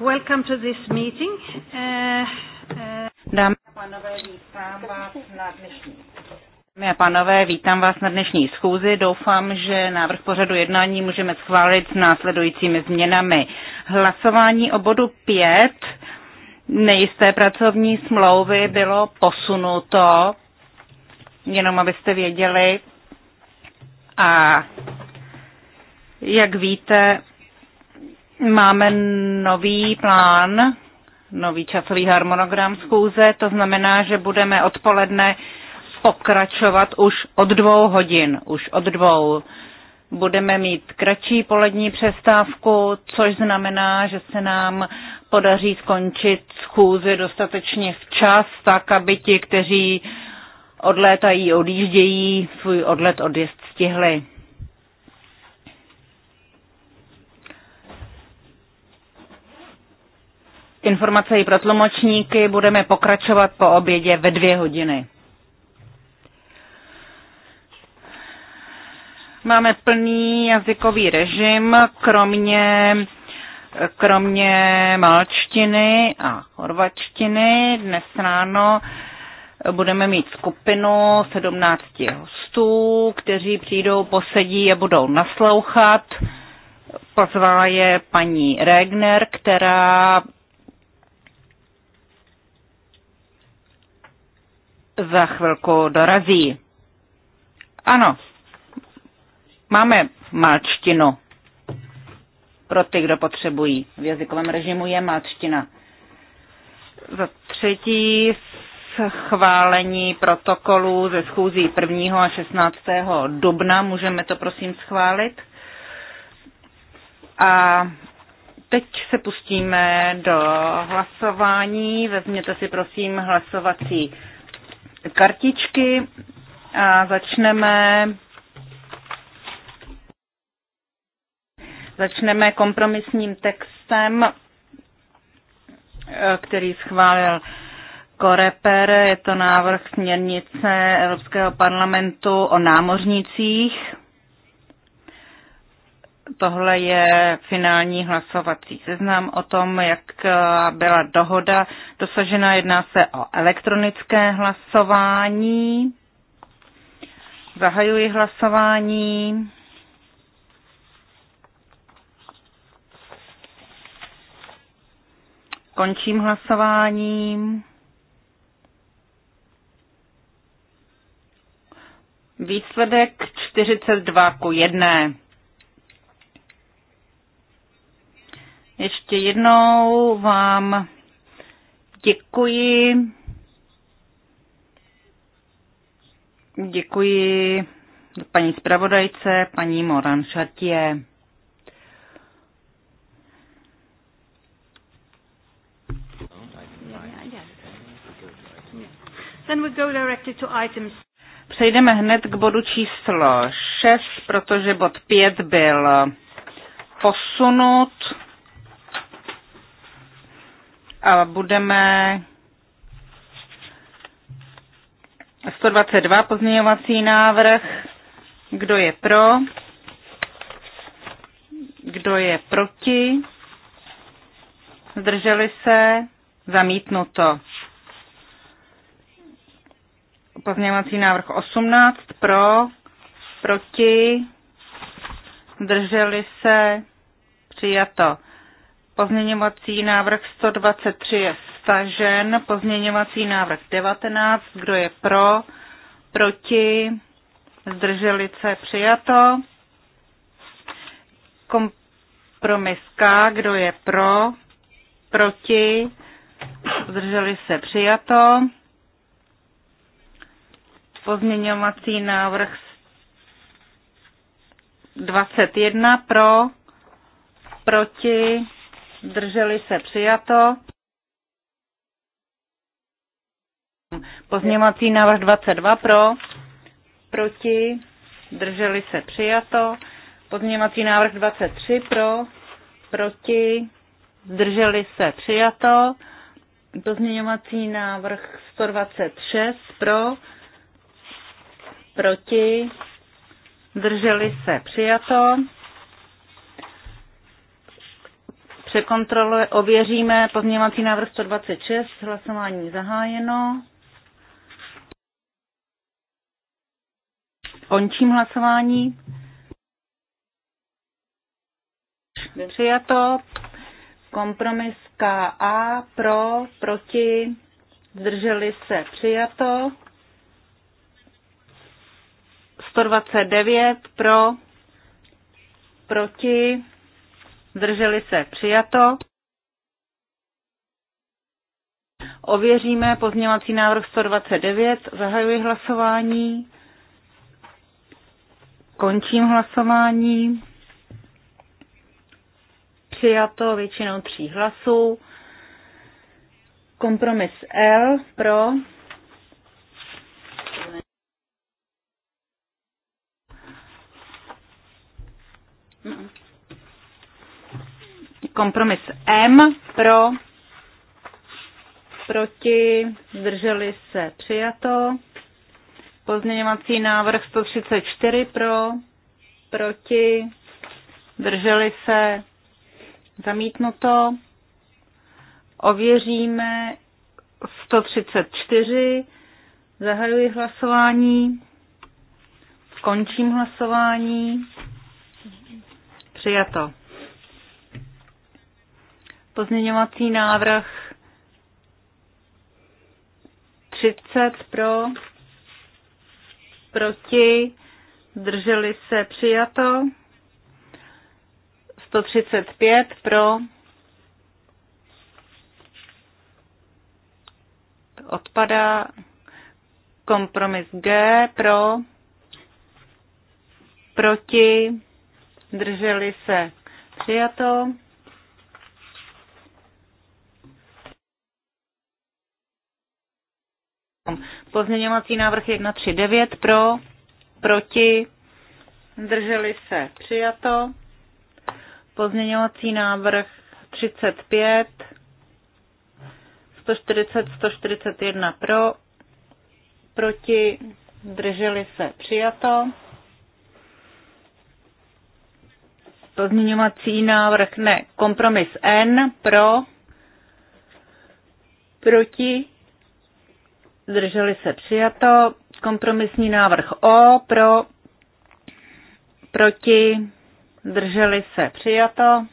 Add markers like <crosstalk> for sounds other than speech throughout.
welcome to this meeting. Eh, eh, Dámy a pánové, vítám vás na dnešní. Dámy a pánové, vítám vás na dnešní schůzi. Doufám, že návrh pořadu jednání můžeme schválit s následujícími změnami. Hlasování o bodu 5 nejisté pracovní smlouvy bylo posunuto, jenom abyste věděli. A jak víte, Máme nový plán, nový časový harmonogram schůze, to znamená, že budeme odpoledne pokračovat už od dvou hodin, už od dvou. Budeme mít kratší polední přestávku, což znamená, že se nám podaří skončit schůzi dostatečně včas, tak aby ti, kteří odlétají, odjíždějí, svůj odlet odjezd stihli. Informace i pro tlumočníky. Budeme pokračovat po obědě ve dvě hodiny. Máme plný jazykový režim, kromě, kromě malčtiny a chorvačtiny. Dnes ráno budeme mít skupinu 17 hostů, kteří přijdou, posedí a budou naslouchat. Pozvala je paní Regner, která za chvilku dorazí. Ano, máme malčtinu. Pro ty, kdo potřebují. V jazykovém režimu je malčtina. Za třetí schválení protokolů ze schůzí 1. a 16. dubna. Můžeme to prosím schválit. A teď se pustíme do hlasování. Vezměte si prosím hlasovací kartičky a začneme začneme kompromisním textem, eh, který schválil Koreper. Je to návrh směrnice Evropského parlamentu o námořnicích. Tohle je finální hlasovací seznam o tom, jak eh, byla dohoda dosažena. Jedná se o elektronické hlasování. Zahajuji hlasování. Končím hlasováním. Výsledek 42 ku 1. Ještě jednou vám děkuji. Děkuji paní zpravodajce, paní Moran Šartě. Přejdeme hned k bodu číslo 6, protože bod 5 byl posunut a budeme 122 pozměňovací návrh. Kdo je pro? Kdo je proti? Zdrželi se? Zamítnuto. Pozměňovací návrh 18 pro, proti, zdrželi se, přijato. Pozměňovací návrh 123 je stažen. Pozměňovací návrh 19. Kdo je pro? Proti? Zdrželi se? Přijato. Kompromis K. Kdo je pro? Proti? Zdrželi se? Přijato. Pozměňovací návrh 21 pro, proti zdrželi se přijato. Pozněmací návrh 22 pro, proti, drželi se přijato. Pozměňovací návrh 23 pro, proti, zdrželi se přijato. Pozměňovací návrh 126 pro, proti, zdrželi se přijato. Překontroluje, ověříme pozměňovací návrh 126, hlasování zahájeno. Končím hlasování. Přijato. Kompromis KA pro, proti, zdrželi se přijato. 129 pro, proti, zdrželi se, přijato. Ověříme pozměňovací návrh 129, zahajuji hlasování, končím hlasování, přijato většinou tří hlasů. Kompromis L pro. No. Kompromis M pro, proti, zdrželi se přijato. Pozměňovací návrh 134 pro, proti, zdrželi se zamítnuto. Ověříme 134. Zahajuji hlasování. skončím hlasování. Přijato. Pozměňovací návrh 30 pro, proti, drželi se přijato. 135 pro, odpadá kompromis G pro, proti, drželi se přijato. Pozměňovací návrh 139 pro, proti, drželi se, přijato. Pozměňovací návrh 35, 140, 141 pro, proti, drželi se, přijato. Pozměňovací návrh ne, kompromis N pro, proti, zdrželi se přijato. Kompromisní návrh O pro, proti, zdrželi se přijato.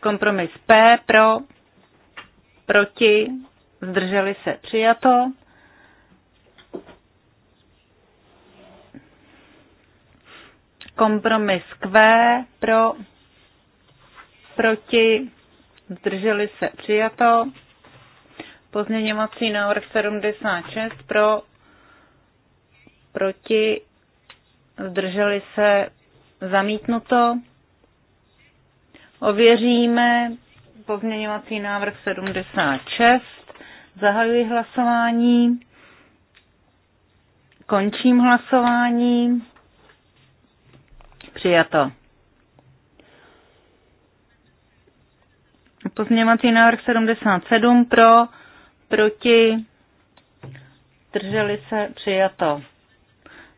Kompromis P pro, proti, zdrželi se přijato. Kompromis Q pro, proti, zdrželi se přijato. Pozměňovací návrh 76 pro, proti, zdrželi se, zamítnuto. Ověříme pozměňovací návrh 76. Zahajuji hlasování. Končím hlasování. Přijato. Pozměňovací návrh 77 pro, proti, drželi se, přijato.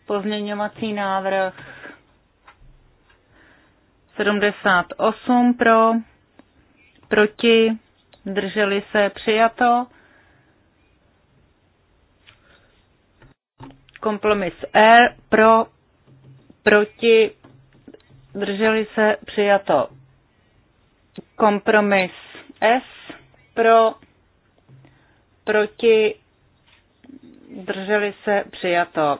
Pozměňovací návrh 78 pro, proti, drželi se, přijato. Kompromis R e pro, proti, drželi se, přijato. Kompromis S pro, proti, drželi se, přijato.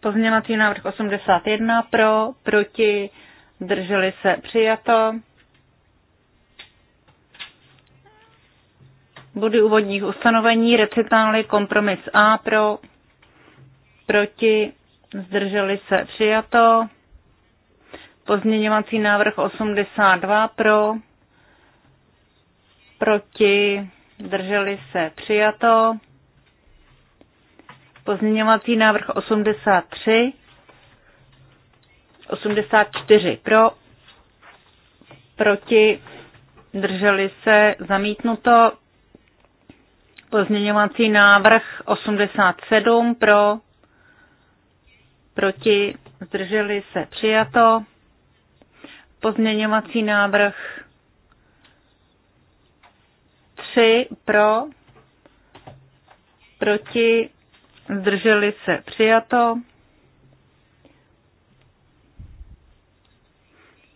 Pozměnací návrh 81 pro, proti, drželi se, přijato. Body úvodních ustanovení, recitály, kompromis A pro, proti, zdrželi se, přijato. Pozměňovací návrh 82 pro, proti, zdrželi se přijato. Pozměňovací návrh 83, 84 pro, proti, drželi se zamítnuto. Pozměňovací návrh 87 pro, proti, zdrželi se přijato. Pozměňovací návrh 3 pro, proti, zdrželi se přijato.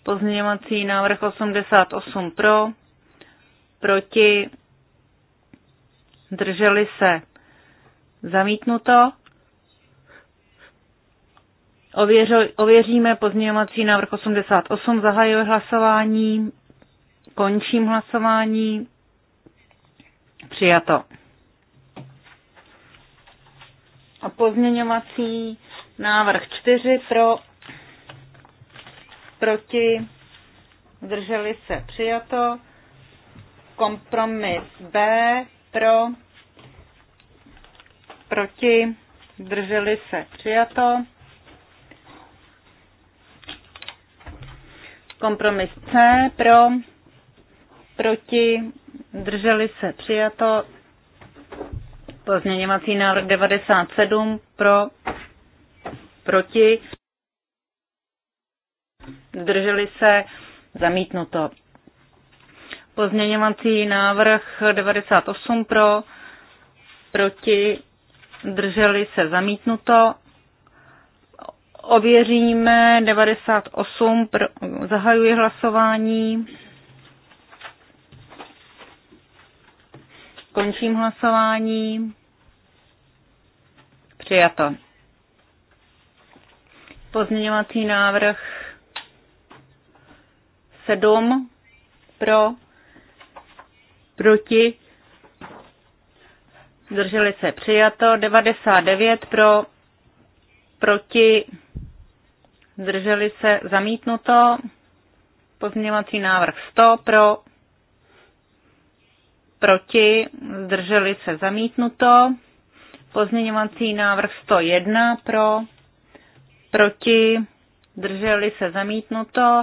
Pozměňovací návrh 88 pro, proti, zdrželi se zamítnuto. Ověřil, ověříme pozměňovací návrh 88, zahajuji hlasování, končím hlasování, přijato. A pozměňovací návrh 4 pro, proti, zdrželi se, přijato. Kompromis B pro, proti, zdrželi se, přijato Kompromis C pro, proti, drželi se přijato. Pozměňovací návrh 97 pro, proti, drželi se zamítnuto. Pozměňovací návrh 98 pro, proti, drželi se zamítnuto. Ověříme 98, pr- zahajuji hlasování. Končím hlasování. Přijato. Pozměňovací návrh 7 pro, proti, zdrželi se přijato, 99 pro, proti, Zdrželi se zamítnuto. Pozměňovací návrh 100 pro. Proti. Zdrželi se zamítnuto. Pozměňovací návrh 101 pro. Proti. Zdrželi se zamítnuto.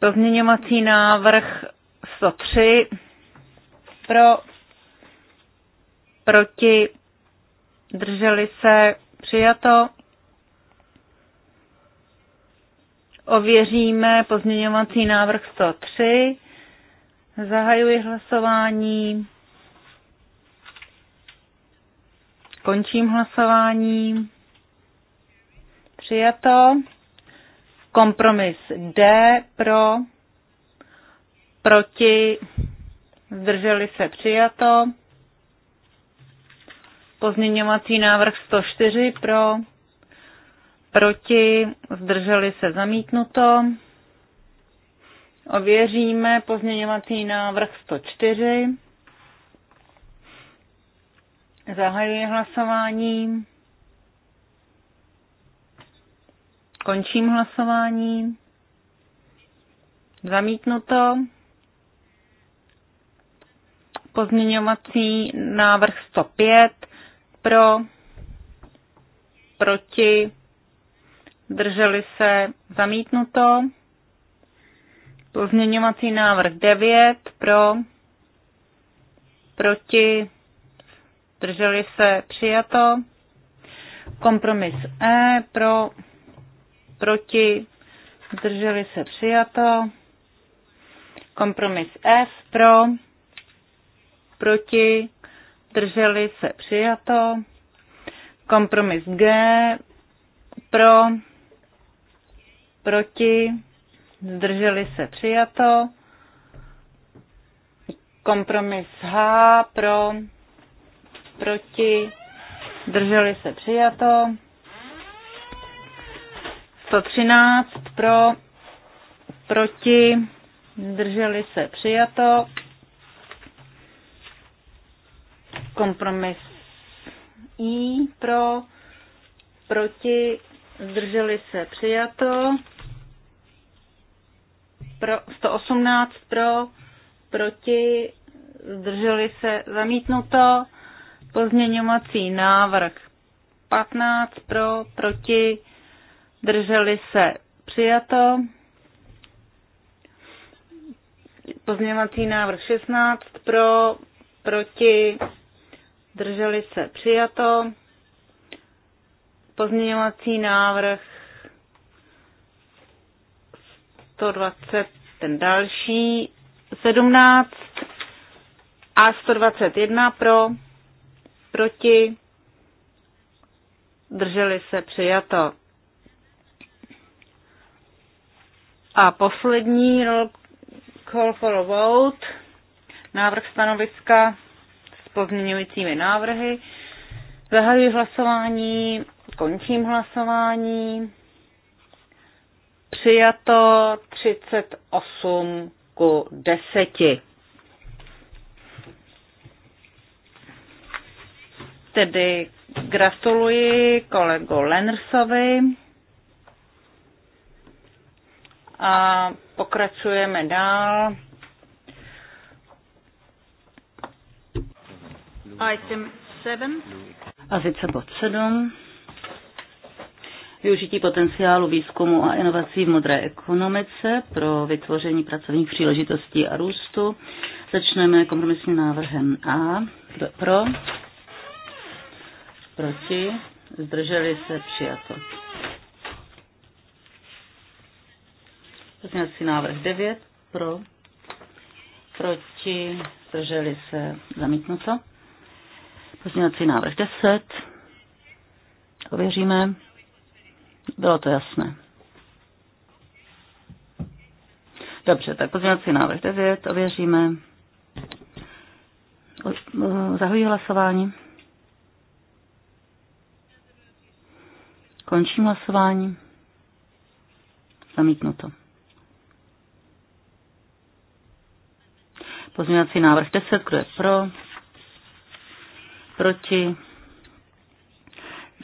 Pozměňovací návrh 103 pro. Proti. Drželi se přijato. Ověříme pozměňovací návrh 103. Zahajuji hlasování. Končím hlasování. Přijato. Kompromis D pro, proti, zdrželi se přijato. Pozměňovací návrh 104 pro, proti, zdrželi se zamítnuto. Ověříme pozměňovací návrh 104. Zahajuji hlasování. Končím hlasování. Zamítnuto. Pozměňovací návrh 105 pro, proti, zdrželi se zamítnuto. Pozměňovací návrh 9 pro, proti, zdrželi se přijato. Kompromis E pro, proti, zdrželi se přijato. Kompromis F pro, proti, zdrželi se přijato. Kompromis G pro, proti, zdrželi se přijato, kompromis H pro, proti, zdrželi se přijato, 113 pro, proti, zdrželi se přijato, kompromis I pro, proti, zdrželi se přijato, pro, 118 pro, proti, zdrželi se zamítnuto, pozměňovací návrh 15 pro, proti, drželi se přijato, pozměňovací návrh 16 pro, proti, drželi se přijato, pozměňovací návrh 120, ten další, 17 a 121 pro, proti, drželi se přijato. A poslední call for a vote, návrh stanoviska s pozměňujícími návrhy. Zahajuji hlasování, končím hlasování. Přijato 38 ku 10. Tedy gratuluji kolegu Lenersovi a pokračujeme dál. Item 7. A sice bod 7 využití potenciálu výzkumu a inovací v modré ekonomice pro vytvoření pracovních příležitostí a růstu. Začneme kompromisním návrhem A. Kdo pro? Proti? Zdrželi se přijato. Pozměňovací návrh 9. Pro? Proti? Zdrželi se zamítnuto. Pozměňovací návrh 10. Ověříme. Bylo to jasné. Dobře, tak pozměňovací návrh 9, ověříme. Zahojí hlasování. Končím hlasování. Zamítnuto. Pozměňovací návrh 10, kdo je pro? Proti?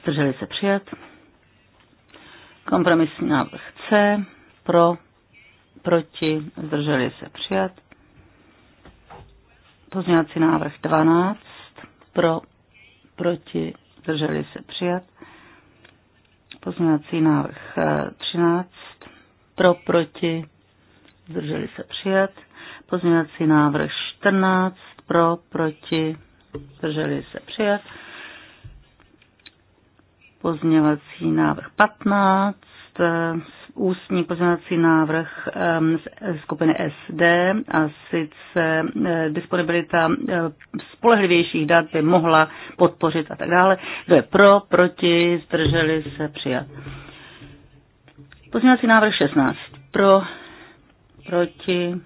Zdrželi se přijat. Kompromisní návrh C. Pro, proti, zdrželi se přijat. Pozměňovací návrh 12. Pro, proti, zdrželi se přijat. Pozměňovací návrh 13. Eh, Pro, proti, zdrželi se přijat. Pozměňovací návrh 14. Pro, proti, zdrželi se přijat. Pozměňovací návrh 15, eh, ústní pozměňovací návrh eh, skupiny SD a sice eh, disponibilita spolehlivějších dat by mohla podpořit a tak dále. Kdo je pro, proti, zdrželi se, přijat. Pozměňovací návrh 16. Pro, proti,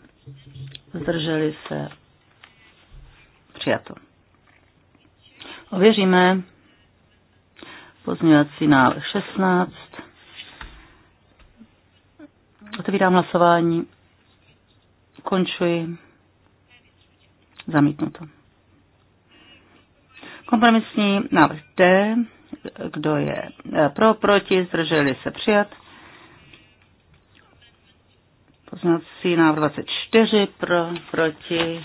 zdrželi se, přijato. Ověříme Pozměňovací návrh 16. Otevírám hlasování. Končuji. Zamítnuto. Kompromisní návrh D. Kdo je eh, pro, proti, zdrželi se přijat. Poznací návrh 24 pro, proti,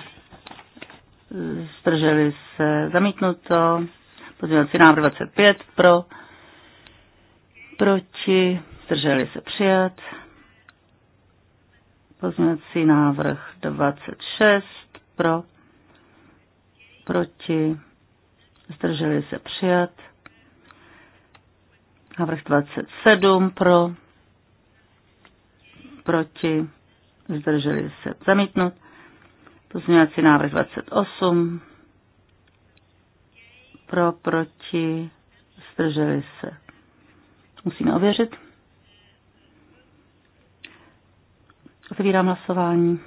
zdrželi se zamítnuto. Pozměňovací návrh 25 pro, proti, zdrželi se přijat. Pozměňovací návrh 26 pro, proti, zdrželi se přijat. Návrh 27 pro, proti, zdrželi se zamítnut. Pozměňovací návrh 28 pro, proti, zdrželi se. Musíme ověřit. Otevírám hlasování.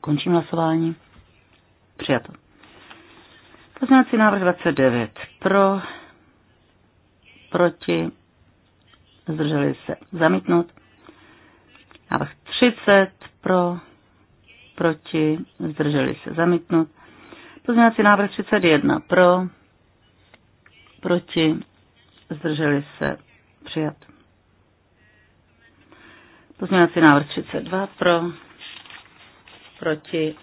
Končím hlasování. Přijato. Poznávací návrh 29. Pro, proti, zdrželi se. Zamítnout. Návrh 30. Pro, proti, zdrželi se. Zamítnout. Pozměňovací návrh 31 pro, proti, zdrželi se, přijat. Pozměňovací návrh 32 pro, proti,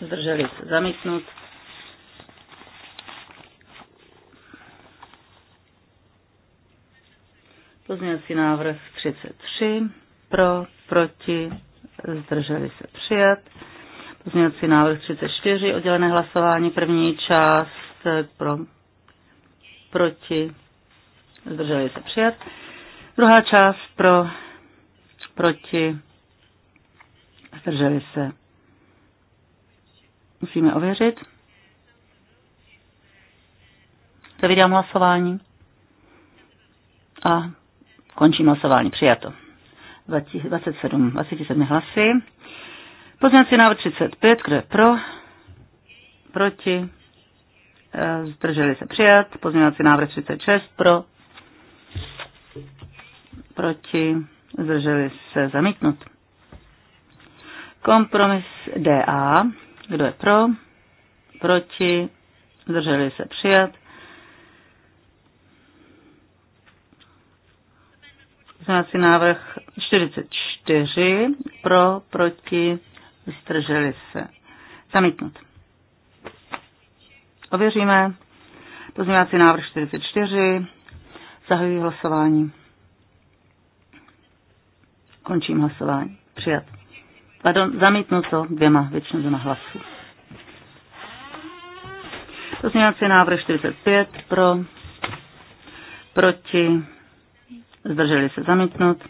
zdrželi se, zamítnut. Pozměňovací návrh 33 pro, proti, zdrželi se, přijat. Pozměňovací návrh 34, oddělené hlasování, první část eh, pro, proti, zdrželi se přijat. Druhá část pro, proti, zdrželi se. Musíme ověřit. Zavídám hlasování a končím hlasování. Přijato. 27, 27 hlasy. Pozměňovací návrh 35, e, kdo je pro? Proti? Zdrželi se přijat. Pozměňovací návrh 36, pro? Proti? Zdrželi se zamítnut. Kompromis DA, kdo je pro? Proti? Zdrželi se přijat. Pozměňovací návrh 44 pro, proti, zdrželi se. Zamítnut. Ověříme. Pozměňovací návrh 44. Zahajuji hlasování. Končím hlasování. Přijat. Pardon, zamítnuto dvěma, většinou dvěma hlasů. Pozměňovací návrh 45 pro, proti, zdrželi se zamítnut.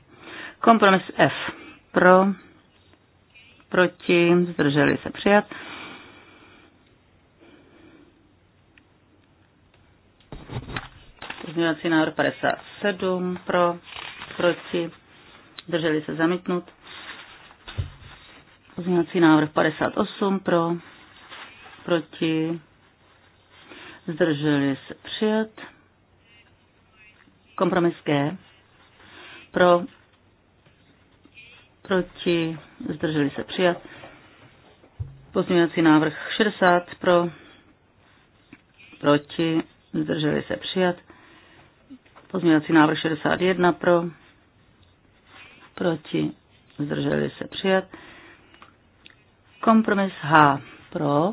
Kompromis F pro, proti, zdrželi se přijat. Pozměňovací návrh 57 pro, proti, zdrželi se zamítnut. Pozměňovací návrh 58 pro, proti, zdrželi se přijat. Kompromis G pro, proti, zdrželi se přijat. Pozměňovací návrh 60 pro, proti, zdrželi se přijat. Pozměňovací návrh 61 pro, proti, zdrželi se přijat. Kompromis H pro,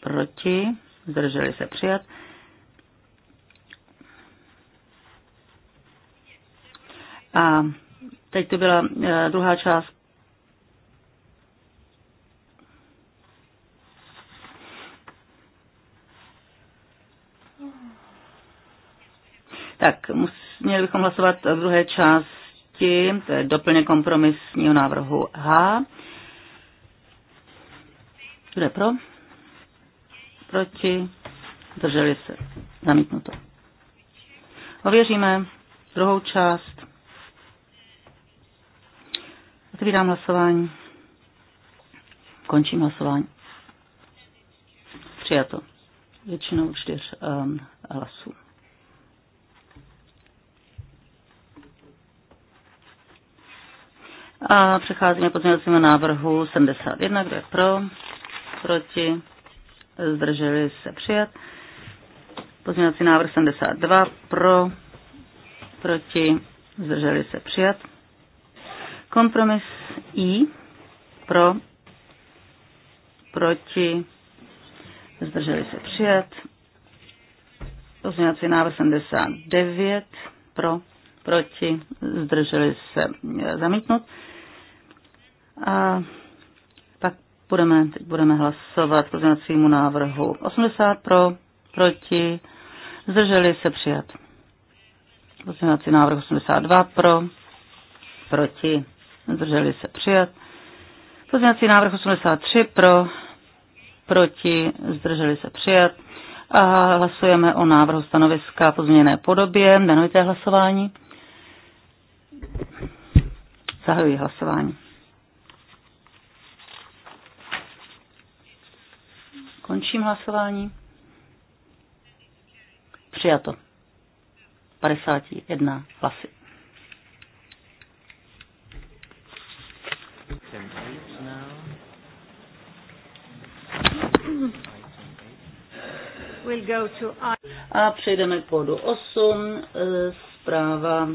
proti, zdrželi se přijat. A Teď to byla eh, druhá část Tak, měli bychom hlasovat v druhé části, to je doplně kompromisního návrhu H. Kdo je pro? Proti? Drželi se. Zamítnuto. Ověříme druhou část. Otvírám hlasování. Končím hlasování. Přijato. Většinou čtyř um, hlasů. A přecházíme pozměňovacímu návrhu 71, kdo je pro, proti, zdrželi se přijat. Pozměňovací návrh 72, pro, proti, zdrželi se přijat. Kompromis I pro, proti, zdrželi se přijat. Pozměňovací návrh 79 pro, proti, zdrželi se zamítnout. A pak budeme, teď budeme hlasovat k pozměňovacímu návrhu 80 pro, proti, zdrželi se přijat. Pozměňovací návrh 82 pro, proti, zdrželi se přijat. Pozměňovací návrh 83 pro, proti, zdrželi se přijat. A hlasujeme o návrhu stanoviska po změněné podobě. Jmenujte hlasování. Zahajuji hlasování. Končím hlasování. Přijato. 51 hlasy. Hmm. We'll go to... A přejdeme k bodu 8, e, zpráva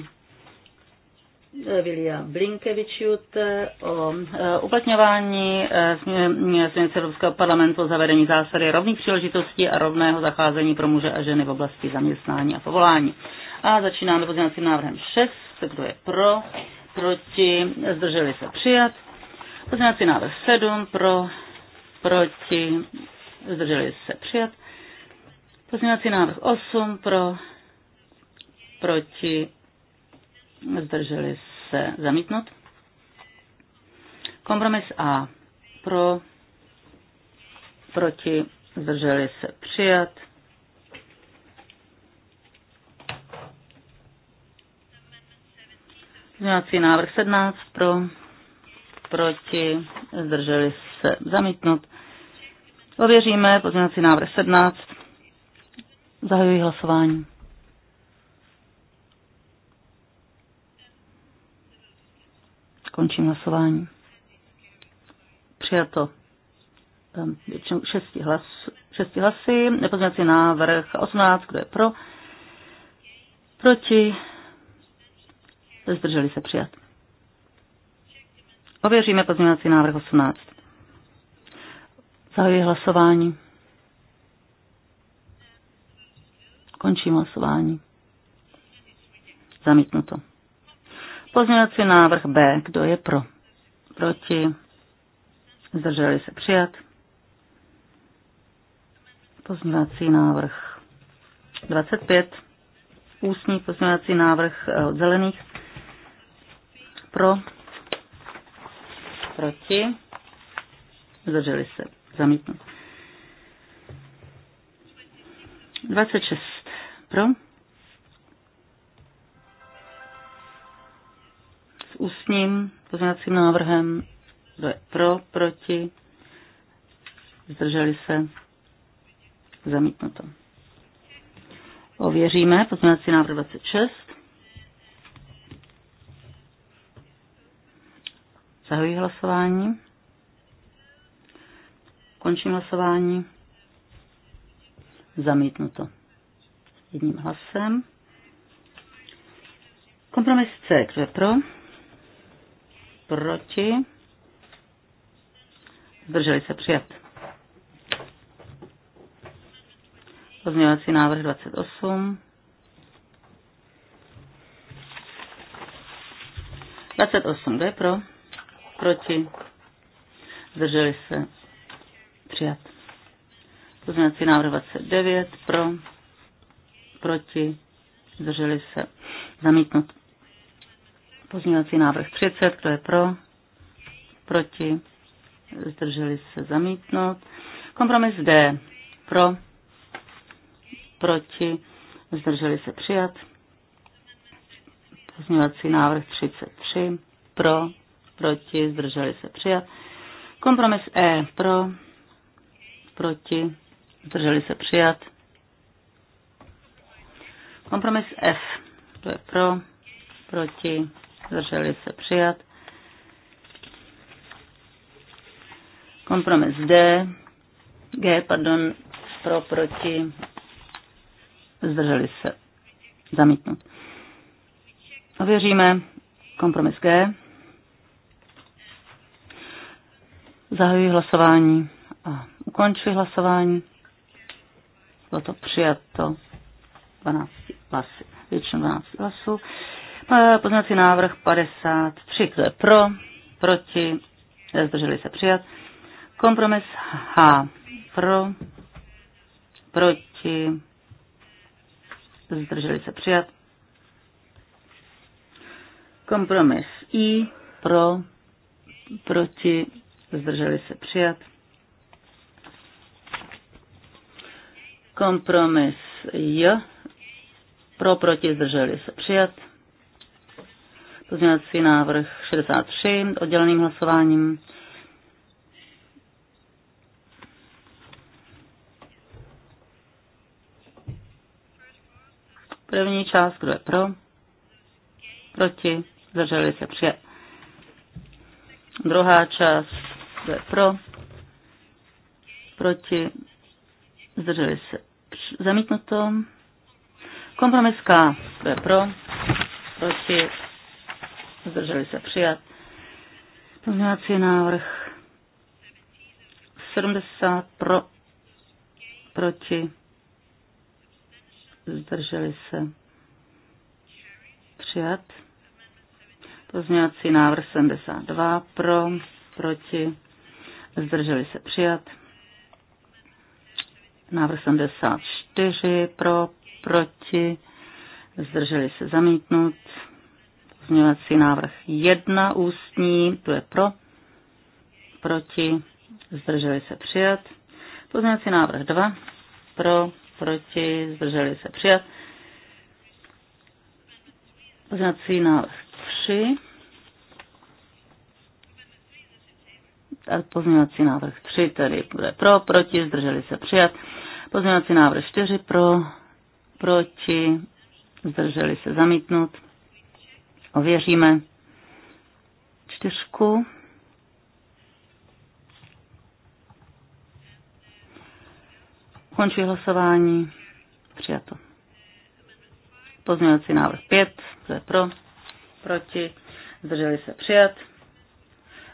e, Vilia Blinkevičiute o e, uplatňování směrnice Evropského parlamentu o zavedení zásady rovných příležitostí a rovného zacházení pro muže a ženy v oblasti zaměstnání a povolání. A začínáme pozměňovacím návrhem 6. Kdo je pro? Proti? Zdrželi se přijat. Pozměňovací návrh 7. Pro? Proti? zdrželi se přijat. Pozměňovací návrh 8 pro, proti, zdrželi se zamítnout. Kompromis A pro, proti, zdrželi se přijat. Pozměňovací návrh 17 pro, proti, zdrželi se zamítnout. Ověříme pozměňovací návrh 17. Zahajuji hlasování. Končím hlasování. Přijato většinou šesti, hlas, šesti hlasy. Nepozměňovací návrh 18, kdo je pro? Proti? Zdrželi se přijat. Ověříme pozměňovací návrh 18. Zahajuji hlasování. Končím hlasování. Zamítnuto. Pozměňovací návrh B. Kdo je pro? Proti? Zdrželi se přijat. Pozměňovací návrh 25. Ústní pozměňovací návrh eh, od zelených. Pro? Proti? Zdrželi se Zamítnut. 26 pro. S ústním pozměňovacím návrhem. Kdo je pro, proti? Zdrželi se? Zamítnuto. Ověříme pozměňovací návrh 26. Zahajuji hlasování. Končím hlasování. Zamítnuto. Jedním hlasem. Kompromis C. Kdo je pro? Proti? Zdrželi se přijat. Pozměňovací návrh 28. 28. Kdo je pro? Proti? Zdrželi se přijat. Pozměňovací návrh 29 pro, proti, zdrželi se, zamítnout Pozměňovací návrh 30, kdo je pro, proti, zdrželi se, zamítnout. Kompromis D, pro, proti, zdrželi se, přijat. Pozměňovací návrh 33, pro, proti, zdrželi se, přijat. Kompromis E, pro, proti, zdrželi se přijat. Kompromis F, to je pro, proti, zdrželi se přijat. Kompromis D, G, pardon, pro, proti, zdrželi se zamítnout. Ověříme kompromis G. Zahajuji hlasování a Ukončuji hlasování. Bylo to přijato 12 hlasy, většinou 12 hlasů. Poznací návrh 53, kdo je pro, proti, zdrželi se přijat. Kompromis H, pro, proti, zdrželi se přijat. Kompromis I, pro, proti, zdrželi se přijat. Kompromis J. Pro, proti, zdrželi se přijat. Pozměňovací návrh 63 odděleným hlasováním. První část, kdo je pro? Proti, zdrželi se přijat. Druhá část, kdo je pro? Proti, zdrželi se zamítnuto. Kompromis K, to je pro, proti, zdrželi se přijat. Pozměňovací návrh 70 pro, proti, zdrželi se přijat. Pozměňovací návrh 72 pro, proti, zdrželi se přijat. Návrh 74 pro, proti, zdrželi se zamítnout. Pozměňovací návrh 1 ústní, to je pro, proti, zdrželi se přijat. Pozměňovací návrh 2 pro, proti, zdrželi se přijat. Pozměňovací návrh 3 a pozměňovací návrh 3 tedy bude pro, proti, zdrželi se přijat. Pozměňovací návrh 4 pro, proti, zdrželi se zamítnout. Ověříme čtyřku. Končí hlasování. Přijato. Pozměňovací návrh 5, to je pro, proti, zdrželi se přijat.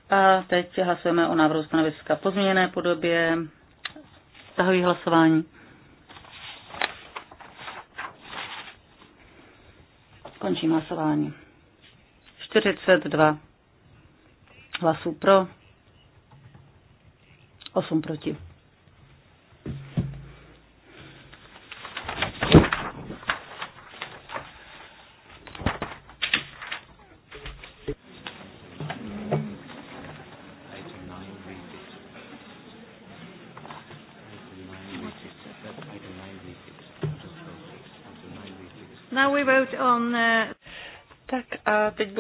A teď hlasujeme o návrhu stanoviska pozměněné podobě. Zahajuji hlasování. Končím hlasování. 42 hlasů pro, 8 proti.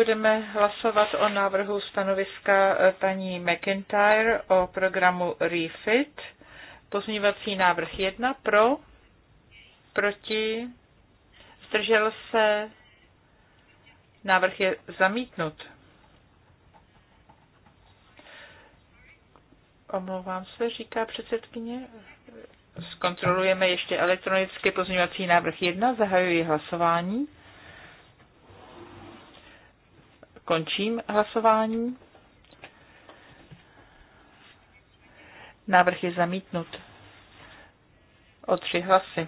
budeme hlasovat o návrhu stanoviska eh, paní McIntyre o programu REFIT. Pozměňovací návrh 1 pro, proti, zdržel se, návrh je zamítnut. Omlouvám se, říká předsedkyně. Zkontrolujeme ještě elektronicky pozměňovací návrh 1, zahajuji hlasování. Končím hlasování. Návrh je zamítnut o tři hlasy.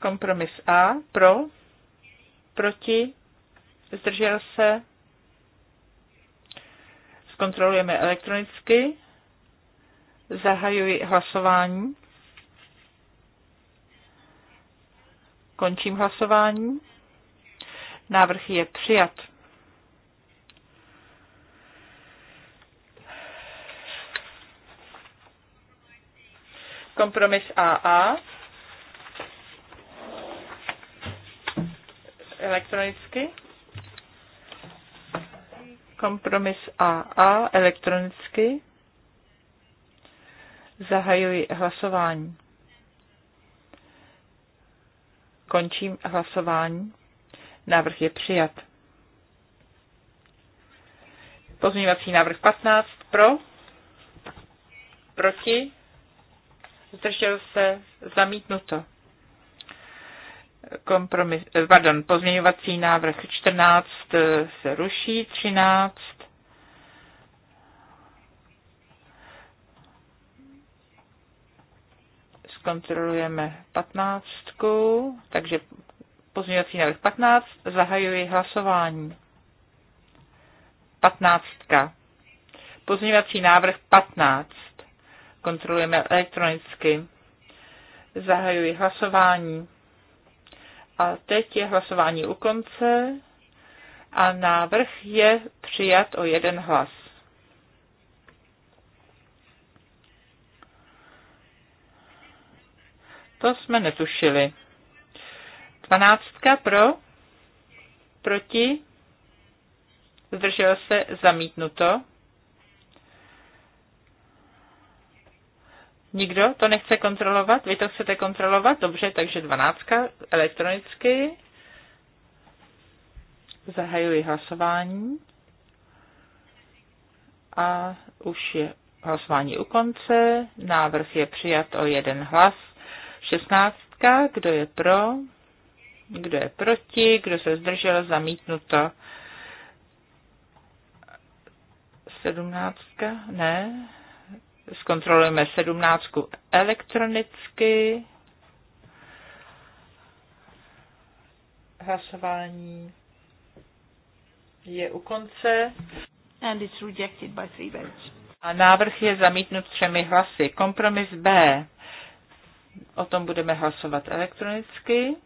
Kompromis A pro, proti, zdržel se, zkontrolujeme elektronicky, zahajuji hlasování, končím hlasování, návrh je přijat. Kompromis AA. Elektronicky. Kompromis AA elektronicky. Zahajuji hlasování. Končím hlasování. Návrh je přijat. Pozměňovací návrh 15 pro, proti, zdržel se, zamítnuto. Kompromis, eh, pardon, pozměňovací návrh 14 eh, se ruší, 13 zkontrolujeme 15, takže pozměňovací návrh 15, zahajuji hlasování. 15. Pozměňovací návrh 15. Kontrolujeme elektronicky. Zahajuji hlasování. A teď je hlasování u konce a návrh je přijat o jeden hlas. To jsme netušili. Dvanáctka pro, proti, zdrželo se zamítnuto. Nikdo to nechce kontrolovat? Vy to chcete kontrolovat? Dobře, takže dvanáctka elektronicky. Zahajuji hlasování. A už je hlasování u konce. Návrh je přijat o jeden hlas. Šestnáctka, kdo je pro? Kdo je proti? Kdo se zdržel? Zamítnuto. Sedmnáctka, ne Zkontrolujeme sedmnáctku elektronicky. Hlasování je u konce. And it's rejected by three votes. A návrh je zamítnut třemi hlasy. Kompromis B. O tom budeme hlasovat elektronicky.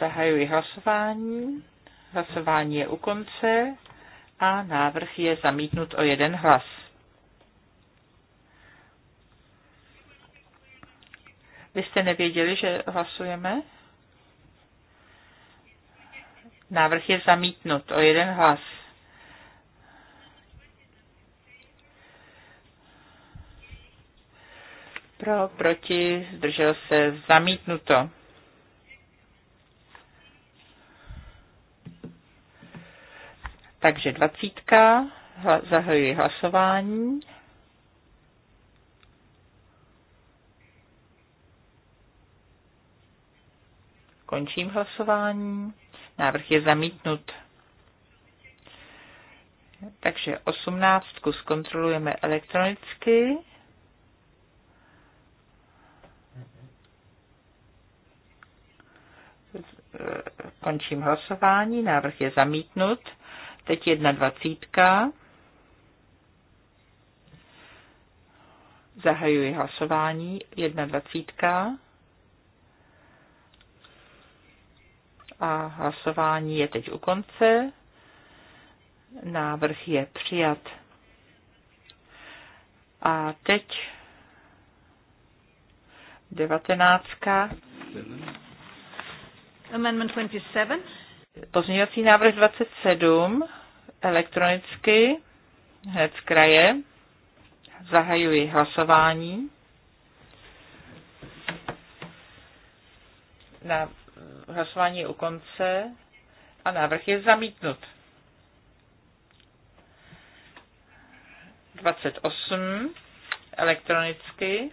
Zahajuji hlasování. Hlasování je u konce a návrh je zamítnut o jeden hlas. Vy jste nevěděli, že hlasujeme? Návrh je zamítnut o jeden hlas. Pro, proti, zdržel se, zamítnuto. Takže dvacítka, hla, zahajuji hlasování. Končím hlasování. Návrh je zamítnut. Takže osmnáctku zkontrolujeme elektronicky. Končím hlasování. Návrh je zamítnut. Teď jedna dvacítka. Zahajuji hlasování. Jedna dvacítka. A hlasování je teď u konce. Návrh je přijat. A teď devatenáctka. Amendment 27. Pozměňovací návrh 27 elektronicky, hned z kraje. Zahajuji hlasování. Na hlasování je u konce a návrh je zamítnut. 28 elektronicky.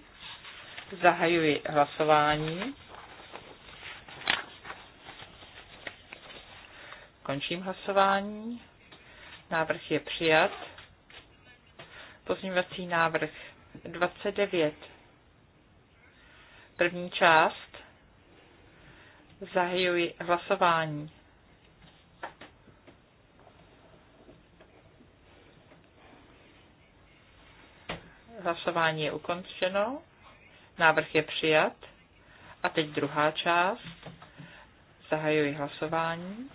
Zahajuji hlasování. Končím hlasování. Návrh je přijat. Pozměňovací návrh 29. První část. Zahajuji hlasování. Hlasování je ukončeno. Návrh je přijat. A teď druhá část. Zahajuji hlasování.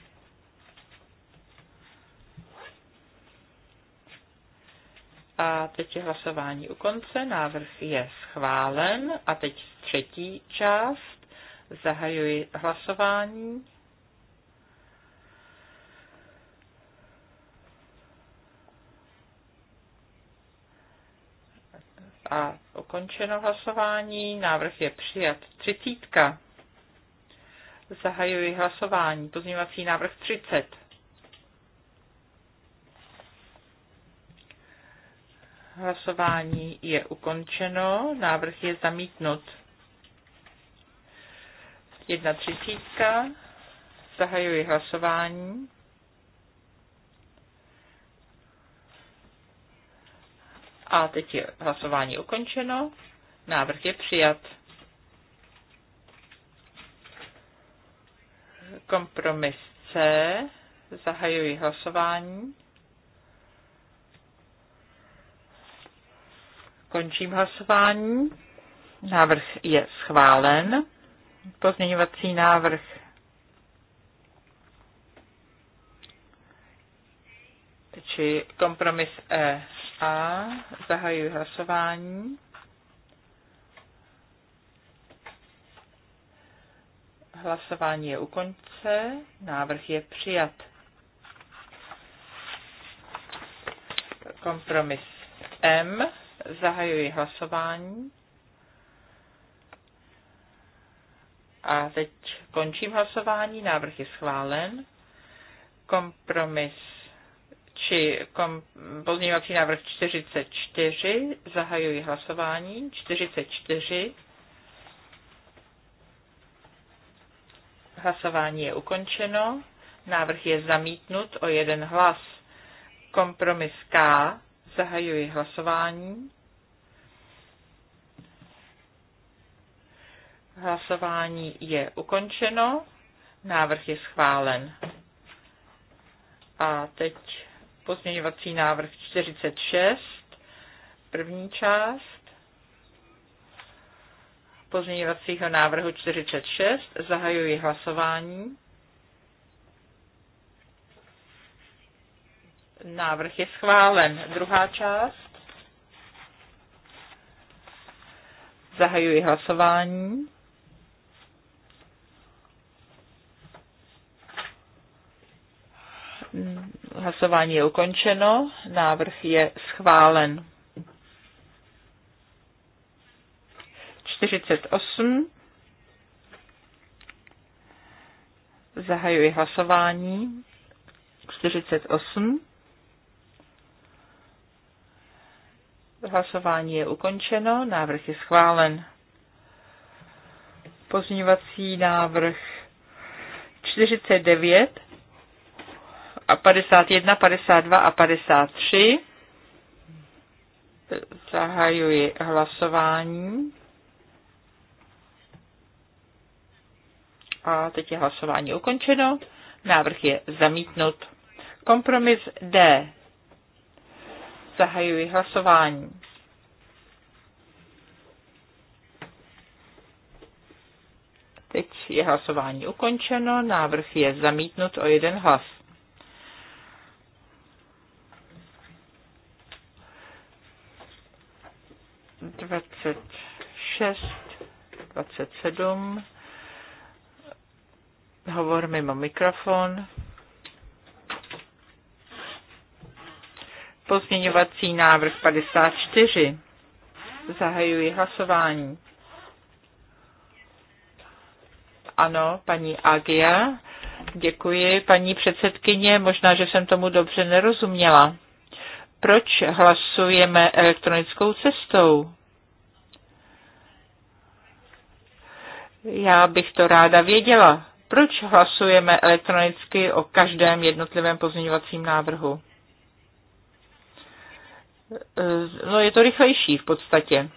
A teď je hlasování u konce. Návrh je schválen. A teď třetí část. Zahajuji hlasování. A ukončeno hlasování. Návrh je přijat. Třicítka. Zahajuji hlasování. Pozměňovací návrh 30. Hlasování je ukončeno, návrh je zamítnut. Jedna třicítka, zahajuji hlasování. A teď je hlasování ukončeno, návrh je přijat. Kompromis C, zahajuji hlasování. Končím hlasování. Návrh je schválen. Pozměňovací návrh či kompromis E a zahajuji hlasování. Hlasování je u konce, návrh je přijat. Kompromis M Zahajuji hlasování. A teď končím hlasování. Návrh je schválen. Kompromis či kom, pozměňovací návrh 44. Zahajuji hlasování. 44. Hlasování je ukončeno. Návrh je zamítnut o jeden hlas. Kompromis K. Zahajuji hlasování. Hlasování je ukončeno. Návrh je schválen. A teď pozměňovací návrh 46, první část pozměňovacího návrhu 46. Zahajuji hlasování. Návrh je schválen. Druhá část. Zahajuji hlasování. Hlasování je ukončeno. Návrh je schválen. 48. Zahajuji hlasování. 48. Hlasování je ukončeno, návrh je schválen. Pozměňovací návrh 49 a 51, 52 a 53. Zahajuji hlasování. A teď je hlasování ukončeno. Návrh je zamítnut. Kompromis D. Zahajuji hlasování. Teď je hlasování ukončeno, návrh je zamítnut o jeden hlas. Dvacet šest, dvacet sedm. Hovor mimo mikrofon. Pozměňovací návrh 54. Zahajuji hlasování. Ano, paní Agia. Děkuji, paní předsedkyně. Možná, že jsem tomu dobře nerozuměla. Proč hlasujeme elektronickou cestou? Já bych to ráda věděla. Proč hlasujeme elektronicky o každém jednotlivém pozměňovacím návrhu? No je to rychlejší v podstatě.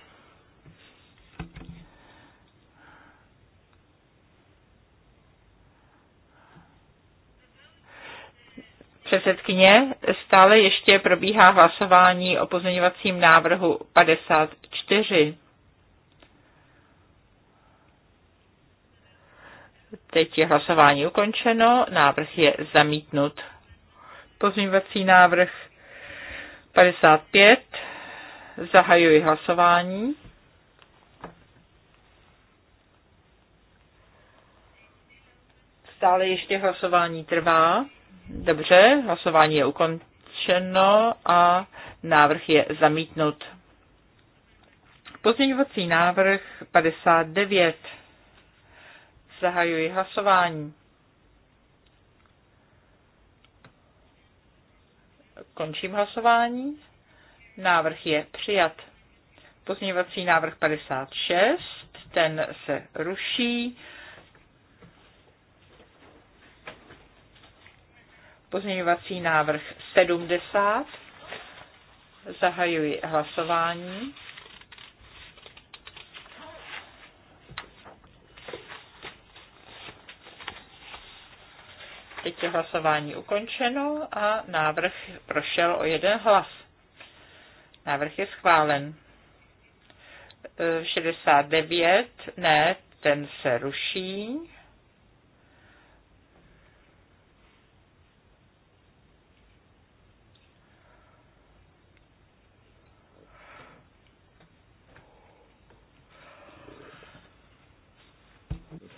Předsedkyně, stále ještě probíhá hlasování o pozměňovacím návrhu 54. Teď je hlasování ukončeno, návrh je zamítnut. Pozměňovací návrh 55. Zahajuji hlasování. Stále ještě hlasování trvá. Dobře, hlasování je ukončeno a návrh je zamítnut. Pozměňovací návrh 59. Zahajuji hlasování. Končím hlasování. Návrh je přijat. Pozměňovací návrh 56, ten se ruší. Pozměňovací návrh 70. Zahajuji hlasování. Teď je hlasování ukončeno a návrh prošel o jeden hlas. Návrh je schválen. 69, e, ne, ten se ruší.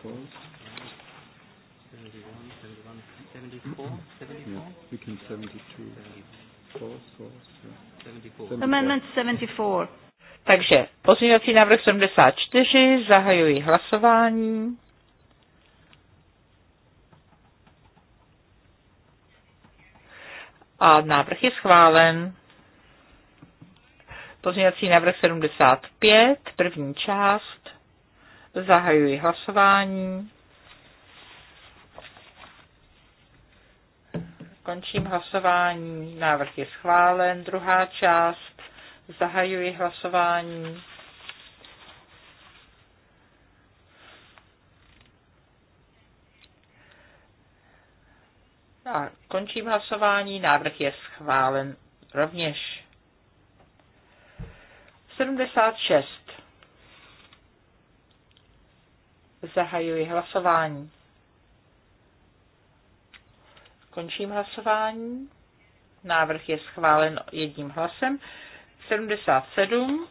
False. Takže pozměňovací návrh 74, zahajuji hlasování. A návrh je schválen. Pozměňovací návrh 75, první část. Zahajuji hlasování. Končím hlasování. Návrh je schválen. Druhá část. Zahajuji hlasování. A končím hlasování. Návrh je schválen rovněž. 76. Zahajuji hlasování. Končím hlasování. Návrh je schválen jedním hlasem. 77.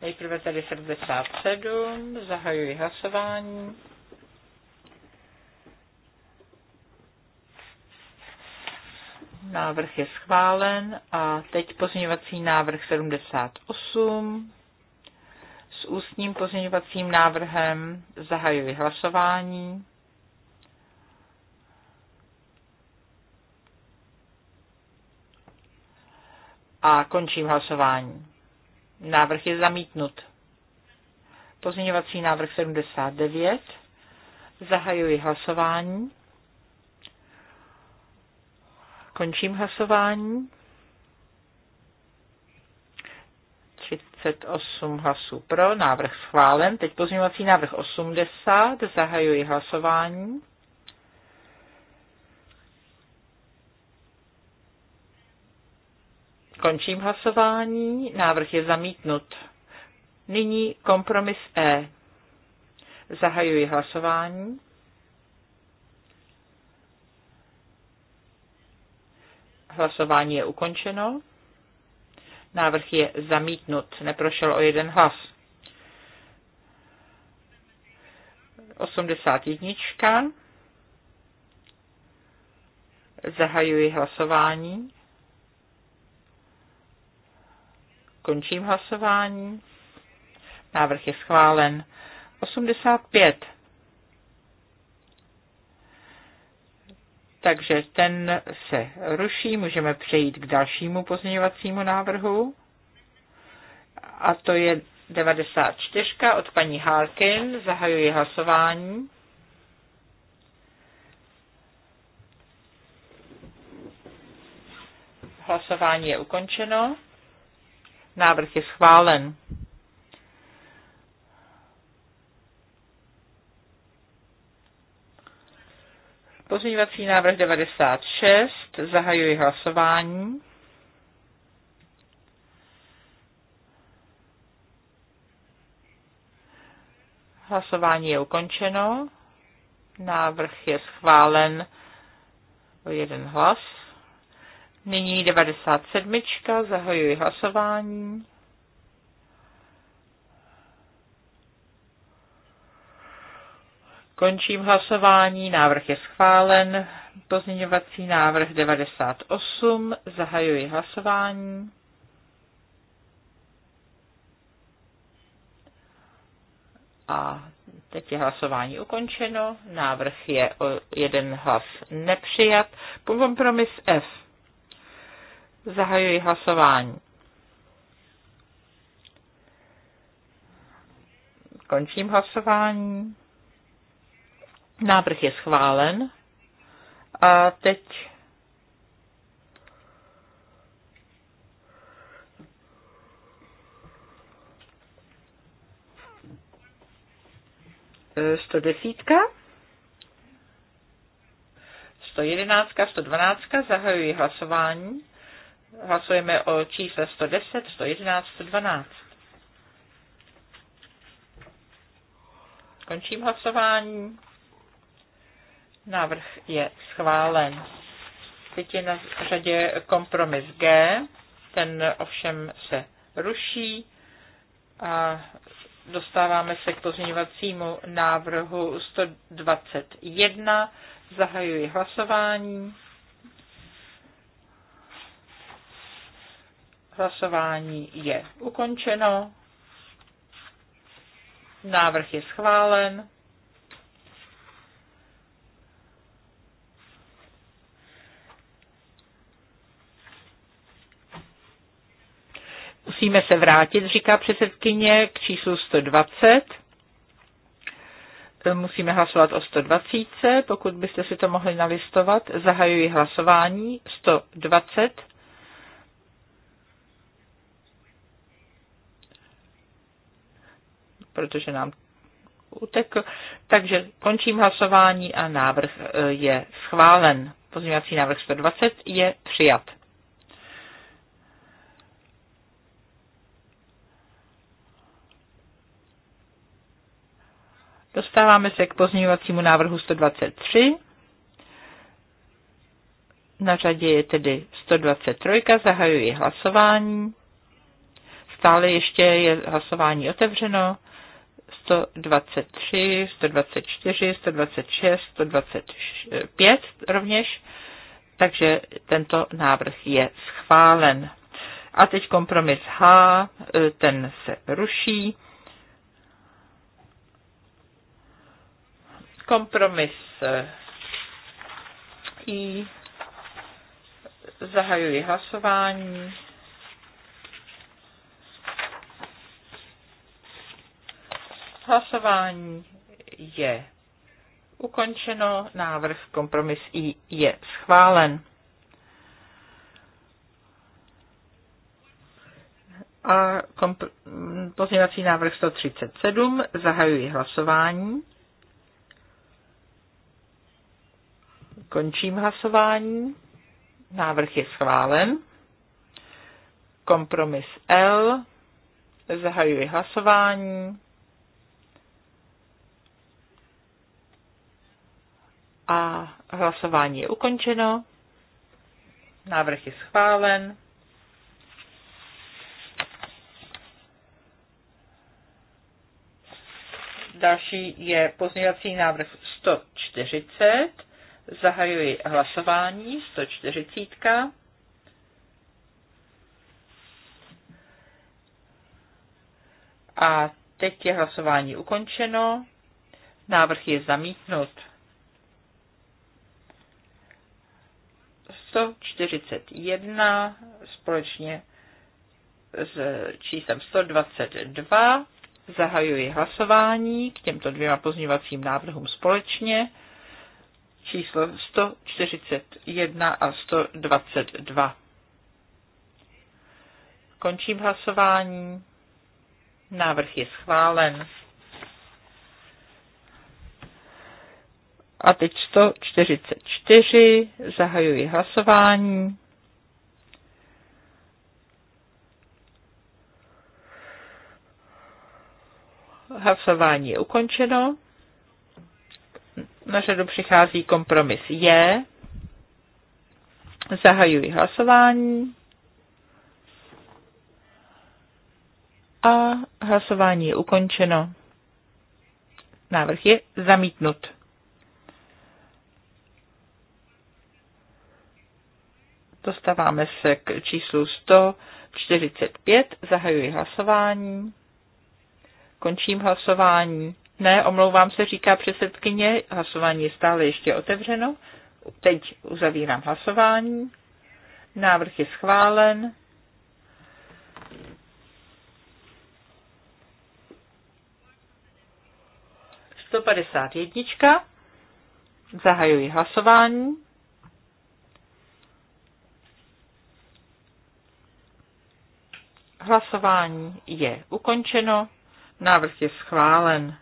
Nejprve tady 77, zahajuji hlasování. Návrh je schválen a teď pozměňovací návrh 78 s ústním pozměňovacím návrhem. Zahajuji hlasování. A končím hlasování. Návrh je zamítnut. Pozměňovací návrh 79. Zahajuji hlasování. Končím hlasování. 38 hlasů pro, návrh schválen. Teď pozměňovací návrh 80, zahajuji hlasování. Končím hlasování, návrh je zamítnut. Nyní kompromis E. Zahajuji hlasování. Hlasování je ukončeno. Návrh je zamítnut, neprošel o jeden hlas. 81. Zahajuji hlasování. Končím hlasování. Návrh je schválen. 85 takže ten se ruší. Můžeme přejít k dalšímu pozměňovacímu návrhu. A to je 94 od paní Harkin. Zahajuji hlasování. Hlasování je ukončeno. Návrh je schválen. Pozměňovací návrh 96. Zahajuji hlasování. Hlasování je ukončeno. Návrh je schválen o jeden hlas. Nyní 97. Zahajuji hlasování. Končím hlasování, návrh je schválen. Pozměňovací návrh 98, zahajuji hlasování. A teď je hlasování ukončeno, návrh je o jeden hlas nepřijat. Kompromis F. Zahajuji hlasování. Končím hlasování. Návrh je schválen. A teď sto desítka, sto jedenáctka, sto dvanáctka, zahajuji hlasování. Hlasujeme o čísle 110, 111, 112. Končím hlasování. Návrh je schválen. Teď je na řadě kompromis G, ten ovšem se ruší a dostáváme se k pozměňovacímu návrhu 121. Zahajuji hlasování. Hlasování je ukončeno. Návrh je schválen. Musíme se vrátit, říká předsedkyně, k číslu 120. Musíme hlasovat o 120, pokud byste si to mohli nalistovat. Zahajuji hlasování 120. Protože nám utekl. Takže končím hlasování a návrh e, je schválen. Pozměňovací návrh 120 je přijat. Dostáváme se k pozměňovacímu návrhu 123. Na řadě je tedy 123. Zahajuji hlasování. Stále ještě je hlasování otevřeno. 123, 124, 126, 125 rovněž. Takže tento návrh je schválen. A teď kompromis H, ten se ruší. Kompromis I. Zahajuji hlasování. Hlasování je ukončeno, návrh kompromis I je schválen. A kompr- pozměňovací návrh 137 zahajuji hlasování. Končím hlasování. Návrh je schválen. Kompromis L. Zahajuji hlasování. A hlasování je ukončeno. Návrh je schválen. Další je pozměňovací návrh 140. Zahajuji hlasování 140. A teď je hlasování ukončeno. Návrh je zamítnut. 141 společně s číslem 122. Zahajuji hlasování k těmto dvěma pozměňovacím návrhům společně číslo 141 a 122. Končím hlasování. Návrh je schválen. A teď 144. Zahajuji hlasování. Hlasování je ukončeno na řadu přichází kompromis je. Zahajuji hlasování. A hlasování je ukončeno. Návrh je zamítnut. Dostáváme se k číslu 145. Zahajuji hlasování. Končím hlasování. Ne, omlouvám se, říká předsedkyně. Hlasování je stále ještě otevřeno. Teď uzavírám hlasování. Návrh je schválen. Sto padesát jednička. Zahajuji hlasování. Hlasování je ukončeno. Návrh je schválen.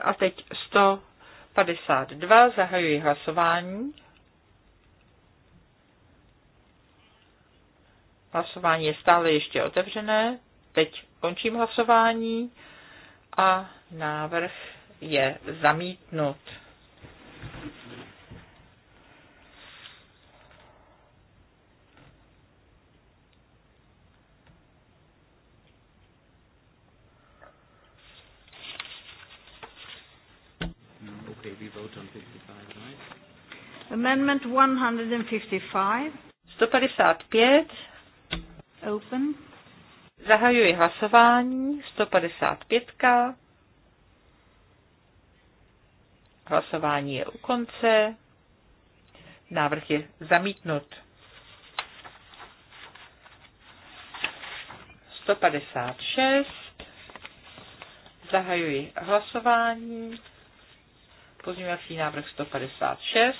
A teď 152, zahajuji hlasování. Hlasování je stále ještě otevřené. Teď končím hlasování a návrh je zamítnut. Amendment 155. 155. Open. Zahajuji hlasování. 155. Hlasování je u konce. Návrh je zamítnut. 156. Zahajuji hlasování. Pozměňovací návrh 156.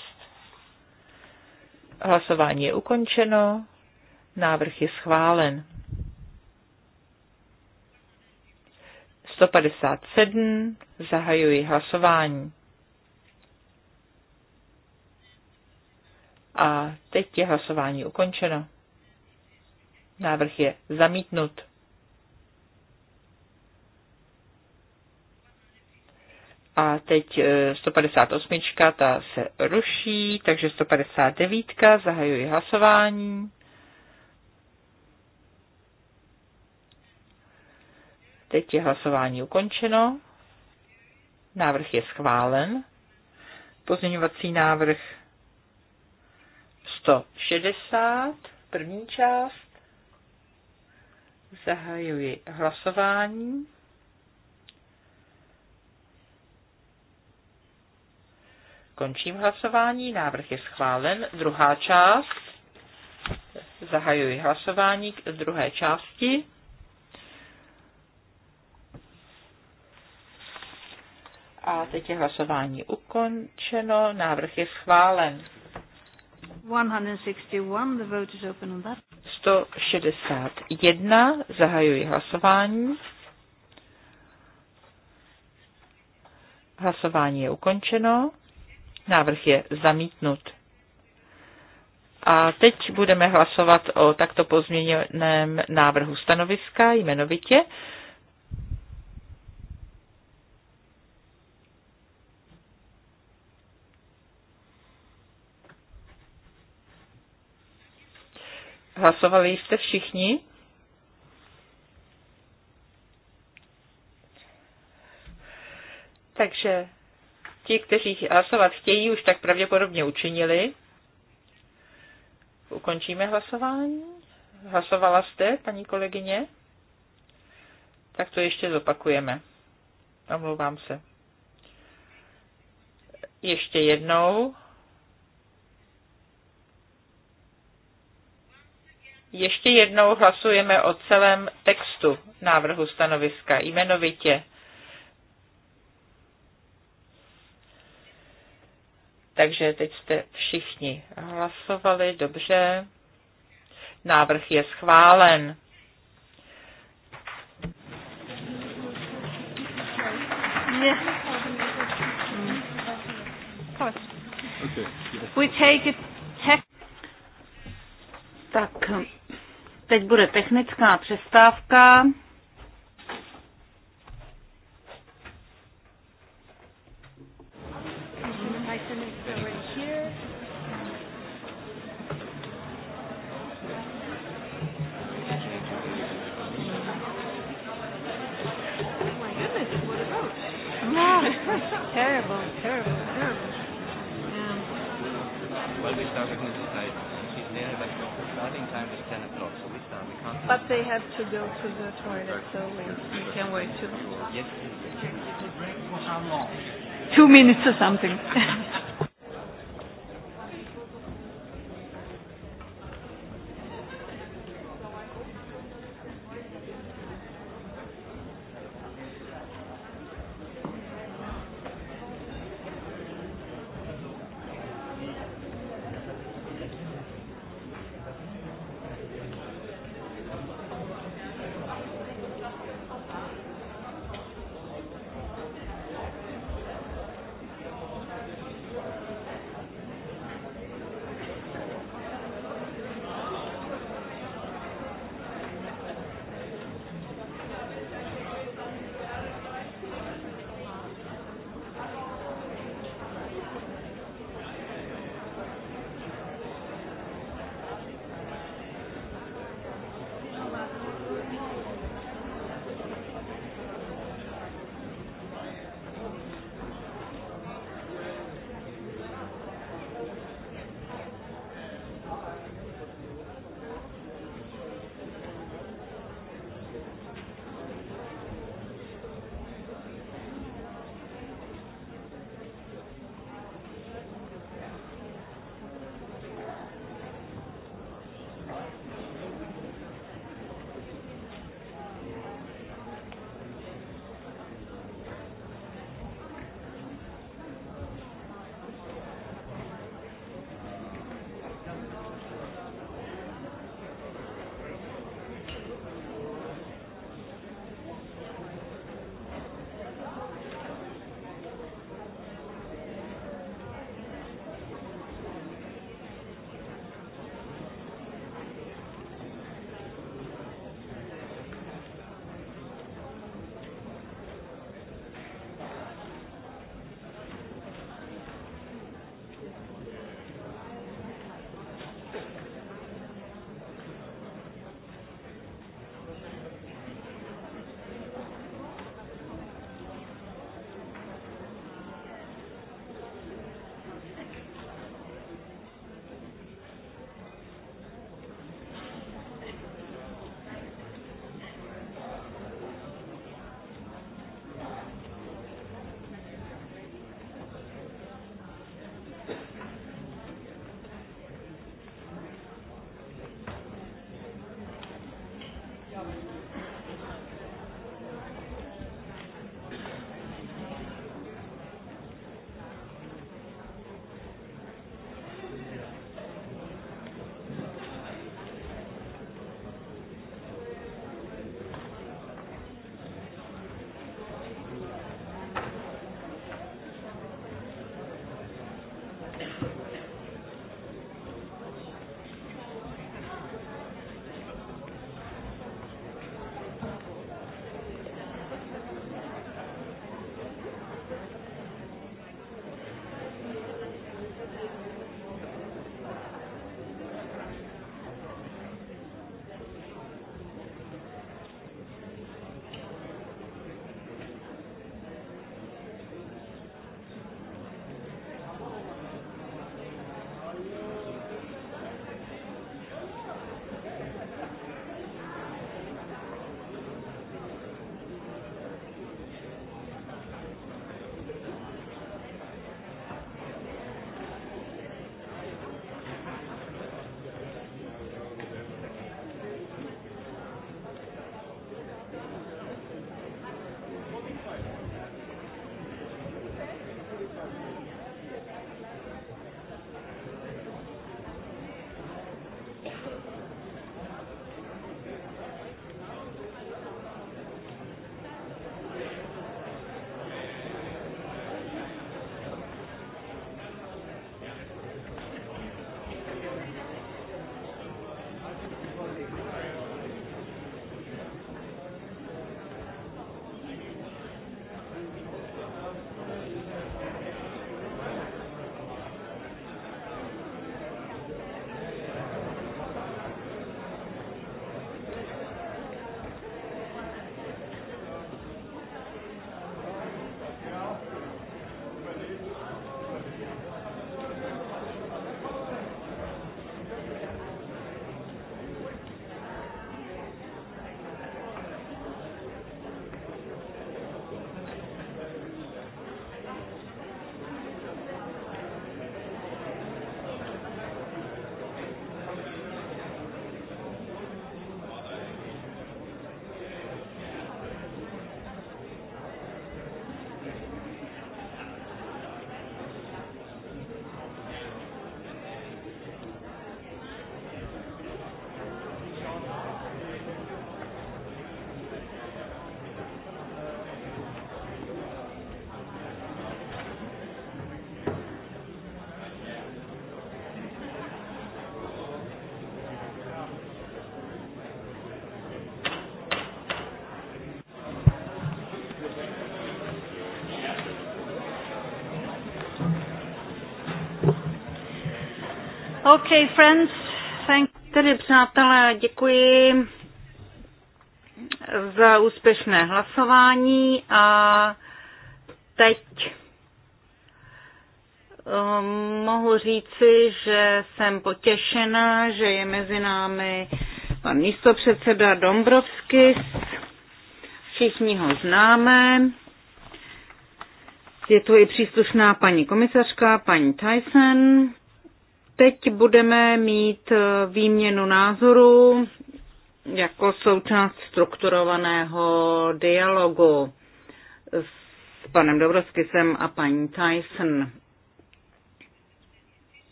Hlasování je ukončeno. Návrh je schválen. 157. Zahajuji hlasování. A teď je hlasování ukončeno. Návrh je zamítnut. A teď 158, eh, ta se ruší, takže 159, zahajuji hlasování. Teď je hlasování ukončeno. Návrh je schválen. Pozměňovací návrh 160, první část. Zahajuji hlasování. Končím hlasování, návrh je schválen. Druhá část. Zahajuji hlasování k druhé části. A teď je hlasování ukončeno, návrh je schválen. 161, zahajuji hlasování. Hlasování je ukončeno. Návrh je zamítnut. A teď budeme hlasovat o takto pozměněném návrhu stanoviska jmenovitě. Hlasovali jste všichni? Takže Ti, kteří hlasovat chtějí, už tak pravděpodobně učinili. Ukončíme hlasování. Hlasovala jste, paní kolegyně? Tak to ještě zopakujeme. Omlouvám se. Ještě jednou. Ještě jednou hlasujeme o celém textu návrhu stanoviska, jmenovitě Takže teď jste všichni hlasovali, dobře. Návrh je schválen. tak, teď bude technická přestávka. But they have to go to the toilet, so we, we can wait too. Yes. Two minutes or something. <laughs> Okay, friends, thank Tedy přátelé, děkuji za úspěšné hlasování a teď um, mohu říci, že jsem potěšena, že je mezi námi pan místopředseda Dombrovsky. Všichni ho známe. Je tu i příslušná paní komisařka, paní Tyson. Teď budeme mít e, výměnu názorů jako součást strukturovaného dialogu s panem Dobroskysem a paní Tyson.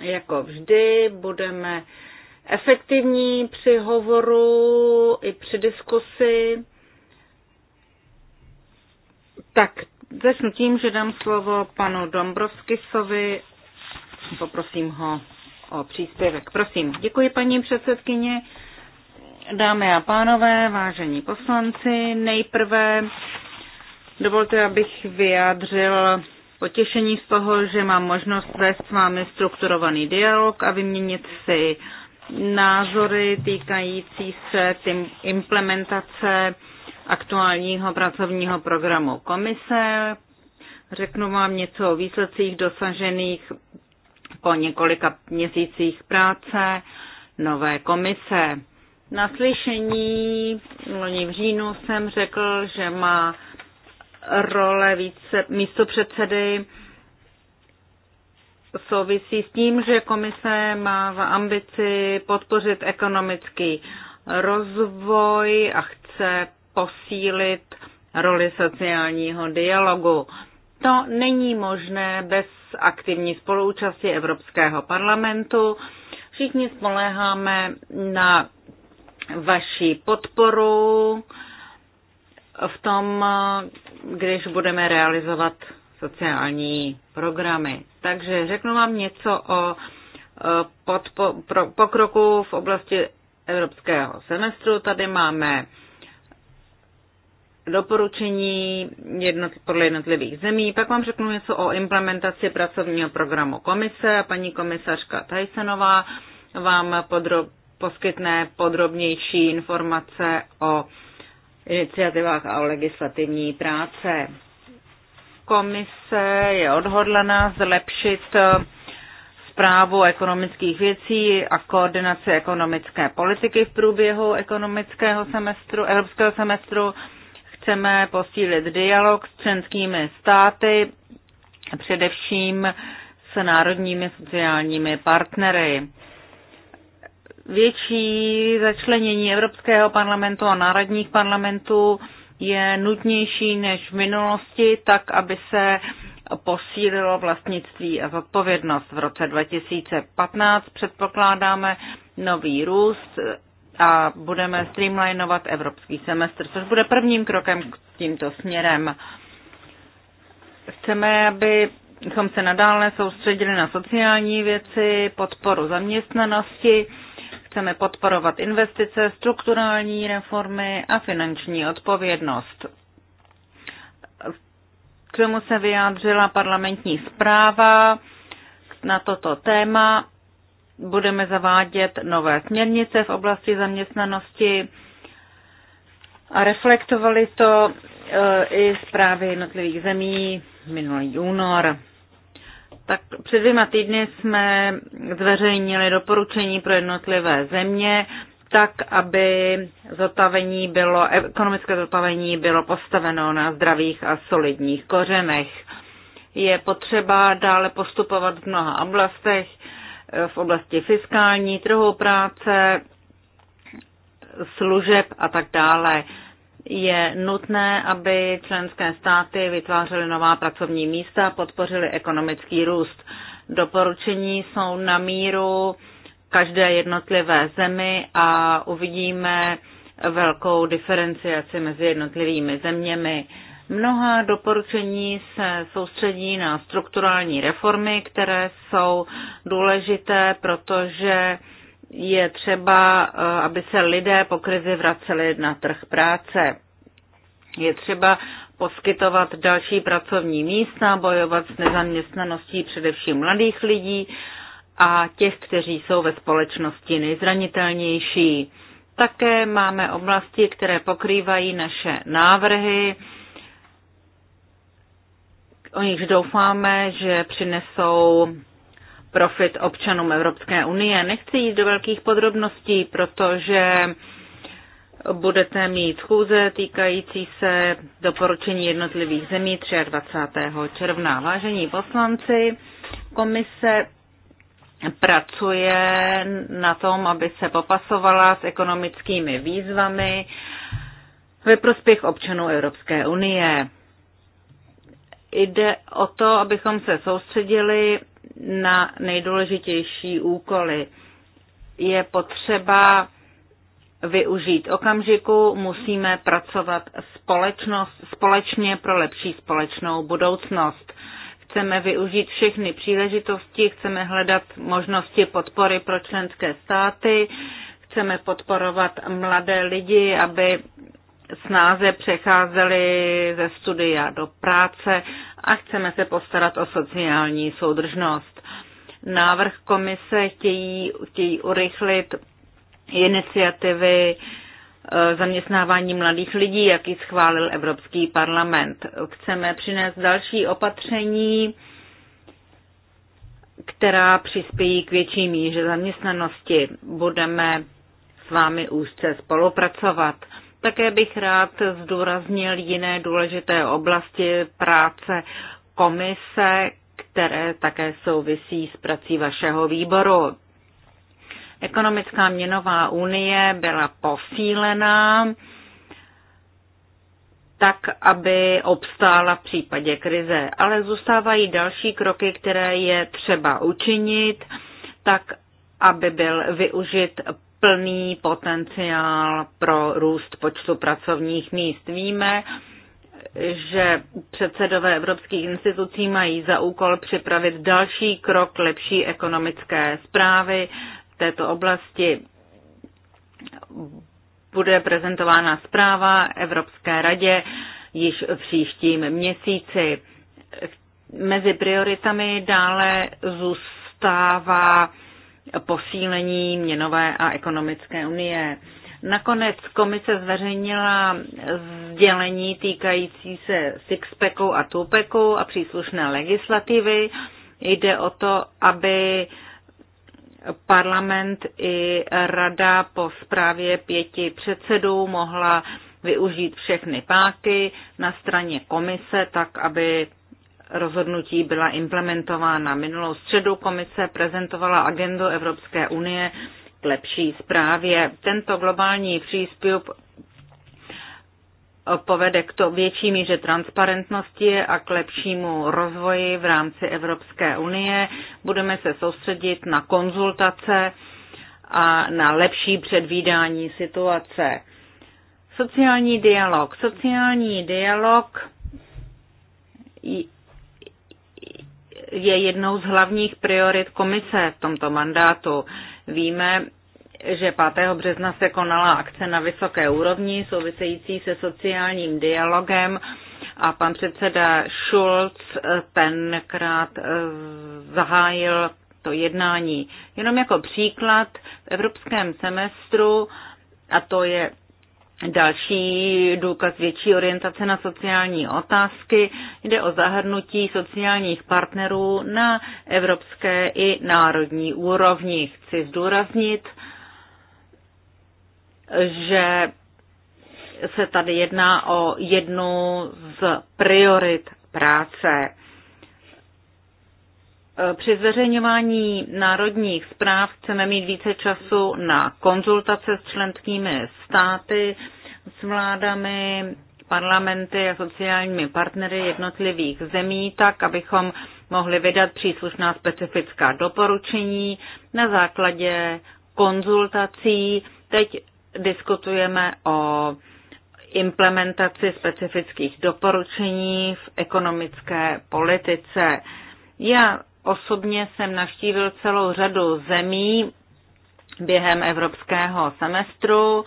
Jako vždy budeme efektivní při hovoru i při diskusi. Tak začnu tím, že dám slovo panu Dombrovskisovi Poprosím ho o příspěvek. Prosím. Děkuji, paní předsedkyně. Dámy a pánové, vážení poslanci, nejprve dovolte, abych vyjádřil potěšení z toho, že mám možnost vést s vámi strukturovaný dialog a vyměnit si názory týkající se implementace aktuálního pracovního programu komise. Řeknu vám něco o výsledcích dosažených po několika měsících práce nové komise. Na slyšení loni v říjnu jsem řekl, že má role více místo předsedy souvisí s tím, že komise má v ambici podpořit ekonomický rozvoj a chce posílit roli sociálního dialogu. To není možné bez aktivní spoluúčasti Evropského parlamentu. Všichni spoléháme na vaši podporu v tom, když budeme realizovat sociální programy. Takže řeknu vám něco o e, podpo, pro, pokroku v oblasti evropského semestru. Tady máme doporučení jednot, podle jednotlivých zemí. Pak vám řeknu něco o implementaci pracovního programu komise a paní komisařka Tajsenová vám podro, poskytne podrobnější informace o iniciativách a o legislativní práce. Komise je odhodlana zlepšit eh, zprávu ekonomických věcí a koordinaci ekonomické politiky v průběhu ekonomického semestru, evropského semestru chceme posílit dialog s členskými státy, především s národními sociálními partnery. Větší začlenění Evropského parlamentu a národních parlamentů je nutnější než v minulosti, tak aby se posílilo vlastnictví a zodpovědnost. V roce 2015 předpokládáme nový růst a budeme streamlinovat evropský semestr, což bude prvním krokem k tímto směrem. Chceme, abychom se nadále soustředili na sociální věci, podporu zaměstnanosti, chceme podporovat investice, strukturální reformy a finanční odpovědnost. K tomu se vyjádřila parlamentní zpráva na toto téma budeme zavádět nové směrnice v oblasti zaměstnanosti a reflektovali to eh, i zprávy jednotlivých zemí minulý únor. Tak před dvěma týdny jsme zveřejnili doporučení pro jednotlivé země, tak, aby zotavení bylo, ekonomické zotavení bylo postaveno na zdravých a solidních kořenech. Je potřeba dále postupovat v mnoha oblastech, v oblasti fiskální, trhu práce, služeb a tak dále. Je nutné, aby členské státy vytvářely nová pracovní místa, podpořily ekonomický růst. Doporučení jsou na míru každé jednotlivé zemi a uvidíme velkou diferenciaci mezi jednotlivými zeměmi. Mnoha doporučení se soustředí na strukturální reformy, které jsou důležité, protože je třeba, eh, aby se lidé po krizi vraceli na trh práce. Je třeba poskytovat další pracovní místa, bojovat s nezaměstnaností především mladých lidí a těch, kteří jsou ve společnosti nejzranitelnější. Také máme oblasti, které pokrývají naše návrhy, o nichž doufáme, že přinesou profit občanům Evropské unie. Nechci jít do velkých podrobností, protože budete mít schůze týkající se doporučení jednotlivých zemí 23. června. Vážení poslanci, komise pracuje na tom, aby se popasovala s ekonomickými výzvami ve prospěch občanů Evropské unie. Jde o to, abychom se soustředili na nejdůležitější úkoly. Je potřeba využít okamžiku, musíme pracovat společnost, společně pro lepší společnou budoucnost. Chceme využít všechny příležitosti, chceme hledat možnosti podpory pro členské státy, chceme podporovat mladé lidi, aby snáze přecházeli ze studia do práce a chceme se postarat o sociální soudržnost. Návrh komise chtějí, chtějí urychlit iniciativy eh, zaměstnávání mladých lidí, jaký schválil Evropský parlament. Chceme přinést další opatření, která přispějí k větší míře zaměstnanosti. Budeme s vámi úzce spolupracovat. Také bych rád zdůraznil jiné důležité oblasti práce komise, které také souvisí s prací vašeho výboru. Ekonomická měnová unie byla posílená tak, aby obstála v případě krize. Ale zůstávají další kroky, které je třeba učinit, tak, aby byl využit plný potenciál pro růst počtu pracovních míst. Víme, že předsedové evropských institucí mají za úkol připravit další krok lepší ekonomické zprávy v této oblasti. Bude prezentována zpráva Evropské radě již v příštím měsíci. Mezi prioritami dále zůstává posílení měnové a ekonomické unie. Nakonec komise zveřejnila sdělení týkající se sixpacku a tupeku a příslušné legislativy. Jde o to, aby parlament i rada po zprávě pěti předsedů mohla využít všechny páky na straně komise, tak aby rozhodnutí byla implementována. Minulou středu komise prezentovala agendu Evropské unie k lepší zprávě. Tento globální přístup povede k to větší míře transparentnosti a k lepšímu rozvoji v rámci Evropské unie. Budeme se soustředit na konzultace a na lepší předvídání situace. Sociální dialog. Sociální dialog je jednou z hlavních priorit komise v tomto mandátu. Víme, že 5. března se konala akce na vysoké úrovni související se sociálním dialogem a pan předseda Schulz tenkrát eh, zahájil to jednání. Jenom jako příklad v evropském semestru, a to je Další důkaz větší orientace na sociální otázky jde o zahrnutí sociálních partnerů na evropské i národní úrovni. Chci zdůraznit, že se tady jedná o jednu z priorit práce. Při zveřejňování národních zpráv chceme mít více času na konzultace s členskými státy, s vládami, parlamenty a sociálními partnery jednotlivých zemí, tak abychom mohli vydat příslušná specifická doporučení na základě konzultací. Teď diskutujeme o implementaci specifických doporučení v ekonomické politice. Já Osobně jsem navštívil celou řadu zemí během evropského semestru.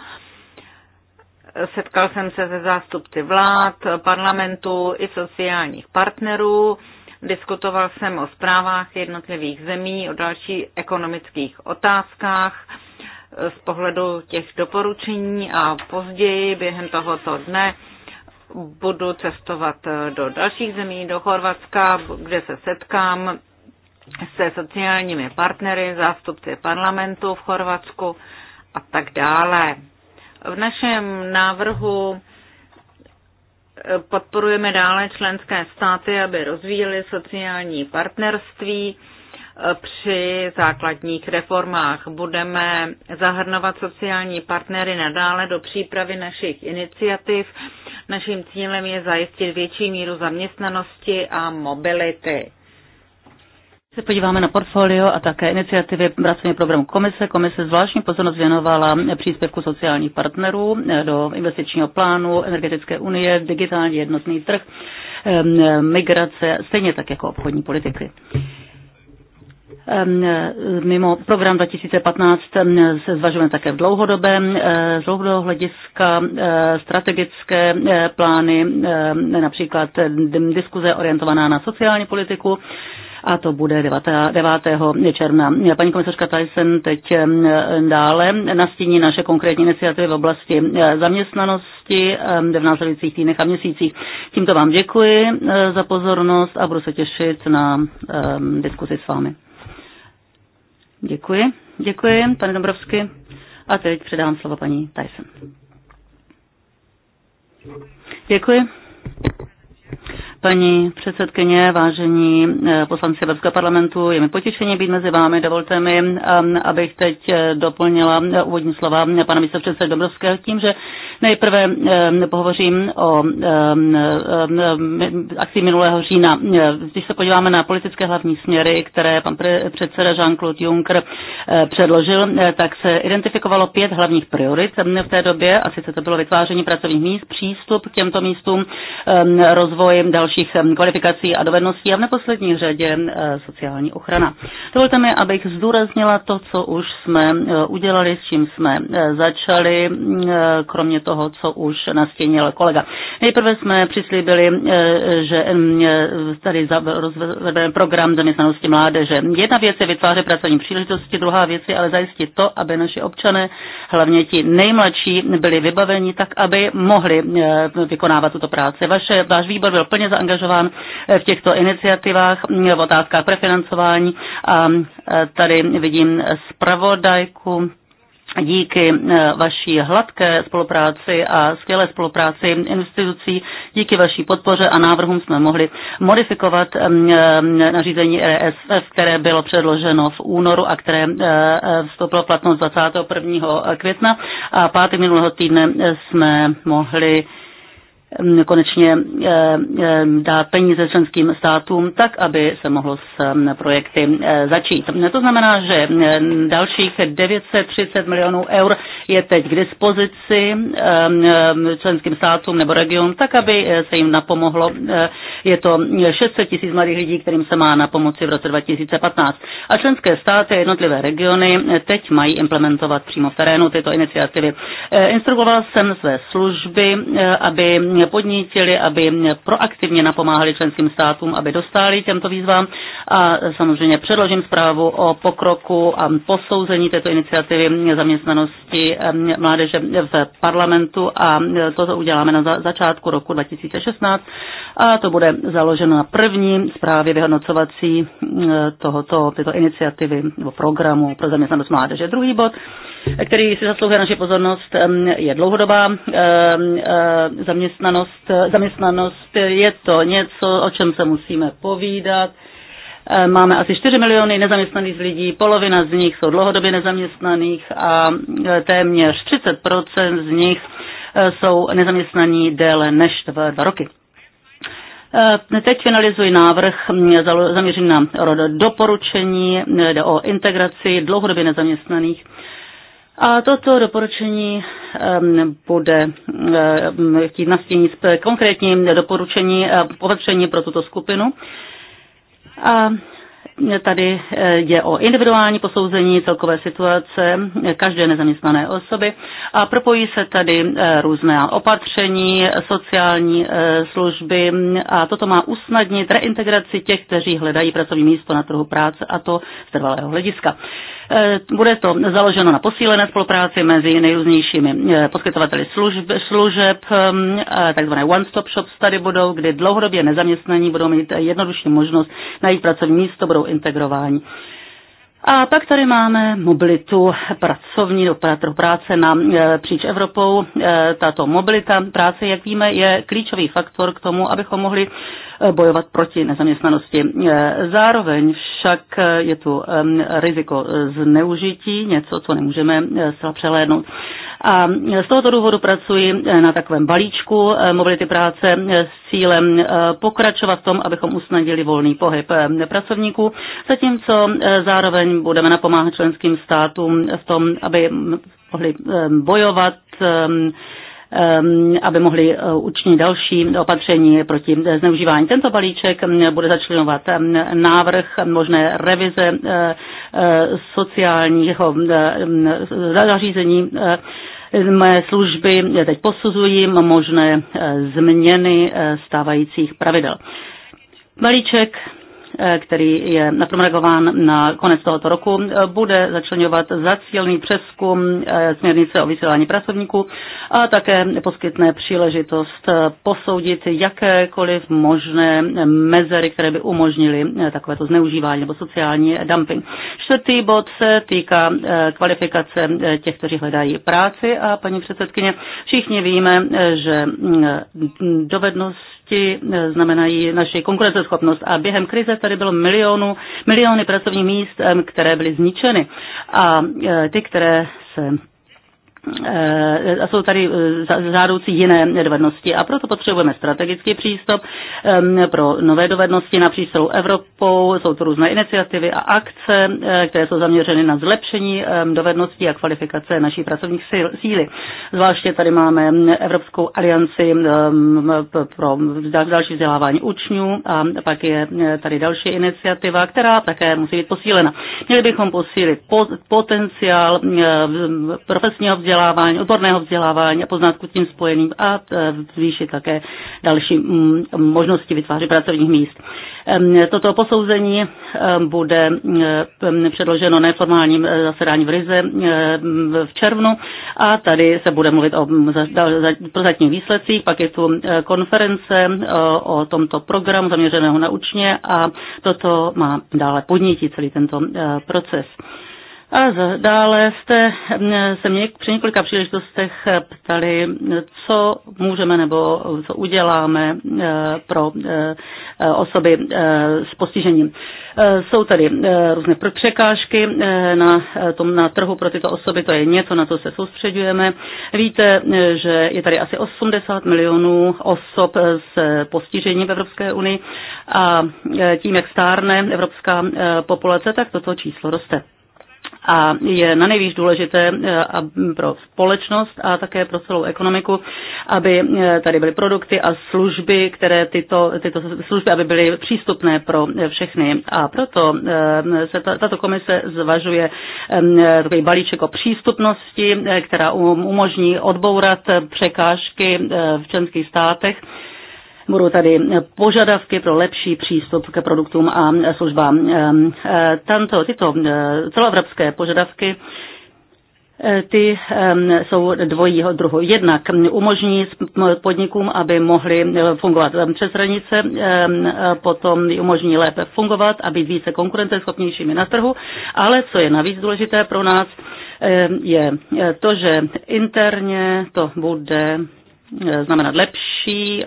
Setkal jsem se se zástupci vlád, parlamentu i sociálních partnerů. Diskutoval jsem o zprávách jednotlivých zemí, o dalších ekonomických otázkách z pohledu těch doporučení a později během tohoto dne budu cestovat do dalších zemí, do Chorvatska, kde se setkám se sociálními partnery, zástupci parlamentu v Chorvatsku a tak dále. V našem návrhu eh, podporujeme dále členské státy, aby rozvíjely sociální partnerství eh, při základních reformách. Budeme zahrnovat sociální partnery nadále do přípravy našich iniciativ. Naším cílem je zajistit větší míru zaměstnanosti a mobility se podíváme na portfolio a také iniciativy pracovního programu komise. Komise zvláštní pozornost věnovala příspěvku sociálních partnerů do investičního plánu energetické unie, digitální jednotný trh, migrace, stejně tak jako obchodní politiky mimo program 2015 se zvažujeme také v dlouhodobém, z dlouhodobého hlediska strategické plány, například diskuze orientovaná na sociální politiku, a to bude 9. června. Paní komisařka Tyson teď eh, dále nastíní naše konkrétní iniciativy v oblasti eh, zaměstnanosti eh, v následujících týdnech a měsících. Tímto vám děkuji za pozornost a budu se těšit na diskusi s vámi. Děkuji. Děkuji, pane Dobrovsky. A teď předávám slovo paní Tyson. Děkuji. Paní předsedkyně, vážení eh, poslanci Evropského parlamentu, je mi potěšení být mezi vámi. Dovolte mi, ehm, abych teď eh, doplnila eh, úvodní slova pana místopředsedy Dobrovského tím, že nejprve ehm, pohovořím o ehm, akci minulého října. Když se podíváme na politické hlavní směry, které pan předseda Jean-Claude Juncker předložil, tak se identifikovalo pět hlavních priorit v té době, a sice to bylo vytváření pracovních míst, přístup k těmto místům, rozvoj další dalších kvalifikací a dovedností a v neposlední řadě sociální ochrana. Dovolte mi, abych zdůraznila to, co už jsme udělali, s čím jsme začali, kromě toho, co už nastěnil kolega. Nejprve jsme přislíbili, že tady rozvedeme program zaměstnanosti mládeže. Jedna věc je vytvářet pracovní příležitosti, druhá věc je ale zajistit to, aby naši občané, hlavně ti nejmladší, byli vybaveni tak, aby mohli vykonávat tuto práci. Vaše, váš výbor byl plně za angažován eh, v těchto iniciativách eh, v otázkách prefinancování a eh, tady vidím zpravodajku díky vaší hladké spolupráci a skvělé spolupráci institucí, díky vaší podpoře a návrhům jsme mohli modifikovat nařízení RSF, e které bylo předloženo v únoru a které vstoupilo platnost 21. května a pátý minulého týdne jsme mohli Um, konečně eh, eh, dá peníze členským státům tak, aby se mohlo s um, projekty eh, začít. To znamená, že dalších 930 milionů eur je teď k dispozici um, členským státům nebo regionům, tak, aby se jim napomohlo. Je to 600 tisíc mladých lidí, kterým se má na pomoci v roce 2015. A členské státy a jednotlivé regiony teď mají implementovat přímo v terénu tyto iniciativy. Instruoval jsem své služby, aby podnítili, aby proaktivně napomáhali členským státům, aby dostali těmto výzvám. A samozřejmě předložím zprávu o pokroku a posouzení této iniciativy zaměstnanosti mládeže v parlamentu a to uděláme na začátku roku 2016 a to bude založeno na první zprávě vyhodnocovací e, tohoto, této iniciativy nebo programu pro zaměstnanost mládeže. Druhý bod který si zaslouhuje naše pozornost, je dlouhodobá zaměstnanost. Zaměstnanost je to něco, o čem se musíme povídat. Máme asi 4 miliony nezaměstnaných lidí, polovina z nich jsou dlouhodobě nezaměstnaných a e, téměř 30 z nich e, jsou nezaměstnaní déle než dva roky. E, teď finalizuji návrh zaměřený na doporučení, jde o integraci dlouhodobě nezaměstnaných a toto doporučení bude chtít nastínit konkrétní doporučení e, opatření pro tuto skupinu. A tady e, jde o individuální posouzení celkové situace každé nezaměstnané osoby a propojí se tady e, různé opatření, sociální služby a toto má usnadnit reintegraci těch, kteří hledají pracovní místo na trhu práce a to z trvalého hlediska. Eh, bude to založeno na posílené spolupráci mezi nejrůznějšími eh, poskytovateli služb, služeb, ehm, eh, takzvané one-stop shops tady budou, kdy dlouhodobě nezaměstnaní budou mít jednodušší možnost najít pracovní místo, budou integrováni. A pak tady máme mobilitu pracovní do práce na e, příč Evropou. E, tato mobilita práce, jak víme, je klíčový faktor k tomu, abychom mohli e, bojovat proti nezaměstnanosti. Zároveň však je tu riziko zneužití, něco, co nemůžeme zcela přelédnout. A e, z tohoto důvodu pracuji e, na takovém balíčku e, mobility práce s cílem pokračovat v tom, abychom usnadili volný pohyb pracovníků, zatímco zároveň budeme napomáhat členským státům v tom, aby mohli bojovat Ehm, aby mohli eh, učinit další opatření proti zneužívání. Tento balíček bude začlenovat návrh možné revize eh, eh, sociálního zařízení mé služby teď posuzují možné změny stávajících pravidel. Balíček Eh, který je napromregován na konec tohoto roku, eh, bude začlenovat zacílný přeskum eh, směrnice o vysílání pracovníků a také poskytne příležitost posoudit jakékoliv možné mezery, které by umožnily takovéto zneužívání nebo sociální dumping. Čtvrtý bod se týká kvalifikace těch, kteří hledají práci a paní předsedkyně, všichni víme, že mm, dovednost Ti e, znamenají naši konkurenceschopnost. A během krize tady bylo milionu, miliony pracovních míst, které byly zničeny. A e, ty, které se Eh, a jsou tady eh, žádoucí jiné dovednosti a proto potřebujeme strategický přístup pro nové dovednosti napříč celou Evropou. Jsou to různé iniciativy a akce, eh, které jsou zaměřeny na zlepšení dovedností a kvalifikace naší pracovních síly. Zvláště tady máme Evropskou alianci pro další vzdělávání učňů a pak je tady další iniciativa, která také musí být posílena. Měli bychom posílit potenciál profesního vzdělávání vzdělávání, odborného vzdělávání a poznatku s tím spojeným a e, zvýšit také další mm, možnosti vytvářet pracovních míst. Toto posouzení e, bude e, předloženo neformálním zasedání v Rize v červnu a tady se bude mluvit o prozatních výsledcích, pak je tu konference o tomto programu zaměřeného na učně a toto má dále podnítit celý tento proces. A dále jste mm, se mě při několika příležitostech ptali, co můžeme nebo co uděláme eh, pro eh, osoby eh, s postižením. Jsou tady různé překážky na, tom, na trhu pro tyto osoby, to je něco, na co se soustředujeme. Víte, že je tady asi 80 milionů osob s postižením v Evropské unii a tím, jak stárne evropská populace, tak toto číslo roste a je na nejvíc důležité eh, pro společnost a také pro celou ekonomiku, aby eh, tady byly produkty a služby, které tyto, tyto služby, aby byly přístupné pro všechny. A proto eh, se tato komise zvažuje takový balíček o přístupnosti, která um, umožní odbourat překážky v členských státech Budou tady požadavky pro lepší přístup ke produktům a službám. Ehm, eh, tanto, tyto eh, celoevropské požadavky eh, ty ehm, jsou dvojího druhu. Jednak umožní podnikům, aby mohli fungovat přes hranice, ehm, potom umožní lépe fungovat a být více konkurenceschopnějšími na trhu, ale co je navíc důležité pro nás, je to, že interně to bude Eh, znamenat lepší,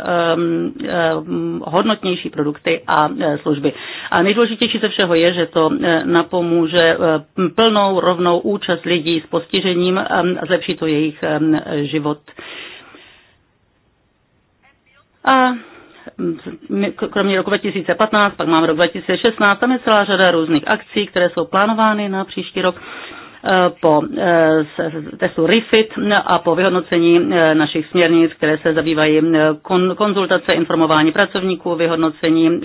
hodnotnější produkty a eh, služby. A nejdůležitější ze všeho je, že to eh, napomůže plnou rovnou účast lidí s postižením a zlepší to jejich život. A mm, kromě roku 2015, pak máme rok 2016, tam je celá řada různých akcí, které jsou plánovány na příští rok. Eh, po eh, testu RIFIT a po vyhodnocení eh, našich směrnic, které se zabývají konzultace, informování pracovníků, vyhodnocení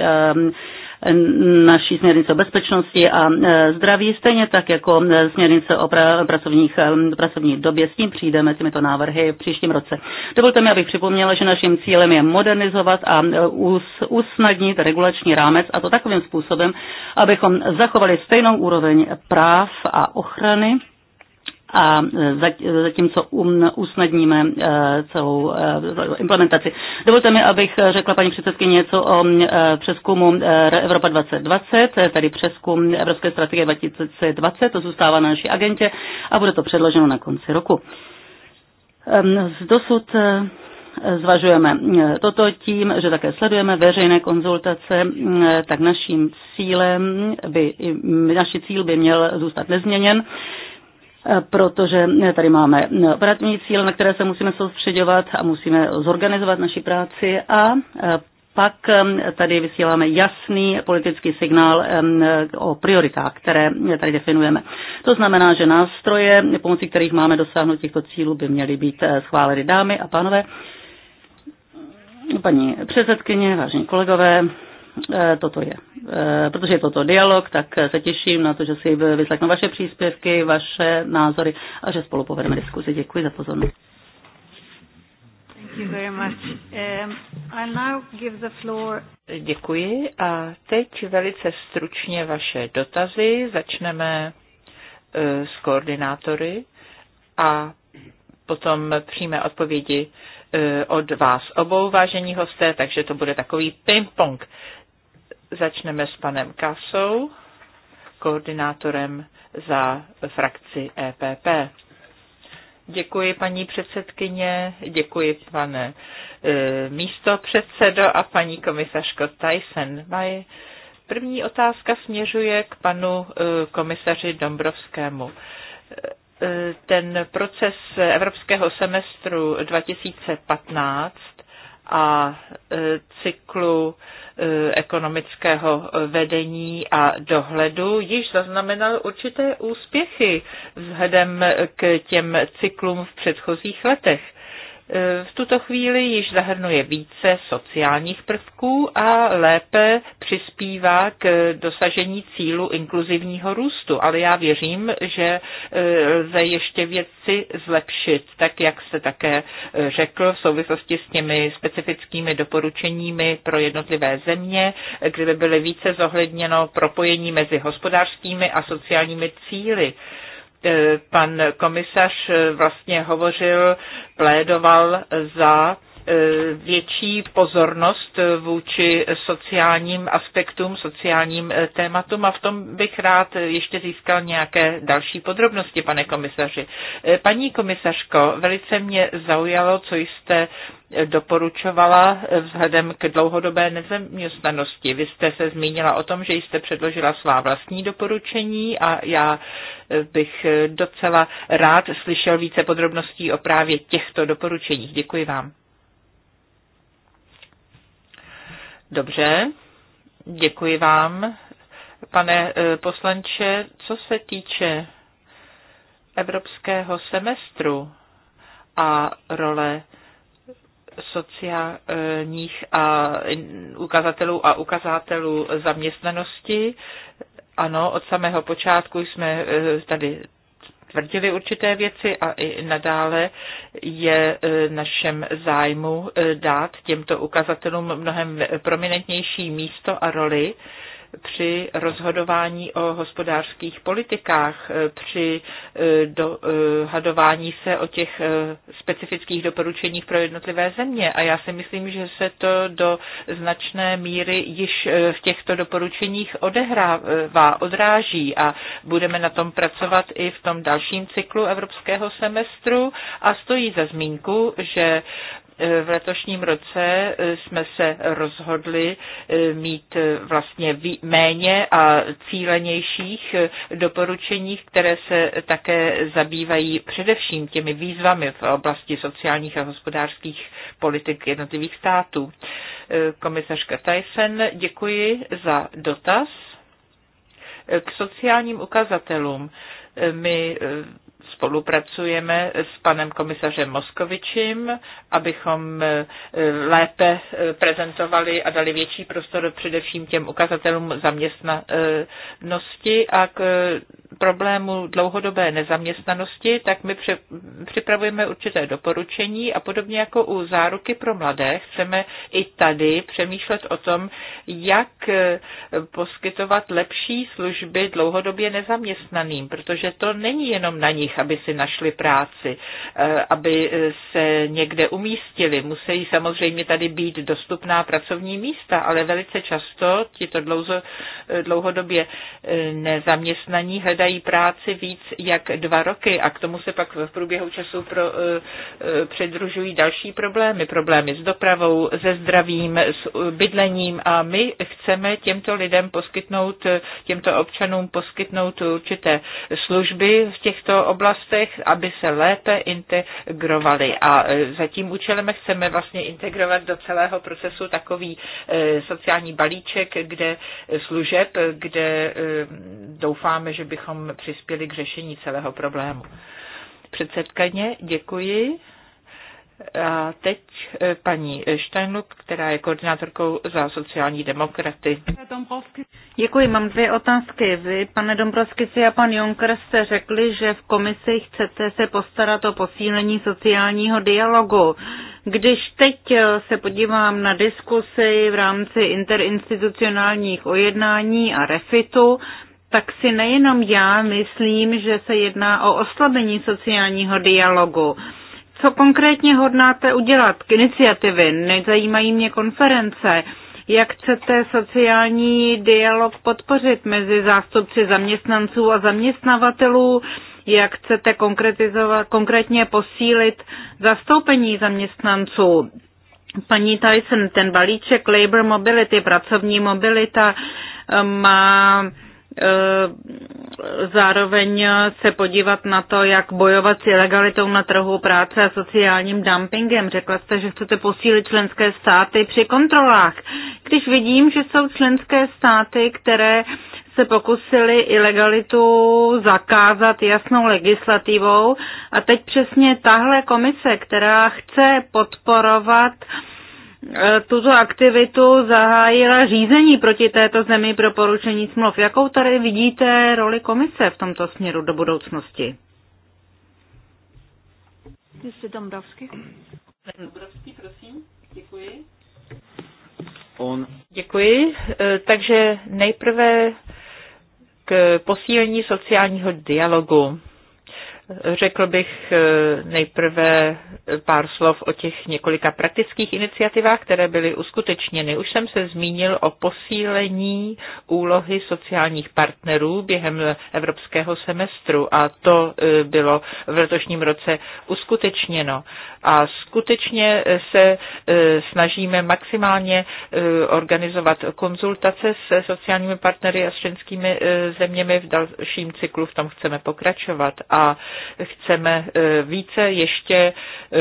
naší směrnice o bezpečnosti a e, zdraví, stejně tak jako e, směrnice o pra, pracovních, e, pracovní době. S tím přijdeme těmito návrhy v příštím roce. Dovolte mi, abych připomněla, že naším cílem je modernizovat a usnadnit regulační rámec a to takovým způsobem, abychom zachovali stejnou úroveň práv a ochrany a e, zatímco um, usnadníme e, celou e, implementaci. Dovolte mi, abych řekla paní předsedkyně něco o přeskumu Evropa 2020, tedy přeskum Evropské strategie 2020, to zůstává na naší agentě a bude to předloženo na konci roku. Z dosud zvažujeme toto tím, že také sledujeme veřejné konzultace, tak naším cílem by, naši cíl by měl zůstat nezměněn Eh, protože eh, tady máme eh, operativní cíle, na které se musíme soustředovat a musíme zorganizovat naši práci a pak tady vysíláme jasný politický signál o prioritách, které tady definujeme. To znamená, že nástroje, pomocí kterých máme dosáhnout těchto cílů, by měly být schváleny dámy a pánové. Paní předsedkyně, vážení kolegové, Eh, toto je. Eh, protože je toto dialog, tak se těším na to, že si vyslechnu vaše příspěvky, vaše názory a že spolu povedeme diskuzi. Děkuji za pozornost. Um, Děkuji a teď velice stručně vaše dotazy. Začneme eh, s koordinátory a potom přijme odpovědi od vás obou, vážení hosté, takže to bude takový ping-pong. Začneme s panem Kasou, koordinátorem za frakci EPP. Děkuji, paní předsedkyně, děkuji, pane e, místo předsedo a paní komisařko Tyson. Maj. první otázka směřuje k panu e, komisaři Dombrovskému. E, ten proces evropského semestru 2015 a e, cyklu e, ekonomického e, vedení a dohledu již zaznamenal určité úspěchy vzhledem k těm cyklům v předchozích letech v tuto chvíli již zahrnuje více sociálních prvků a lépe přispívá k dosažení cílu inkluzivního růstu. Ale já věřím, že e, lze ještě věci zlepšit, tak jak se také e, řekl v souvislosti s těmi specifickými doporučeními pro jednotlivé země, kdyby byly více zohledněno propojení mezi hospodářskými a sociálními cíly. E, pan komisař e, vlastně hovořil, plédoval za Eh, větší pozornost vůči sociálním aspektům, sociálním eh, tématům a v tom bych rád ještě získal nějaké další podrobnosti, pane komisaři. Eh, paní komisařko, velice mě zaujalo, co jste doporučovala vzhledem k dlouhodobé nezaměstnanosti. Vy jste se zmínila o tom, že jste předložila svá vlastní doporučení a já bych docela rád slyšel více podrobností o právě těchto doporučeních. Děkuji vám. Dobře, děkuji vám, pane eh, poslanče. Co se týče evropského semestru a role sociálních a ukazatelů a ukazatelů zaměstnanosti. Ano, od samého počátku jsme eh, tady tvrdili určité věci a i nadále je e, našem zájmu e, dát těmto ukazatelům mnohem prominentnější místo a roli, při rozhodování o hospodářských politikách, eh, při eh, dohadování eh, se o těch specifických doporučeních pro jednotlivé země. A já si myslím, že se to do značné míry již v těchto doporučeních odehrává, odráží a budeme na tom pracovat i v tom dalším cyklu evropského semestru a stojí za zmínku, že v letošním roce e, jsme se rozhodli e, mít e, vlastně méně a cílenějších doporučeních, které se také zabývají především těmi výzvami v oblasti sociálních a hospodářských politik jednotlivých států. Komisařka Tyson, děkuji za dotaz. K sociálním ukazatelům my Spolupracujeme s panem komisařem Moskovičem, abychom e, lépe e, prezentovali a dali větší prostor především těm ukazatelům zaměstnanosti a k problému dlouhodobé nezaměstnanosti, tak my připravujeme určité doporučení a podobně jako u záruky pro mladé chceme i tady přemýšlet o tom, jak eh, poskytovat lepší služby dlouhodobě nezaměstnaným, protože to není jenom na nich, aby si našli práci, eh, aby eh, se někde umístili. Musí samozřejmě tady být dostupná pracovní místa, ale velice často tito dlouhodobě nezaměstnaní hledají dělají práci víc jak dva roky a k tomu se pak v průběhu času pro, eh, eh, předružují další problémy. Problémy s dopravou, se zdravím, s eh, bydlením a my chceme těmto lidem poskytnout, těmto občanům poskytnout určité služby v těchto oblastech, aby se lépe integrovali. A za tím účelem chceme vlastně integrovat do celého procesu takový sociální balíček, kde služeb, kde doufáme, že bychom abychom přispěli k řešení celého problému. Předsedkaně, děkuji. A teď e, paní Steinluck, která je koordinátorkou za sociální demokraty. Děkuji, mám dvě otázky. Vy, pane si a pan Juncker, jste řekli, že v komisi chcete se postarat o posílení sociálního dialogu. Když teď e, se podívám na diskusy v rámci interinstitucionálních ojednání a refitu, tak si nejenom já myslím, že se jedná o oslabení sociálního dialogu. Co konkrétně hodnáte udělat k iniciativy? Nezajímají mě konference. Jak chcete sociální dialog podpořit mezi zástupci zaměstnanců a zaměstnavatelů? Jak chcete konkretizovat, konkrétně posílit zastoupení zaměstnanců? Paní Tyson, ten balíček Labor Mobility, pracovní mobilita, eh, má Eh, zároveň se podívat na to, jak bojovat s ilegalitou na trhu práce a sociálním dumpingem. Řekla jste, že chcete posílit členské státy při kontrolách. Když vidím, že jsou členské státy, které se pokusili ilegalitu zakázat jasnou legislativou a teď přesně tahle komise, která chce podporovat uh, E, tuto aktivitu zahájila řízení proti této zemi pro poručení smluv. Jakou tady vidíte roli komise v tomto směru do budoucnosti? Dombrovský. Dombrovský, prosím. Děkuji. On. Děkuji. E, takže nejprve k posílení sociálního dialogu. Řekl bych eh, nejprve pár slov o těch několika praktických iniciativách, které byly uskutečněny. Už jsem se zmínil o posílení úlohy sociálních partnerů během evropského semestru a to eh, bylo v letošním roce uskutečněno. A skutečně se eh, snažíme maximálně organizovat konzultace se sociálními partnery a s členskými zeměmi v dalším cyklu, v tom chceme pokračovat. A chceme eh, více ještě eh,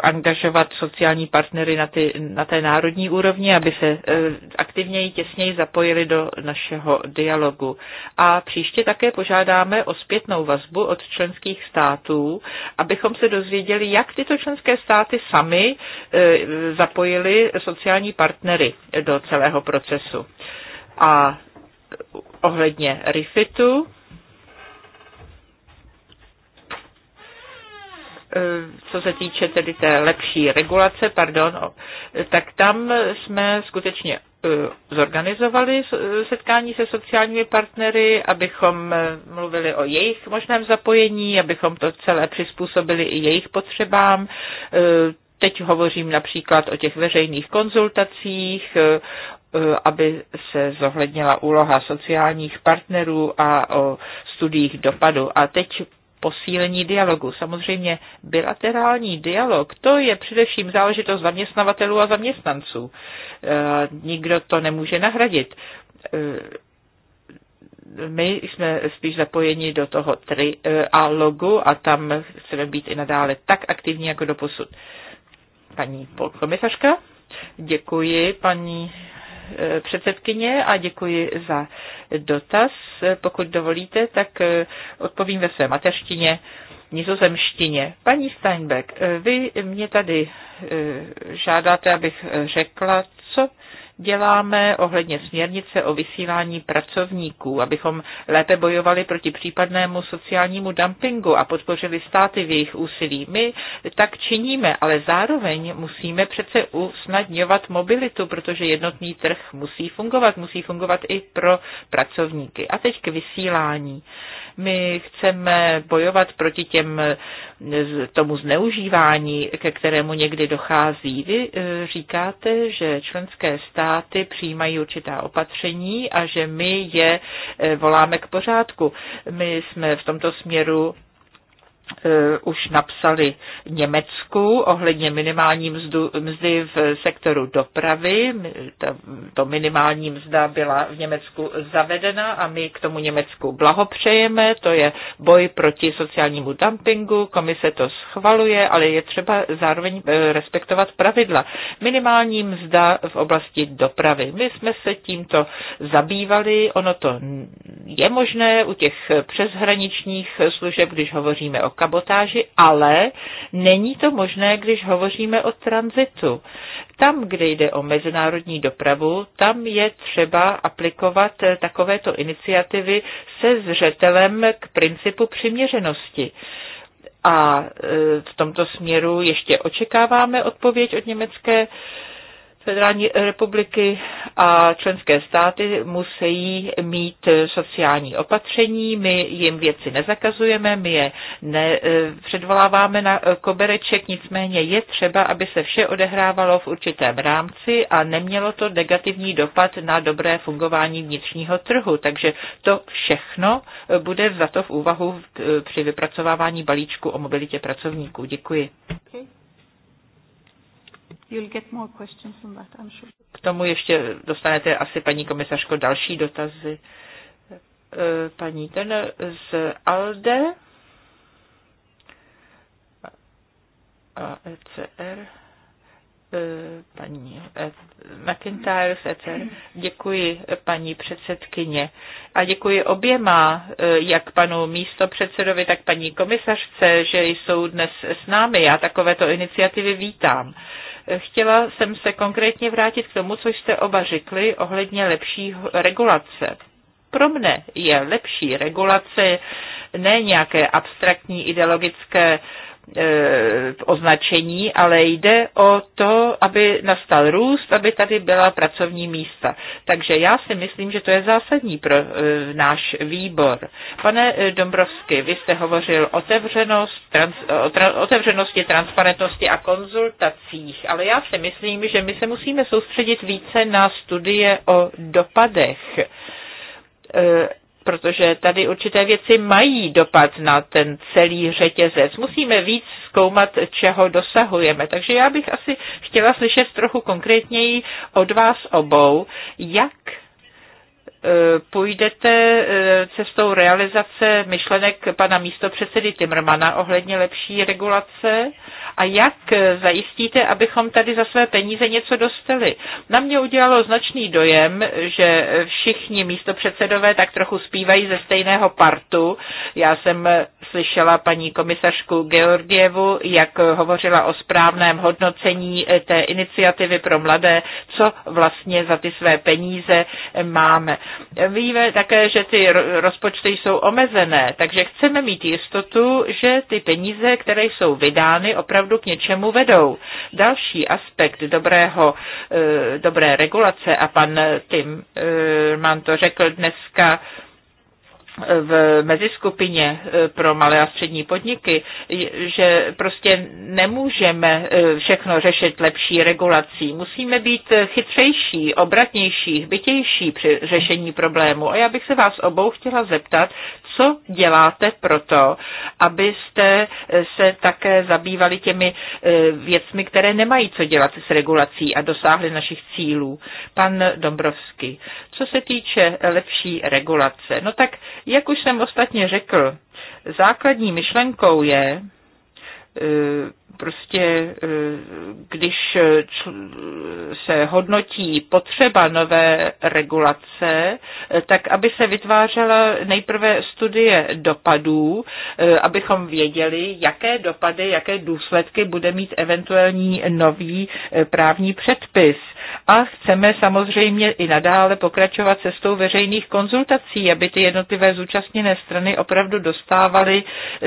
angažovat sociální partnery na, ty, na té národní úrovni, aby se eh, aktivněji, těsněji zapojili do našeho dialogu. A příště také požádáme o zpětnou vazbu od členských států, abychom se dozvěděli, jak tyto členské státy sami zapojili sociální partnery do celého procesu. A ohledně RIFITu, Eh, co se týče tedy té lepší regulace, pardon, tak tam jsme skutečně eh, zorganizovali eh, setkání se sociálními partnery, abychom mluvili o jejich možném zapojení, abychom to celé přizpůsobili i jejich potřebám. Teď hovořím například o těch veřejných konzultacích, aby se zohlednila úloha sociálních partnerů a o studiích dopadu. A teď posílení dialogu. Samozřejmě bilaterální dialog, to je především záležitost zaměstnavatelů a zaměstnanců. E, nikdo to nemůže nahradit e, my jsme spíš zapojeni do toho trialogu a tam chceme být i nadále tak aktivní jako do posud. Paní polkomisařka, děkuji paní Eh, předsedkyně a děkuji za dotaz. Eh, pokud dovolíte, tak eh, odpovím ve své mateřtině nizozemštině. Paní Steinbeck, vy mě tady žádáte, abych řekla, co děláme ohledně směrnice o vysílání pracovníků, abychom lépe bojovali proti případnému sociálnímu dumpingu a podpořili státy v jejich úsilí. My tak činíme, ale zároveň musíme přece usnadňovat mobilitu, protože jednotný trh musí fungovat, musí fungovat i pro pracovníky. A teď k vysílání. My chceme bojovat proti těm, tomu zneužívání, ke kterému někdy dochází. Vy eh, říkáte, že členské státy přijímají určitá opatření a že my je eh, voláme k pořádku. My jsme v tomto směru Eh, už napsali Německu ohledně minimální mzdu, mzdy v sektoru dopravy. To, to minimální mzda byla v Německu zavedena a my k tomu Německu blahopřejeme. To je boj proti sociálnímu dumpingu, komise to schvaluje, ale je třeba zároveň eh, respektovat pravidla. Minimální mzda v oblasti dopravy. My jsme se tímto zabývali, ono to je možné u těch přeshraničních služeb, když hovoříme o kabotáži, ale není to možné, když hovoříme o tranzitu. Tam, kde jde o mezinárodní dopravu, tam je třeba aplikovat eh, takovéto iniciativy se zřetelem k principu přiměřenosti. A eh, v tomto směru ještě očekáváme odpověď od německé Federální republiky a členské státy musí mít sociální opatření, my jim věci nezakazujeme, my je ne, eh, předvoláváme na kobereček, nicméně je třeba, aby se vše odehrávalo v určitém rámci a nemělo to negativní dopad na dobré fungování vnitřního trhu. Takže to všechno bude vzato v úvahu eh, při vypracovávání balíčku o mobilitě pracovníků. Děkuji. Okay. You'll get more questions on that, I'm sure. K tomu ještě dostanete asi, paní komisařko, další dotazy. E, paní ten z ALDE a ECR e, paní e McIntyre z ECR. Děkuji paní předsedkyně a děkuji oběma, jak panu místopředsedovi, tak paní komisařce, že jsou dnes s námi. Já takovéto iniciativy vítám. Chtěla jsem se konkrétně vrátit k tomu, co jste oba řekli ohledně lepší regulace. Pro mne je lepší regulace ne nějaké abstraktní ideologické uh, E, označení, ale jde o to, aby nastal růst, aby tady byla pracovní místa. Takže já si myslím, že to je zásadní pro e, náš výbor. Pane e, Dombrovsky, vy jste hovořil otevřenost, trans, otevřenosti, transparentnosti a konzultacích, ale já si myslím, že my se musíme soustředit více na studie o dopadech protože tady určité věci mají dopad na ten celý řetězec. Musíme víc zkoumat, čeho dosahujeme. Takže já bych asi chtěla slyšet trochu konkrétněji od vás obou, jak e, půjdete e, cestou realizace myšlenek pana místopředsedy Timrmana ohledně lepší regulace a jak zajistíte, abychom tady za své peníze něco dostali. Na mě udělalo značný dojem, že všichni místopředsedové tak trochu zpívají ze stejného partu. Já jsem slyšela paní komisařku Georgievu, jak hovořila o správném hodnocení eh, té iniciativy pro mladé, co vlastně za ty své peníze eh, máme. Víme také, že ty rozpočty jsou omezené, takže chceme mít jistotu, že ty peníze, které jsou vydány, opravdu opravdu k něčemu vedou. Další aspekt dobrého, eh, dobré regulace, a pan Tim eh, mám to řekl dneska, v meziskupině eh, pro malé a střední podniky, že prostě nemůžeme eh, všechno řešit lepší regulací. Musíme být chytřejší, obratnější, bytější při řešení problému. A já bych se vás obou chtěla zeptat, co děláte proto, abyste eh, se také zabývali těmi věcmi, které nemají co dělat s regulací a dosáhli našich cílů. Pan Dombrovský, co se týče lepší regulace, no tak jak už jsem ostatně řekl, základní myšlenkou je, e, prostě e, když se hodnotí potřeba nové regulace, e, tak aby se vytvářela nejprve studie dopadů, abychom věděli, jaké dopady, jaké důsledky bude mít eventuální nový právní předpis a chceme samozřejmě i nadále pokračovat cestou veřejných konzultací, aby ty jednotlivé zúčastněné strany opravdu dostávaly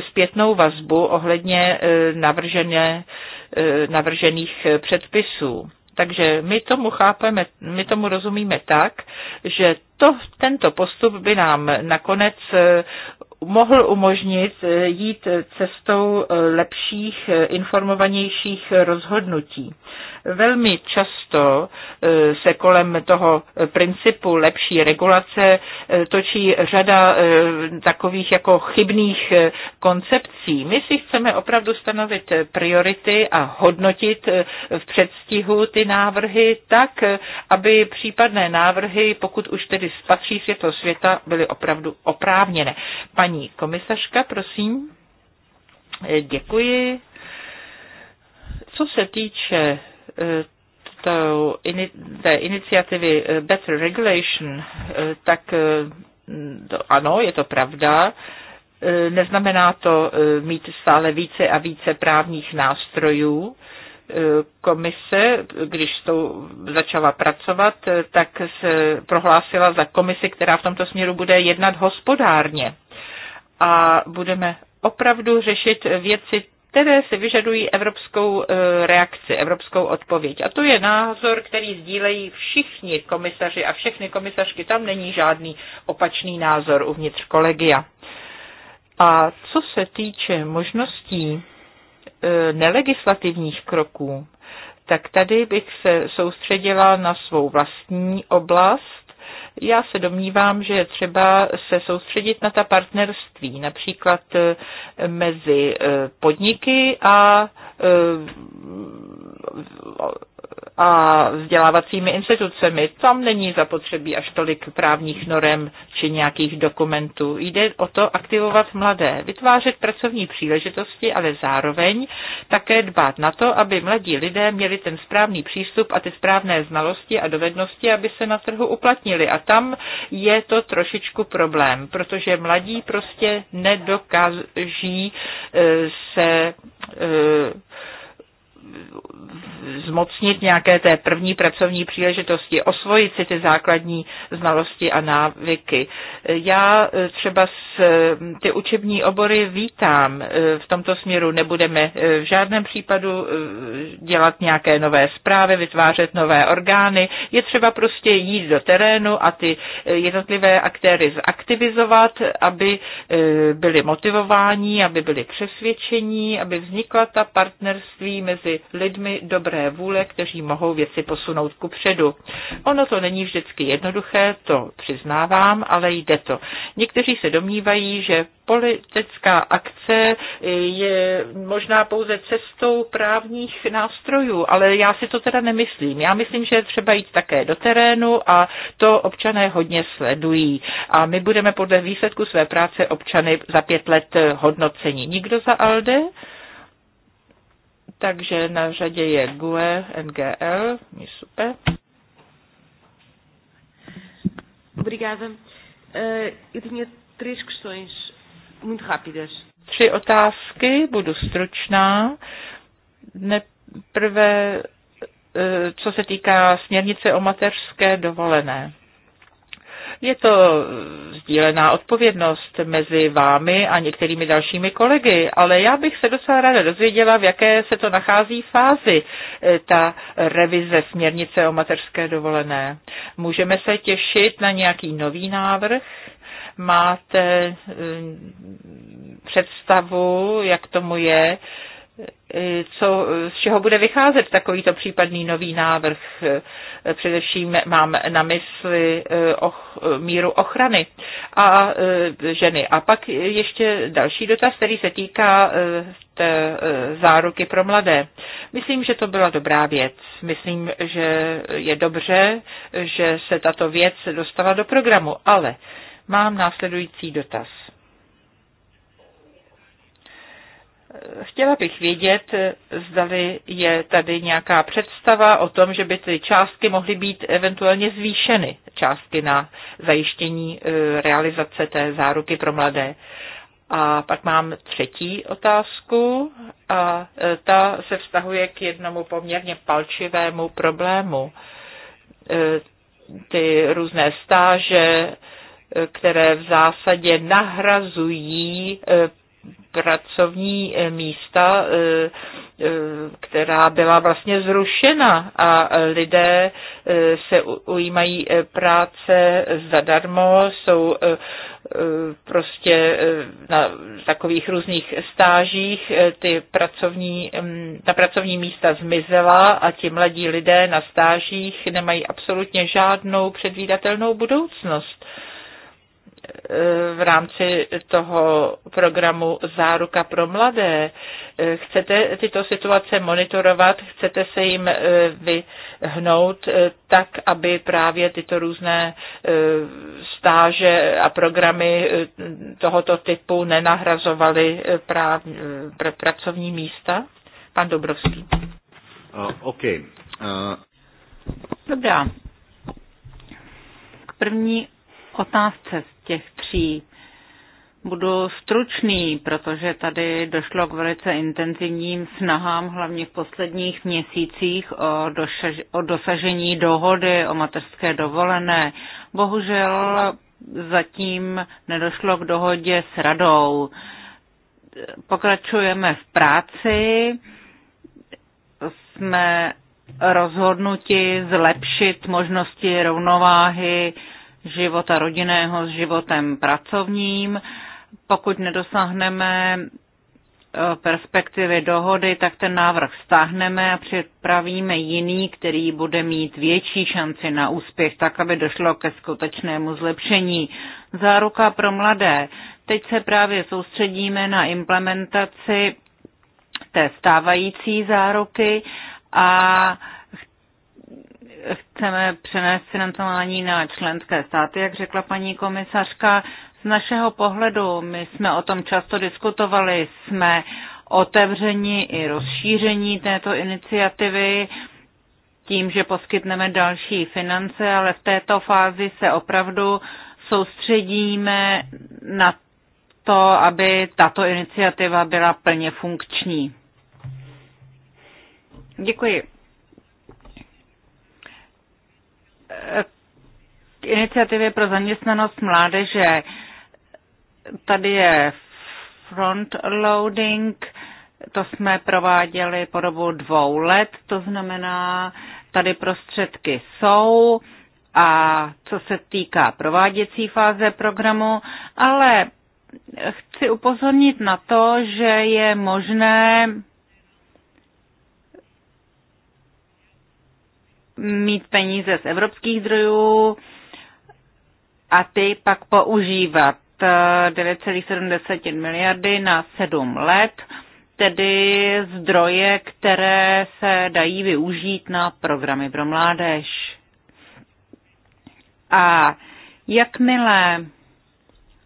zpětnou vazbu ohledně e, navržené, e, navržených e, předpisů. Takže my tomu chápeme, my tomu rozumíme tak, že to, tento postup by nám nakonec mohl umožnit eh, jít cestou eh, lepších, eh, informovanějších rozhodnutí. Velmi často se kolem toho principu lepší regulace točí řada takových jako chybných koncepcí. My si chceme opravdu stanovit priority a hodnotit v předstihu ty návrhy tak, aby případné návrhy, pokud už tedy spatří světlo světa, byly opravdu oprávněné. Paní Paní komisařka, prosím. Eh, děkuji. Co se týče eh, té iniciativy eh, Better Regulation, tak ano, je to pravda. Neznamená to mít stále více a více právních nástrojů. Komise, když to začala pracovat, tak se prohlásila za komisi, která v tomto směru bude jednat hospodárně a budeme opravdu řešit věci, které si vyžadují evropskou eh, reakci, evropskou odpověď. A to je názor, který sdílejí všichni komisaři a všechny komisařky. Tam není žádný opačný názor uvnitř kolegia. A co se týče možností eh, nelegislativních kroků, tak tady bych se soustředila na svou vlastní oblast, já se domnívám, že je třeba se soustředit na ta partnerství, například eh, mezi eh, podniky a eh, a vzdělávacími institucemi. Tam není zapotřebí až tolik právních norem či nějakých dokumentů. Jde o to aktivovat mladé, vytvářet pracovní příležitosti, ale zároveň také dbát na to, aby mladí lidé měli ten správný přístup a ty správné znalosti a dovednosti, aby se na trhu uplatnili. A tam je to trošičku problém, protože mladí prostě nedokáží eh, se eh, zmocnit nějaké té první pracovní příležitosti, osvojit si ty základní znalosti a návyky. Já e, třeba s, e, ty učební obory vítám. E, v tomto směru nebudeme v žádném případu dělat nějaké nové zprávy, vytvářet nové orgány. Je třeba prostě jít do terénu a ty jednotlivé aktéry zaktivizovat, aby byli motivováni, aby byli přesvědčení, aby vznikla ta partnerství mezi mezi lidmi dobré vůle, kteří mohou věci posunout ku předu. Ono to není vždycky jednoduché, to přiznávám, ale jde to. Někteří se domnívají, že politická akce je možná pouze cestou právních nástrojů, ale já si to teda nemyslím. Já myslím, že je třeba jít také do terénu a to občané hodně sledují. A my budeme podle výsledku své práce občany za pět let hodnoceni. Nikdo za ALDE? Takže na řadě je GUE NGL, mi super. Obrigada. Uh, Eu tinha três questões muito rápidas. Tři otázky, budu stručná. Neprve, uh, co se týká směrnice o mateřské dovolené. Je to sdílená odpovědnost mezi vámi a některými dalšími kolegy, ale já bych se docela ráda dozvěděla, v jaké se to nachází fázi, eh, ta revize směrnice o mateřské dovolené. Můžeme se těšit na nějaký nový návrh? Máte eh, představu, jak tomu je? co, z čeho bude vycházet takovýto případný nový návrh. Především mám na mysli eh, och, míru ochrany a eh, ženy. A pak ještě další dotaz, který se týká eh, té záruky pro mladé. Myslím, že to byla dobrá věc. Myslím, že je dobře, že se tato věc dostala do programu, ale mám následující dotaz Chtěla bych vědět, zdali je tady nějaká představa o tom, že by ty částky mohly být eventuálně zvýšeny, částky na zajištění e, realizace té záruky pro mladé. A pak mám třetí otázku a e, ta se vztahuje k jednomu poměrně palčivému problému. E, ty různé stáže, které v zásadě nahrazují pracovní e, místa, e, e, která byla vlastně zrušena a lidé se ujímají práce zadarmo, jsou prostě na takových různých stážích ty pracovní, ta pracovní místa zmizela a ti mladí lidé na stážích nemají absolutně žádnou předvídatelnou budoucnost v rámci toho programu Záruka pro mladé. Chcete tyto situace monitorovat, chcete se jim eh, vyhnout eh, tak, aby právě tyto různé eh, stáže a programy tohoto typu nenahrazovaly práv, pr, pracovní místa? Pan Dobrovský. Uh, OK. Uh... Dobrá. K první otázce z těch tří. Budu stručný, protože tady došlo k velice intenzivním snahám, hlavně v posledních měsících, o, došaž, o dosažení dohody o mateřské dovolené. Bohužel zatím nedošlo k dohodě s radou. Pokračujeme v práci, jsme rozhodnuti zlepšit možnosti rovnováhy života rodinného s životem pracovním. Pokud nedosáhneme eh, perspektivy dohody, tak ten návrh stáhneme a připravíme jiný, který bude mít větší šanci na úspěch, tak aby došlo ke skutečnému zlepšení. Záruka pro mladé. Teď se právě soustředíme na implementaci té stávající záruky a chceme přenést financování na členské státy, jak řekla paní komisařka. Z našeho pohledu, my jsme o tom často diskutovali, jsme otevření i rozšíření této iniciativy tím, že poskytneme další finance, ale v této fázi se opravdu soustředíme na to, aby tato iniciativa byla plně funkční. Děkuji. k iniciativě pro zaměstnanost mládeže. Tady je frontloading, to jsme prováděli po dobu dvou let, to znamená, tady prostředky jsou a co se týká prováděcí fáze programu, ale chci upozornit na to, že je možné mít peníze z evropských zdrojů a ty pak používat 9,7 eh, miliardy na 7 let, tedy zdroje, které se dají využít na programy pro mládež. A jakmile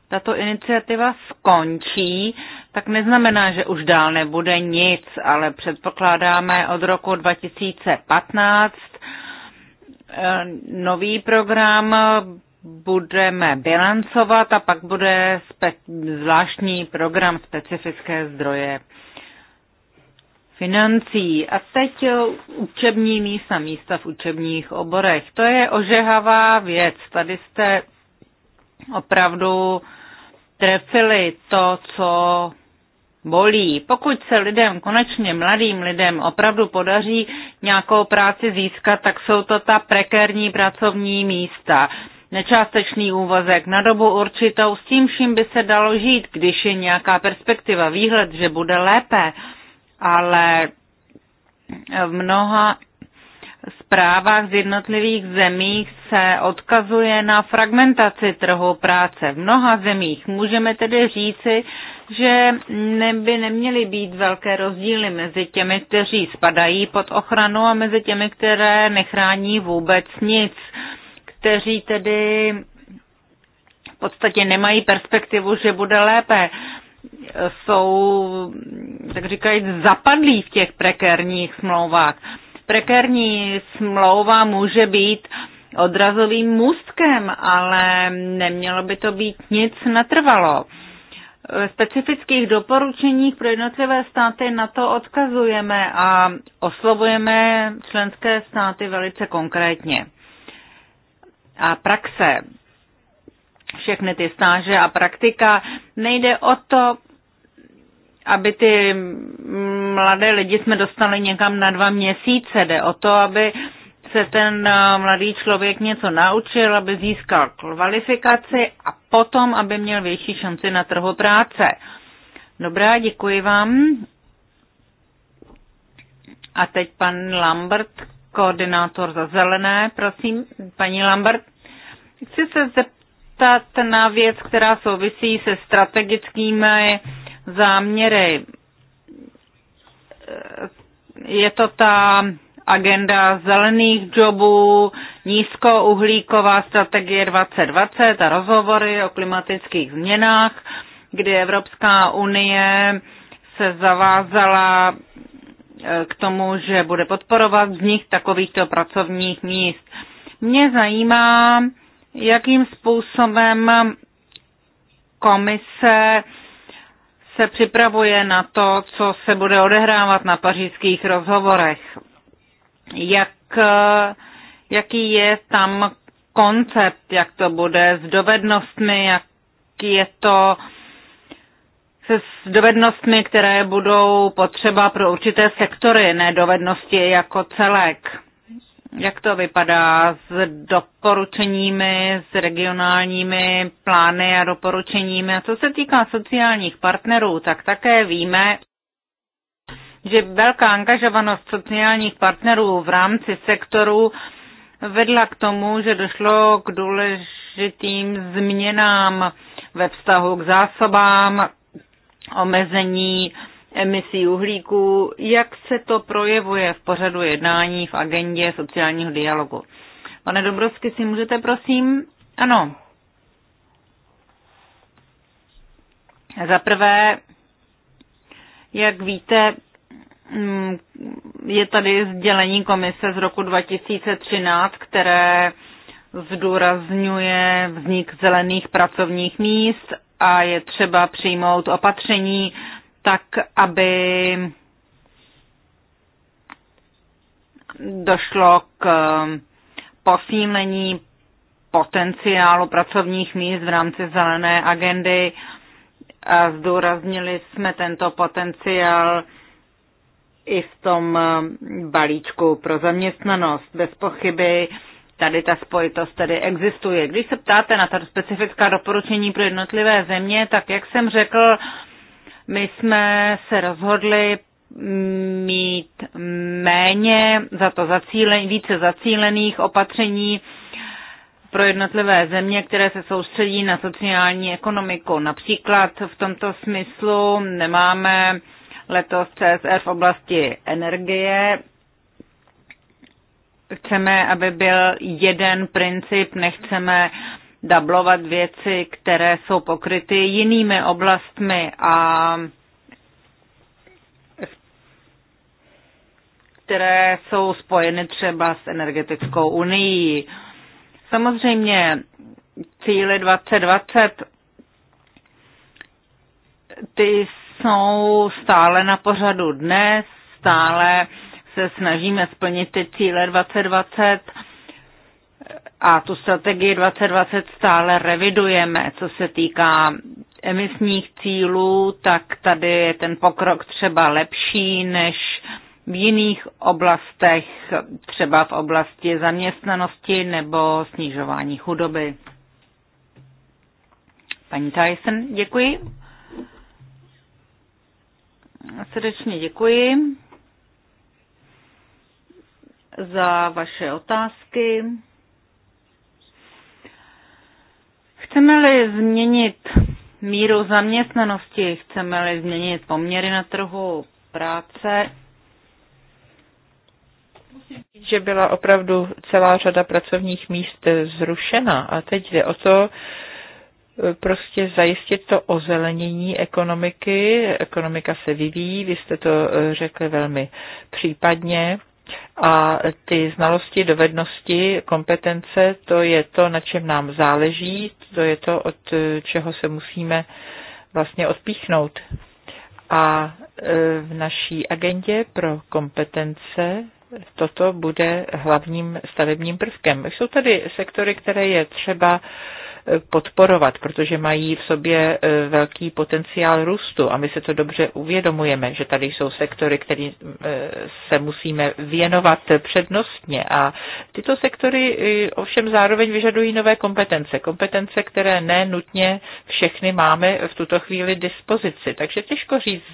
tato iniciativa skončí, tak neznamená, že už dál nebude nic, ale předpokládáme od roku 2015 Eh, nový program budeme bilancovat a pak bude zvláštní program specifické zdroje financí. A teď eh, učební místa, místa v učebních oborech. To je ožehavá věc. Tady jste opravdu trefili to, co bolí. Pokud se lidem, konečně mladým lidem, opravdu podaří nějakou práci získat, tak jsou to ta prekérní pracovní místa. Nečástečný úvazek na dobu určitou, s tím vším by se dalo žít, když je nějaká perspektiva, výhled, že bude lépe. Ale v mnoha zprávách z jednotlivých zemí se odkazuje na fragmentaci trhu práce. V mnoha zemích můžeme tedy říci, že by neměly být velké rozdíly mezi těmi, kteří spadají pod ochranu a mezi těmi, které nechrání vůbec nic, kteří tedy v podstatě nemají perspektivu, že bude lépe. Jsou, tak říkají, zapadlí v těch prekérních smlouvách. Prekérní smlouva může být odrazovým můstkem, ale nemělo by to být nic natrvalo. Eh, specifických doporučeních pro jednotlivé státy na to odkazujeme a oslovujeme členské státy velice konkrétně. A praxe, všechny ty stáže a praktika, nejde o to, aby ty mladé lidi jsme dostali někam na dva měsíce. Jde o to, aby se ten eh, mladý člověk něco naučil, aby získal kvalifikaci a potom, aby měl větší šanci na trhu práce. Dobrá, děkuji vám. A teď pan Lambert, koordinátor za zelené, prosím, paní Lambert. Chci se zeptat na věc, která souvisí se strategickými záměry. Eh, je to ta agenda zelených jobů, nízkouhlíková strategie 2020 a rozhovory o klimatických změnách, kdy Evropská unie se zavázala eh, k tomu, že bude podporovat vznik takovýchto pracovních míst. Mě zajímá, jakým způsobem komise se připravuje na to, co se bude odehrávat na pařížských rozhovorech jak, eh, jaký je tam koncept, jak to bude s dovednostmi, jak je to se s dovednostmi, které budou potřeba pro určité sektory, ne dovednosti jako celek. Jak to vypadá s doporučeními, s regionálními plány a doporučeními? A co se týká sociálních partnerů, tak také víme, že velká angažovanost sociálních partnerů v rámci sektoru vedla k tomu, že došlo k důležitým změnám ve vztahu k zásobám, omezení emisí uhlíků. Jak se to projevuje v pořadu jednání v agendě sociálního dialogu? Pane Dobrovsky, si můžete prosím? Ano. Za prvé, jak víte, Mm, je tady sdělení komise z roku 2013, které zdůrazňuje vznik zelených pracovních míst a je třeba přijmout opatření tak, aby došlo k posílení potenciálu pracovních míst v rámci zelené agendy a zdůraznili jsme tento potenciál i v tom eh, balíčku pro zaměstnanost. Bez pochyby tady ta spojitost tedy existuje. Když se ptáte na ta specifická doporučení pro jednotlivé země, tak jak jsem řekl, my jsme se rozhodli mít méně za to zacílen, více zacílených opatření pro jednotlivé země, které se soustředí na sociální ekonomiku. Například v tomto smyslu nemáme letos CSR v oblasti energie. Chceme, aby byl jeden princip, nechceme dublovat věci, které jsou pokryty jinými oblastmi a které jsou spojeny třeba s energetickou unii. Samozřejmě cíly 2020 ty jsou stále na pořadu dnes, stále se snažíme splnit ty cíle 2020 a tu strategii 2020 stále revidujeme. Co se týká emisních cílů, tak tady je ten pokrok třeba lepší než v jiných oblastech, třeba v oblasti zaměstnanosti nebo snižování chudoby. Paní Tyson, děkuji. Srdečně děkuji za vaše otázky. Chceme-li změnit míru zaměstnanosti, chceme-li změnit poměry na trhu práce, že byla opravdu celá řada pracovních míst zrušena a teď jde o to, prostě zajistit to ozelenění ekonomiky. Ekonomika se vyvíjí, vy jste to eh, řekli velmi případně. A ty znalosti, dovednosti, kompetence, to je to, na čem nám záleží, to je to, od eh, čeho se musíme vlastně odpíchnout. A eh, v naší agendě pro kompetence toto bude hlavním stavebním prvkem. Jsou tady sektory, které je třeba podporovat, protože mají v sobě e, velký potenciál růstu a my se to dobře uvědomujeme, že tady jsou sektory, kterým e, se musíme věnovat přednostně a tyto sektory e, ovšem zároveň vyžadují nové kompetence, kompetence, které ne nutně všechny máme v tuto chvíli dispozici, takže těžko říct,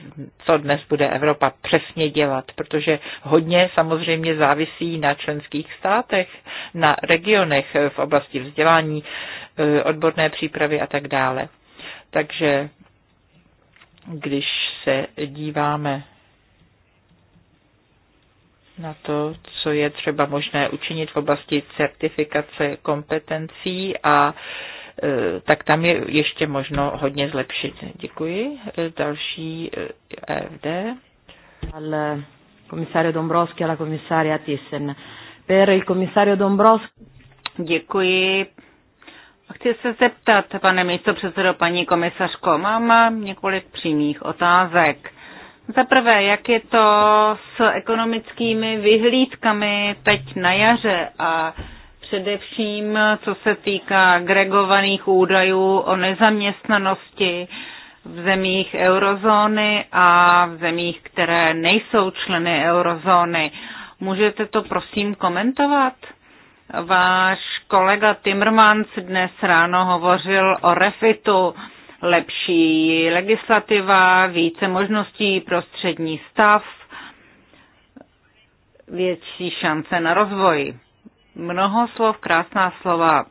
co dnes bude Evropa přesně dělat, protože hodně samozřejmě závisí na členských státech, na regionech v oblasti vzdělání, E, odborné přípravy a tak dále. Takže když se díváme na to, co je třeba možné učinit v oblasti certifikace kompetencí a e, tak tam je ještě možno hodně zlepšit. Děkuji. E, další EFD. Al komisario Dombrovský a la komisaria Thyssen. Per il komisario Dombrovský. Děkuji Chci se zeptat, pane místo předsedo, paní komisařko, mám několik přímých otázek. Za prvé, jak je to s ekonomickými vyhlídkami teď na jaře a především co se týká agregovaných údajů o nezaměstnanosti v zemích eurozóny a v zemích, které nejsou členy eurozóny. Můžete to prosím komentovat? Váš kolega Timmermans dnes ráno hovořil o refitu, lepší legislativa, více možností pro střední stav, větší šance na rozvoj. Mnoho slov, krásná slova.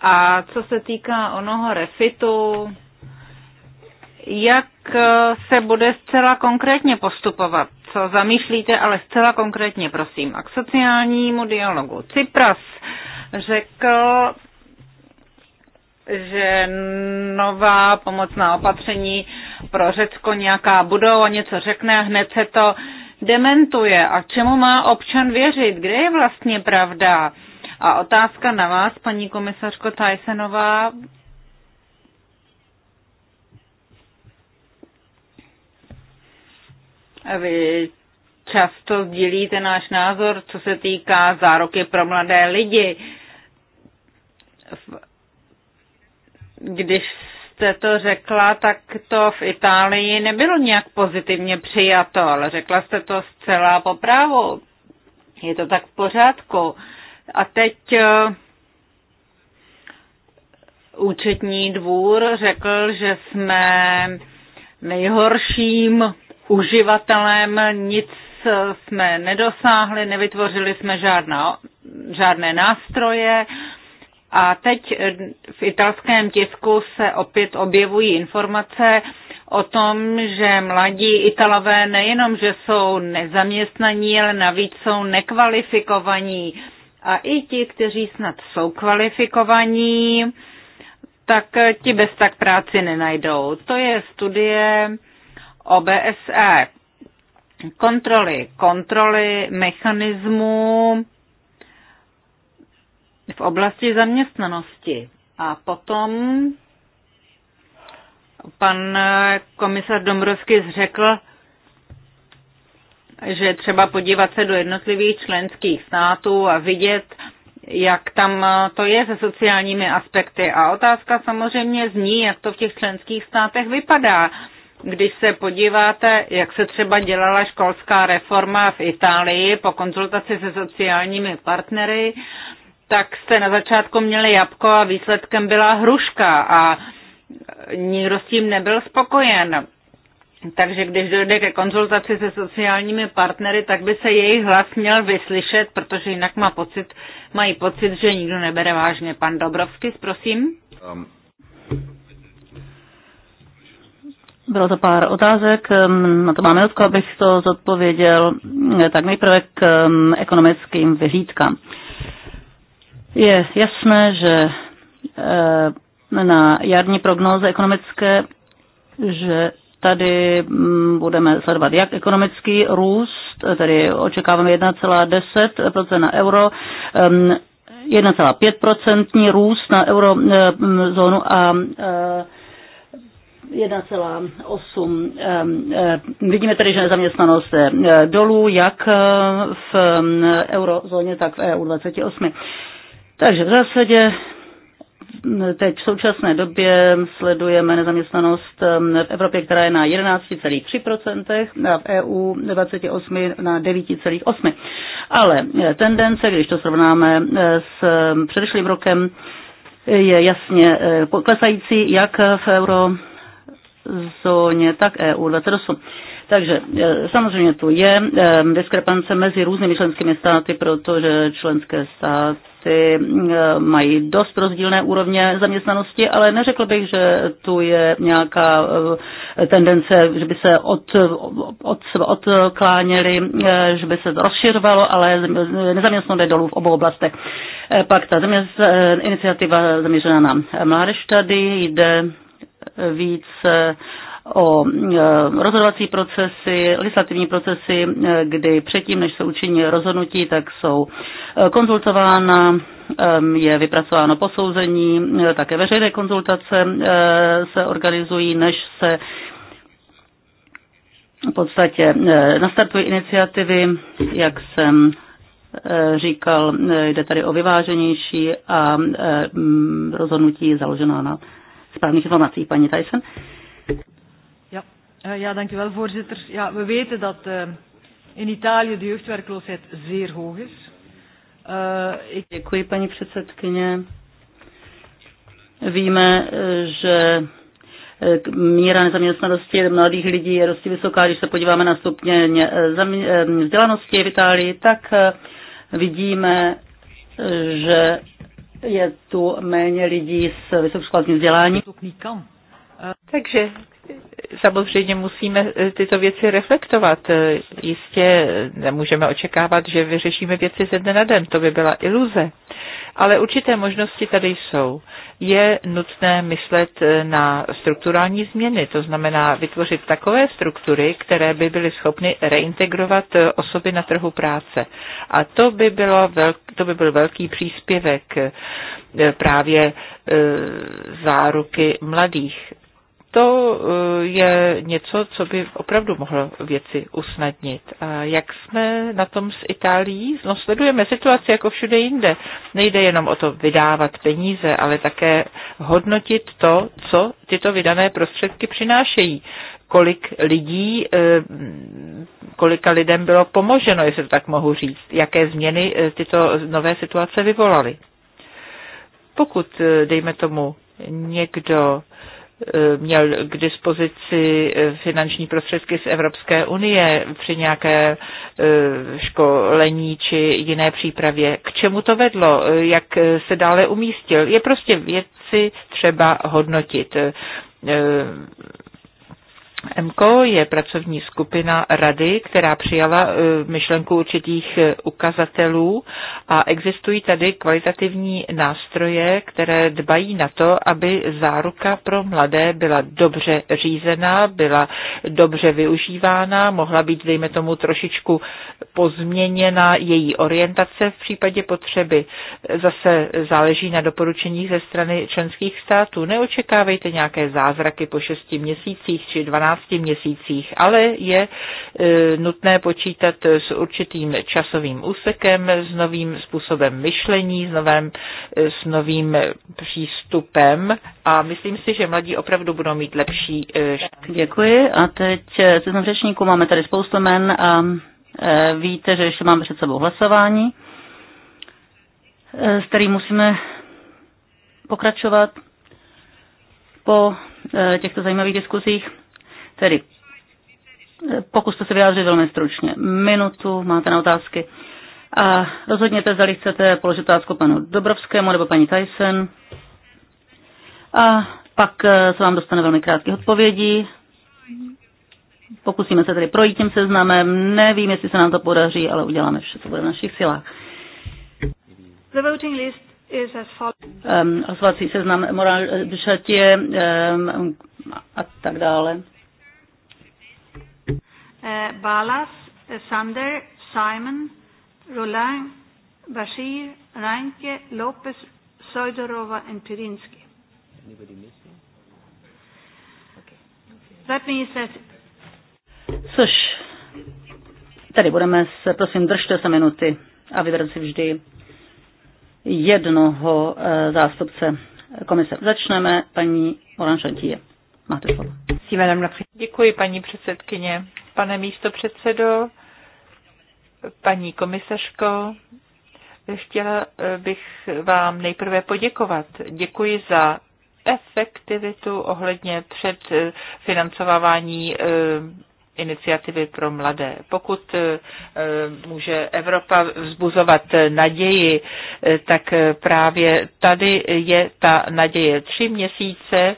A co se týká onoho refitu, jak eh, se bude zcela konkrétně postupovat? Co zamýšlíte, ale zcela konkrétně, prosím. A k sociálnímu dialogu. Cypras řekl, že nová pomocná opatření pro Řecko nějaká budou a něco řekne a hned se to dementuje. A čemu má občan věřit? Kde je vlastně pravda? A otázka na vás, paní komisařko Tajsenová, Vy často sdílíte náš názor, co se týká záruky pro mladé lidi. Když jste to řekla, tak to v Itálii nebylo nějak pozitivně přijato, ale řekla jste to zcela po právu. Je to tak v pořádku. A teď eh, účetní dvůr řekl, že jsme nejhorším uživatelem, nic jsme nedosáhli, nevytvořili jsme žádná, žádné nástroje. A teď v italském tisku se opět objevují informace o tom, že mladí Italové nejenom, že jsou nezaměstnaní, ale navíc jsou nekvalifikovaní. A i ti, kteří snad jsou kvalifikovaní, tak ti bez tak práci nenajdou. To je studie OBSE. Kontroly, kontroly mechanismů v oblasti zaměstnanosti. A potom pan komisař Dombrovský řekl, že třeba podívat se do jednotlivých členských států a vidět, jak tam to je se sociálními aspekty. A otázka samozřejmě zní, jak to v těch členských státech vypadá. Když se podíváte, jak se třeba dělala školská reforma v Itálii po konzultaci se sociálními partnery, tak jste na začátku měli jabko a výsledkem byla hruška a nikdo s tím nebyl spokojen. Takže když dojde ke konzultaci se sociálními partnery, tak by se jejich hlas měl vyslyšet, protože jinak má pocit, mají pocit, že nikdo nebere vážně. Pan Dobrovský, prosím. Um. Bylo to pár otázek, um, na to máme minutku, abych to zodpověděl. Tak nejprve k um, ekonomickým vyhlídkám. Je jasné, že eh, na jarní prognóze ekonomické, že tady mm, budeme sledovat jak ekonomický růst, tedy očekáváme 1,10% na euro, 1,5% ehm, růst na eurozónu eh, mm, a eh, 1,8. Vidíme tedy, že nezaměstnanost je e, dolů, jak e, v eurozóně, tak v EU 28. Takže v zásadě teď v současné době sledujeme nezaměstnanost v Evropě, která je na 11,3% a v EU 28 na 9,8%. Ale e, tendence, když to srovnáme s předešlým rokem, je jasně klesající jak v euro zóně, tak eu letrosu. Takže e, samozřejmě tu je e, diskrepance mezi různými členskými státy, protože členské státy e, mají dost rozdílné úrovně zaměstnanosti, ale neřekl bych, že tu je nějaká tendence, že by se od, od, odkláněli, že by se rozšiřovalo, ale nezaměstnanost dolů v obou oblastech. Pak ta zaměst, iniciativa zaměřená na mládež tady jde více eh, o eh, rozhodovací procesy, legislativní procesy, eh, kdy předtím, než se učiní rozhodnutí, tak jsou konzultována, ehm, je vypracováno posouzení, také veřejné konzultace se organizují, než se v podstatě nastartují iniciativy, jak jsem říkal, jde tady o vyváženější a rozhodnutí založená na správných informací. Panje Thijssen. Ja, uh, ja dank u wel, voorzitter. Ja, we weten dat uh, in Italië de jeugdwerkloosheid zeer hoog is. Uh, ik... Děkuji, paní předsedkyně. Víme, že míra nezaměstnanosti mladých lidí je dosti vysoká. Když se podíváme na stupně vzdělanosti v Itálii, tak vidíme, že je tu méně lidí s vysokoškolským vzděláním. Takže samozřejmě musíme eh, tyto věci reflektovat. Eh, Jistě nemůžeme očekávat, že vyřešíme věci ze dne na den. To by byla iluze ale určité možnosti tady jsou. Je nutné myslet eh, na strukturální změny, to znamená vytvořit takové struktury, které by byly schopny reintegrovat eh, osoby na trhu práce. A to by, bylo velk, to by byl velký příspěvek eh, právě záruky mladých to eh, je něco, co by opravdu mohlo věci usnadnit. A jak jsme na tom s Itálií? No, sledujeme situaci jako všude jinde. Nejde jenom o to vydávat peníze, ale také hodnotit to, co tyto vydané prostředky přinášejí kolik lidí, eh, kolika lidem bylo pomoženo, jestli to tak mohu říct, jaké změny eh, tyto nové situace vyvolaly. Pokud, dejme tomu, někdo Eh, měl k dispozici eh, finanční prostředky z Evropské unie při nějaké eh, školení či jiné přípravě. K čemu to vedlo? Jak se dále umístil? Je prostě věci třeba hodnotit MKO je pracovní skupina rady, která přijala e, myšlenku určitých e, ukazatelů a existují tady kvalitativní nástroje, které dbají na to, aby záruka pro mladé byla dobře řízená, byla dobře využívána, mohla být, dejme tomu, trošičku pozměněna její orientace v případě potřeby. Zase záleží na doporučeních ze strany členských států. Neočekávejte nějaké zázraky po šesti měsících či 12 12 měsících, ale je e, nutné počítat s určitým časovým úsekem, s novým způsobem myšlení, s, novým, e, s novým e, přístupem a myslím si, že mladí opravdu budou mít lepší šanci. Děkuji a teď seznam řečníku, máme tady spoustu men a víte, že ještě máme před sebou hlasování, s kterým musíme pokračovat po těchto zajímavých diskuzích. Tedy pokuste se vyjádřit velmi stručně. Minutu, máte na otázky. A rozhodněte, zda chcete položit otázku panu Dobrovskému nebo paní Tyson. A pak eh, se vám dostane velmi krátkých odpovědí. Pokusíme se tedy projít tím seznamem. Nevím, jestli se nám to podaří, ale uděláme vše, co bude v našich silách. The voting list is as follows. Um, seznam Moral šatě, um, a tak dále. Eh, Balas, eh, Sander, Simon, Roland, Bashir, Reinke, Lopez, Sojdorova, and Pirinsky. Anybody missing? Okay. That means that... Což, tady budeme se, prosím, držte se minuty a vyberte si vždy jednoho e, zástupce komise. Začneme paní Oranžantíje. Máte slovo. Děkuji, paní předsedkyně. Pane místo předsedo, paní komisařko, chtěla eh, bych vám nejprve poděkovat. Děkuji za efektivitu ohledně předfinancovávání eh, eh, iniciativy pro mladé. Pokud eh, může Evropa vzbuzovat naději, eh, tak eh, právě tady je ta naděje. Tři měsíce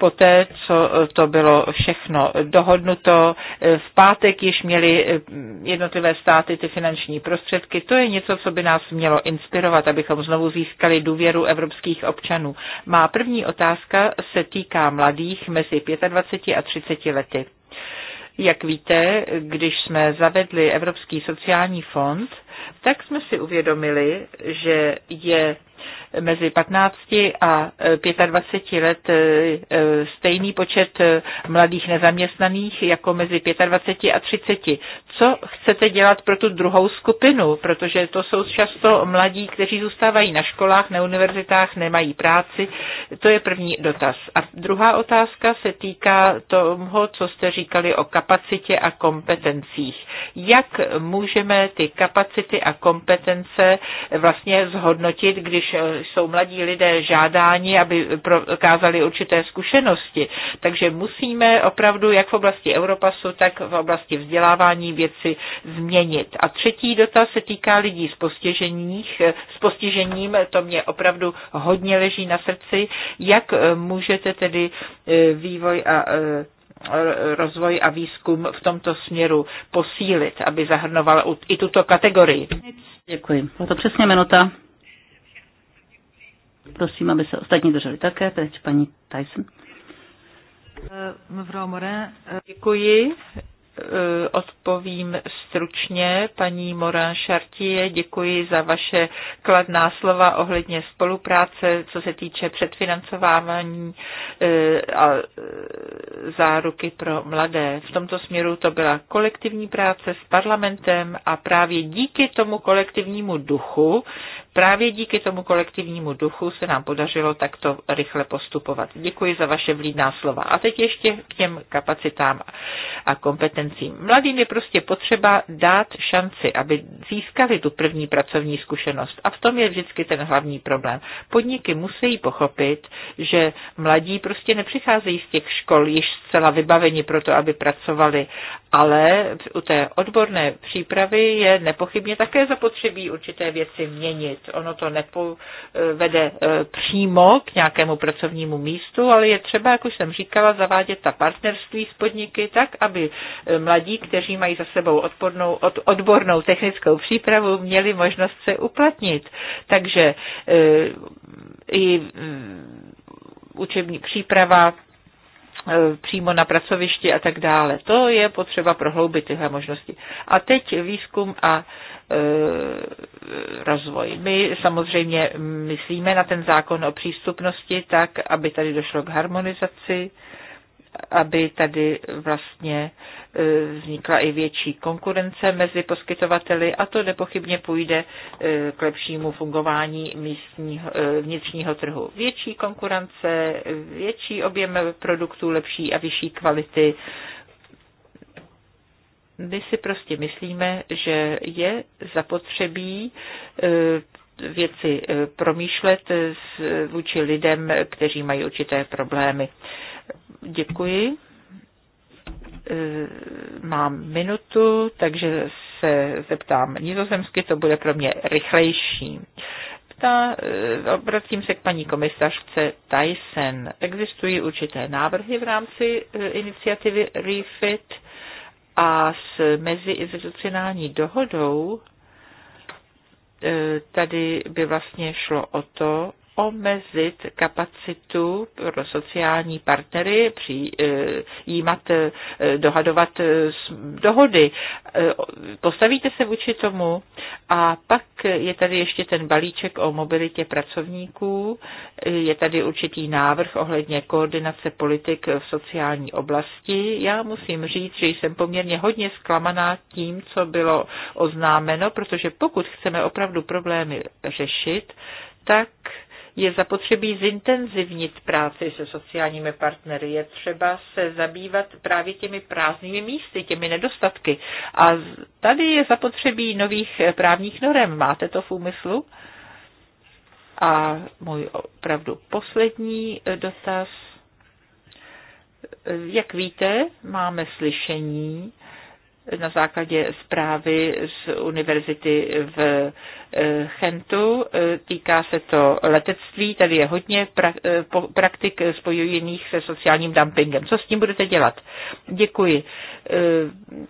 poté, co to bylo všechno dohodnuto. V pátek již měly jednotlivé státy ty finanční prostředky. To je něco, co by nás mělo inspirovat, abychom znovu získali důvěru evropských občanů. Má první otázka se týká mladých mezi 25 a 30 lety. Jak víte, když jsme zavedli Evropský sociální fond, tak jsme si uvědomili, že je mezi 15 a 25 e, let e, e, stejný počet mladých nezaměstnaných jako mezi 25 a 30. Co chcete dělat pro tu druhou skupinu? Protože to jsou často mladí, kteří zůstávají na školách, na univerzitách, nemají práci. To je první dotaz. A druhá otázka se týká toho, co jste říkali o kapacitě a kompetencích. Jak můžeme ty kapacity a kompetence vlastně zhodnotit, když když eh, jsou mladí lidé žádáni, aby prokázali určité zkušenosti. Takže musíme opravdu jak v oblasti Europasu, tak v oblasti vzdělávání věci změnit. A třetí dotaz se týká lidí s, eh, s postižením, to mě opravdu hodně leží na srdci. Jak eh, můžete tedy vývoj a rozvoj a výzkum v tomto směru posílit, aby zahrnoval i tuto kategorii. Děkuji. to přesně minuta. Prosím, aby se ostatní drželi také. Teď paní Tyson. Děkuji. Odpovím stručně. Paní Moran Šartie, děkuji za vaše kladná slova ohledně spolupráce, co se týče předfinancování eh, a eh, záruky pro mladé. V tomto směru to byla kolektivní práce s parlamentem a právě díky tomu kolektivnímu duchu Právě díky tomu kolektivnímu duchu se nám podařilo takto rychle postupovat. Děkuji za vaše vlídná slova. A teď ještě k těm kapacitám a kompetencím. Mladým je prostě potřeba dát šanci, aby získali tu první pracovní zkušenost. A v tom je vždycky ten hlavní problém. Podniky musí pochopit, že mladí prostě nepřicházejí z těch škol již zcela vybaveni pro to, aby pracovali, ale u té odborné přípravy je nepochybně také zapotřebí určité věci měnit zapojit. Ono to nepovede eh, přímo k nějakému pracovnímu místu, ale je třeba, jak už jsem říkala, zavádět ta partnerství s podniky tak, aby eh, mladí, kteří mají za sebou odpornou, od, odbornou technickou přípravu, měli možnost se uplatnit. Takže eh, i mm, učební příprava E, přímo na pracovišti a tak dále. To je potřeba prohloubit tyhle možnosti. A teď výzkum a e, rozvoj. My samozřejmě myslíme na ten zákon o přístupnosti tak, aby tady došlo k harmonizaci e, aby tady vlastně e, vznikla i větší konkurence mezi poskytovateli a to nepochybně půjde e, k lepšímu fungování místního, e, vnitřního trhu. Větší konkurence, větší objem produktů, lepší a vyšší kvality. My si prostě myslíme, že je zapotřebí věci promýšlet vůči lidem, kteří mají určité problémy. Děkuji. E, mám minutu, takže se zeptám nizozemsky, to bude pro mě rychlejší. Ta, e, obracím se k paní komisařce Tyson. Existují určité návrhy v rámci e, iniciativy REFIT a s meziinstitucionální dohodou tady by vlastně šlo o to, omezit kapacitu pro sociální partnery přijímat, eh, dohadovat eh, dohody. Eh, postavíte se vůči tomu a pak je tady ještě ten balíček o mobilitě pracovníků, je tady určitý návrh ohledně koordinace politik v sociální oblasti. Já musím říct, že jsem poměrně hodně zklamaná tím, co bylo oznámeno, protože pokud chceme opravdu problémy řešit, tak je zapotřebí zintenzivnit práci se sociálními partnery. Je třeba se zabývat právě těmi prázdnými místy, těmi nedostatky. A tady je zapotřebí nových právních norem. Máte to v úmyslu? A můj opravdu poslední eh, dotaz. Eh, jak víte, máme slyšení na základě zprávy z univerzity v eh, Chentu. Eh, týká se to letectví, tady je hodně pra- eh, praktik spojujících se sociálním dumpingem. Co s tím budete dělat? Děkuji.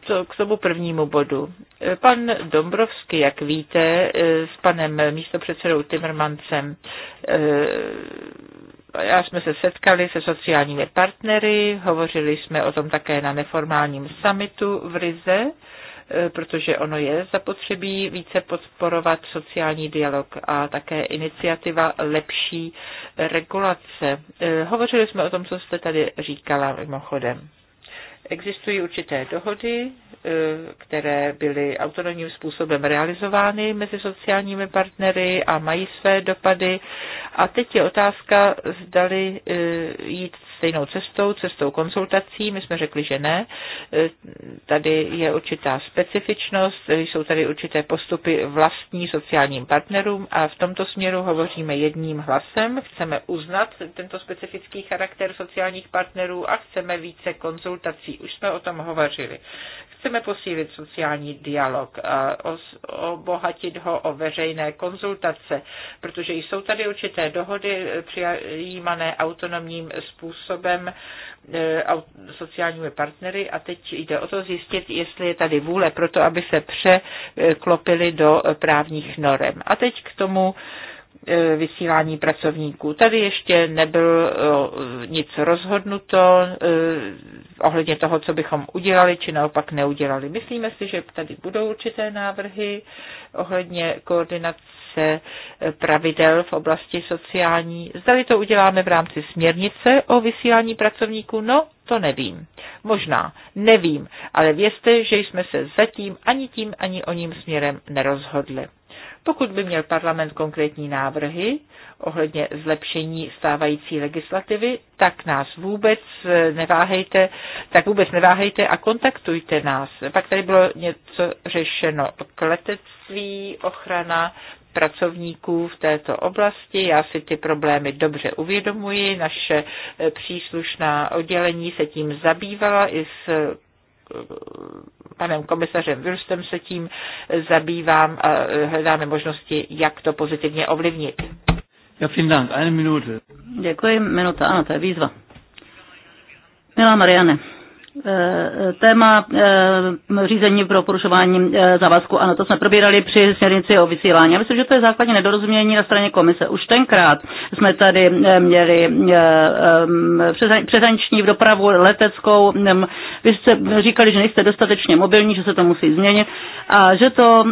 Co k tomu prvnímu bodu? Pan Dombrovský, jak víte, s panem místopředsedou Timmermancem já jsme se setkali se sociálními partnery, hovořili jsme o tom také na neformálním summitu v Rize, e, protože ono je zapotřebí více podporovat sociální dialog a také iniciativa lepší regulace. E, hovořili jsme o tom, co jste tady říkala mimochodem. Existují určité dohody, e, které byly autonomním způsobem realizovány mezi sociálními partnery a mají své dopady. A teď je otázka, zdali e, jít stejnou cestou, cestou konzultací. My jsme řekli, že ne. E, tady je určitá specifičnost, jsou tady určité postupy vlastní sociálním partnerům a v tomto směru hovoříme jedním hlasem. Chceme uznat tento specifický charakter sociálních partnerů a chceme více konzultací. Už jsme o tom hovořili. Chceme posílit sociální dialog a obohatit ho o veřejné konzultace, protože jsou tady určité dohody přijímané autonomním způsobem způsobem e, sociálními partnery a teď jde o to zjistit, jestli je tady vůle pro to, aby se překlopili do právních norem. A teď k tomu e, vysílání pracovníků. Tady ještě nebyl e, nic rozhodnuto ohledně toho, co bychom udělali, či naopak neudělali. Myslíme si, že tady budou určité návrhy ohledně koordinace se pravidel v oblasti sociální. Zdali to uděláme v rámci směrnice o vysílání pracovníků, no to nevím. Možná, nevím, ale vězte, že jsme se zatím ani tím, ani o ním směrem nerozhodli. Pokud by měl parlament konkrétní návrhy ohledně zlepšení stávající legislativy, tak nás vůbec neváhejte, tak vůbec neváhejte a kontaktujte nás. Pak tady bylo něco řešeno letectví, ochrana pracovníků v této oblasti. Já si ty problémy dobře uvědomuji. Naše eh, příslušná oddělení se tím zabývala i s eh, panem komisařem Virstem se tím eh, zabývám a hledáme možnosti, jak to pozitivně ovlivnit. Ja, Dank. Eine Minute. Děkuji, minuta, ano, to je výzva. Milá Marianne, Eh, téma eh, řízení pro porušování eh, závazku, ano, to jsme probírali při směrnici o vysílání. Já myslím, že to je základní nedorozumění na straně komise. Už tenkrát jsme tady měli přeshraniční dopravu leteckou. Hm, vy jste říkali, že nejste dostatečně mobilní, že se to musí změnit a že to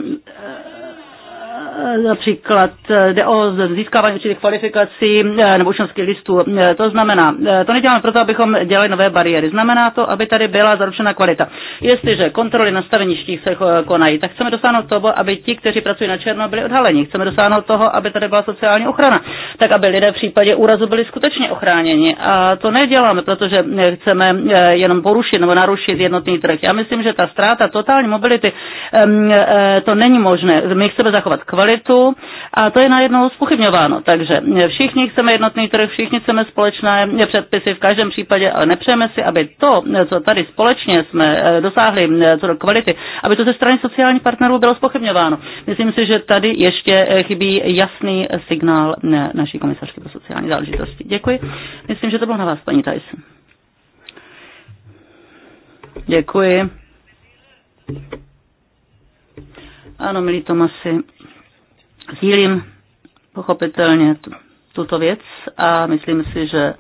Eh, například eh, jde o získávání určitých kvalifikací eh, nebo učňovských listů. To znamená, to neděláme proto, abychom dělali nové bariéry. Znamená to, aby tady byla zaručena kvalita. Jestliže kontroly na staveništích se konají, tak chceme dosáhnout toho, aby ti, kteří pracují na černo, byli odhaleni. Chceme dosáhnout toho, aby tady byla sociální ochrana, tak aby lidé v případě úrazu byli skutečně ochráněni. A to neděláme, protože chceme jenom porušit nebo narušit jednotný trh. Já myslím, že ta ztráta totální mobility, to není možné. My chceme zachovat kvalitu kvalitu a to je najednou spochybňováno. Takže všichni chceme jednotný trh, všichni chceme společné předpisy v každém případě, ale nepřejeme si, aby to, co tady společně jsme eh, dosáhli eh, co do kvality, aby to ze strany sociálních partnerů bylo spochybňováno. Myslím si, že tady ještě eh, chybí jasný signál naší komisařky pro sociální záležitosti. Děkuji. Myslím, že to bylo na vás, paní Tyson. Děkuji. Ano, milí Tomasi, Sdílím pochopitelně tuto věc a myslím si, že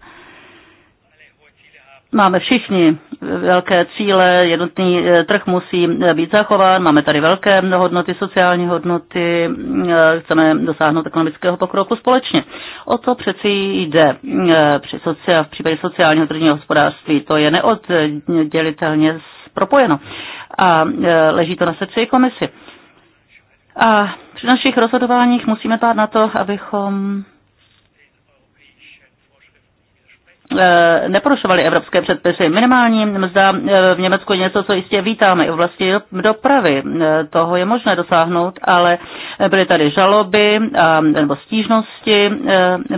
máme všichni velké cíle, jednotný eh, trh musí eh, být zachován, máme tady velké hodnoty, sociální hodnoty, eh, chceme dosáhnout ekonomického pokroku společně. O to přeci jde při sociál, v případě sociálního tržního hospodářství, to je neoddělitelně propojeno a leží to na srdci komisi. A při našich rozhodováních musíme pát na to, abychom eh, neporušovali evropské předpisy. Minimální mzda eh, v Německu je něco, co jistě vítáme i v oblasti dopravy. Eh, toho je možné dosáhnout, ale byly tady žaloby nebo stížnosti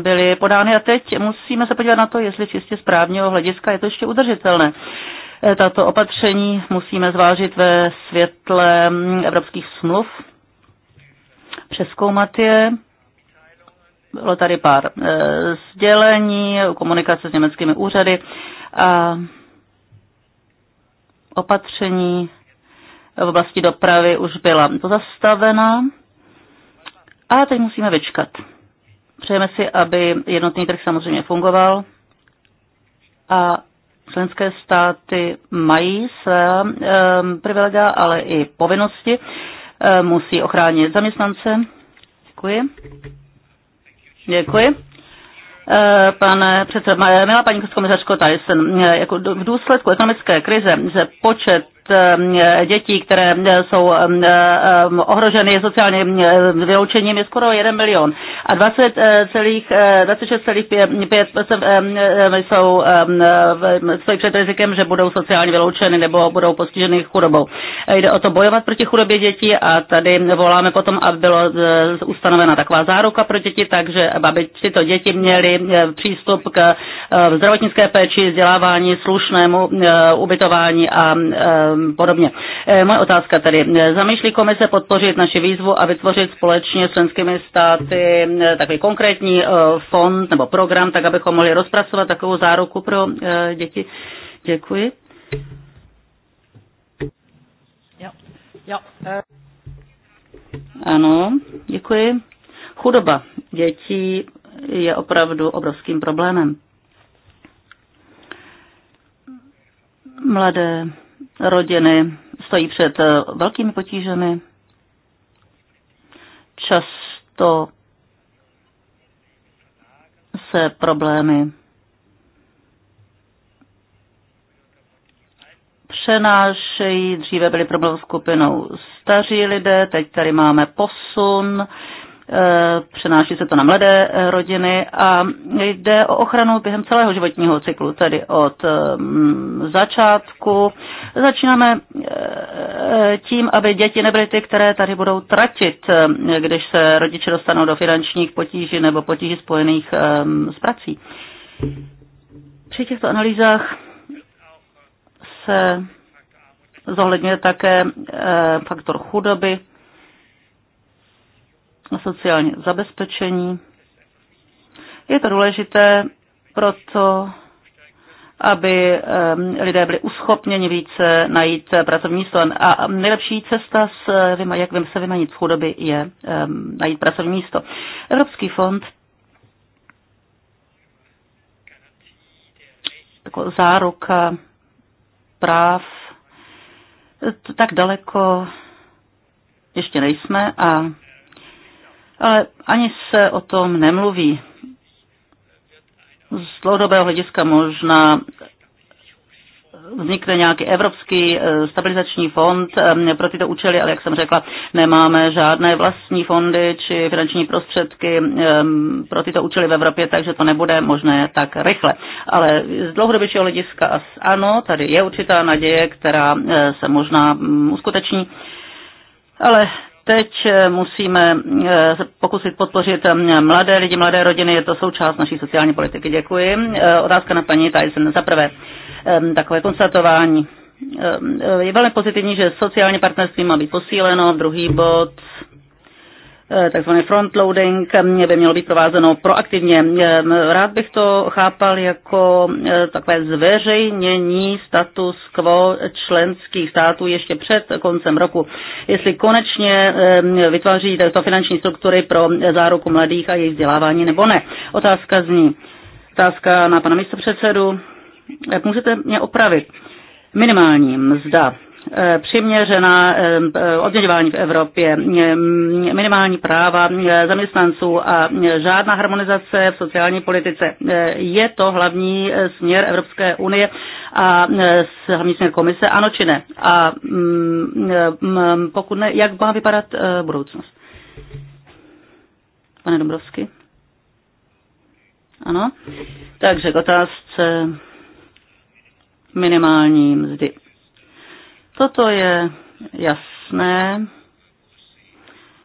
byly podány a teď musíme se podívat na to, jestli čistě z právního hlediska je to ještě udržitelné. Tato opatření musíme zvážit ve světle mm, evropských smluv přeskoumat je. Bylo tady pár eh, sdělení, komunikace s německými úřady a opatření v oblasti dopravy už byla pozastavena. A teď musíme vyčkat. Přejeme si, aby jednotný trh samozřejmě fungoval a členské státy mají své e, eh, privilegia, ale i povinnosti. Eh, musí ochránit zaměstnance. Děkuji. Děkuji. Eh, pane předseda, eh, milá paní komisařko Tyson, jako v důsledku ekonomické krize se počet Ehm, dětí, které ehm, jsou ehm, ohroženy sociálním vyloučením, je skoro 1 milion. A 26,5 eh, eh, jsou, jsou před rizikem, že budou sociálně vyloučeny nebo budou postiženy chudobou. Jde o to bojovat proti chudobě dětí a tady voláme potom, aby byla eh, ustanovena taková záruka pro děti, takže aby tyto děti měly přístup k zdravotnické péči, vzdělávání, slušnému ubytování a Um, podobně. Eh, moje otázka tedy. Eh, zamýšlí komise podpořit naši výzvu a vytvořit společně s členskými státy eh, takový konkrétní fond nebo program, tak abychom mohli rozpracovat takovou záruku pro děti? Děkuji. Jo. Jo. Ano, děkuji. Chudoba dětí je opravdu obrovským problémem. Mladé rodiny stojí před eh, velkými potížemi. Často se problémy přenášejí. Dříve byly problém skupinou staří lidé, teď tady máme posun Eh, přenáší se to na mladé eh, rodiny a jde o ochranu během celého životního cyklu, tedy od eh, začátku. Začínáme tím, aby děti nebyly ty, které tady budou tratit, když se rodiče dostanou do finančních potíží nebo potíží spojených ehm, s prací. Při těchto analýzách se zohledňuje také faktor chudoby, sociální zabezpečení. Je to důležité proto, aby lidé byli uschopněni více najít pracovní místo. A nejlepší cesta, s, jak vím, se vymanit z chudoby, je najít pracovní místo. Evropský fond jako záruka práv, tak daleko ještě nejsme a ale ani se o tom nemluví. Z dlouhodobého hlediska možná vznikne nějaký evropský eh, stabilizační fond eh, pro tyto účely, ale jak jsem řekla, nemáme žádné vlastní fondy či finanční prostředky eh, pro tyto účely v Evropě, takže to nebude možné tak rychle. Ale z dlouhodobějšího hlediska ano, tady je určitá naděje, která se možná mm, uskuteční. Ale Teď eh, musíme eh, pokusit podpořit eh, mladé lidi, mladé rodiny, je to součást naší sociální politiky. Děkuji. Otázka na paní Tyson. Za prvé, takové konstatování. Je velmi pozitivní, že sociální partnerství má být posíleno. Druhý bod, Eh, takzvaný frontloading eh, by mělo být provázeno proaktivně. Ehm, rád bych to chápal jako eh, takové zveřejnění status quo členských států ještě před koncem roku. Jestli konečně ehm, vytváří to finanční struktury pro záruku mladých a jejich vzdělávání nebo ne. Otázka zní. Otázka na pana místopředsedu. Jak můžete mě opravit? Minimální mzda Eh, přiměřená eh, eh, odměňování v Evropě, minimální práva zaměstnanců a žádná harmonizace v sociální politice. Je to hlavní směr Evropské unie a hlavní směr komise, ano či ne? A mm, mm, pokud ne, jak má vypadat budoucnost? Pane Dombrovsky? Ano. Takže k otázce minimální mzdy. Toto je jasné,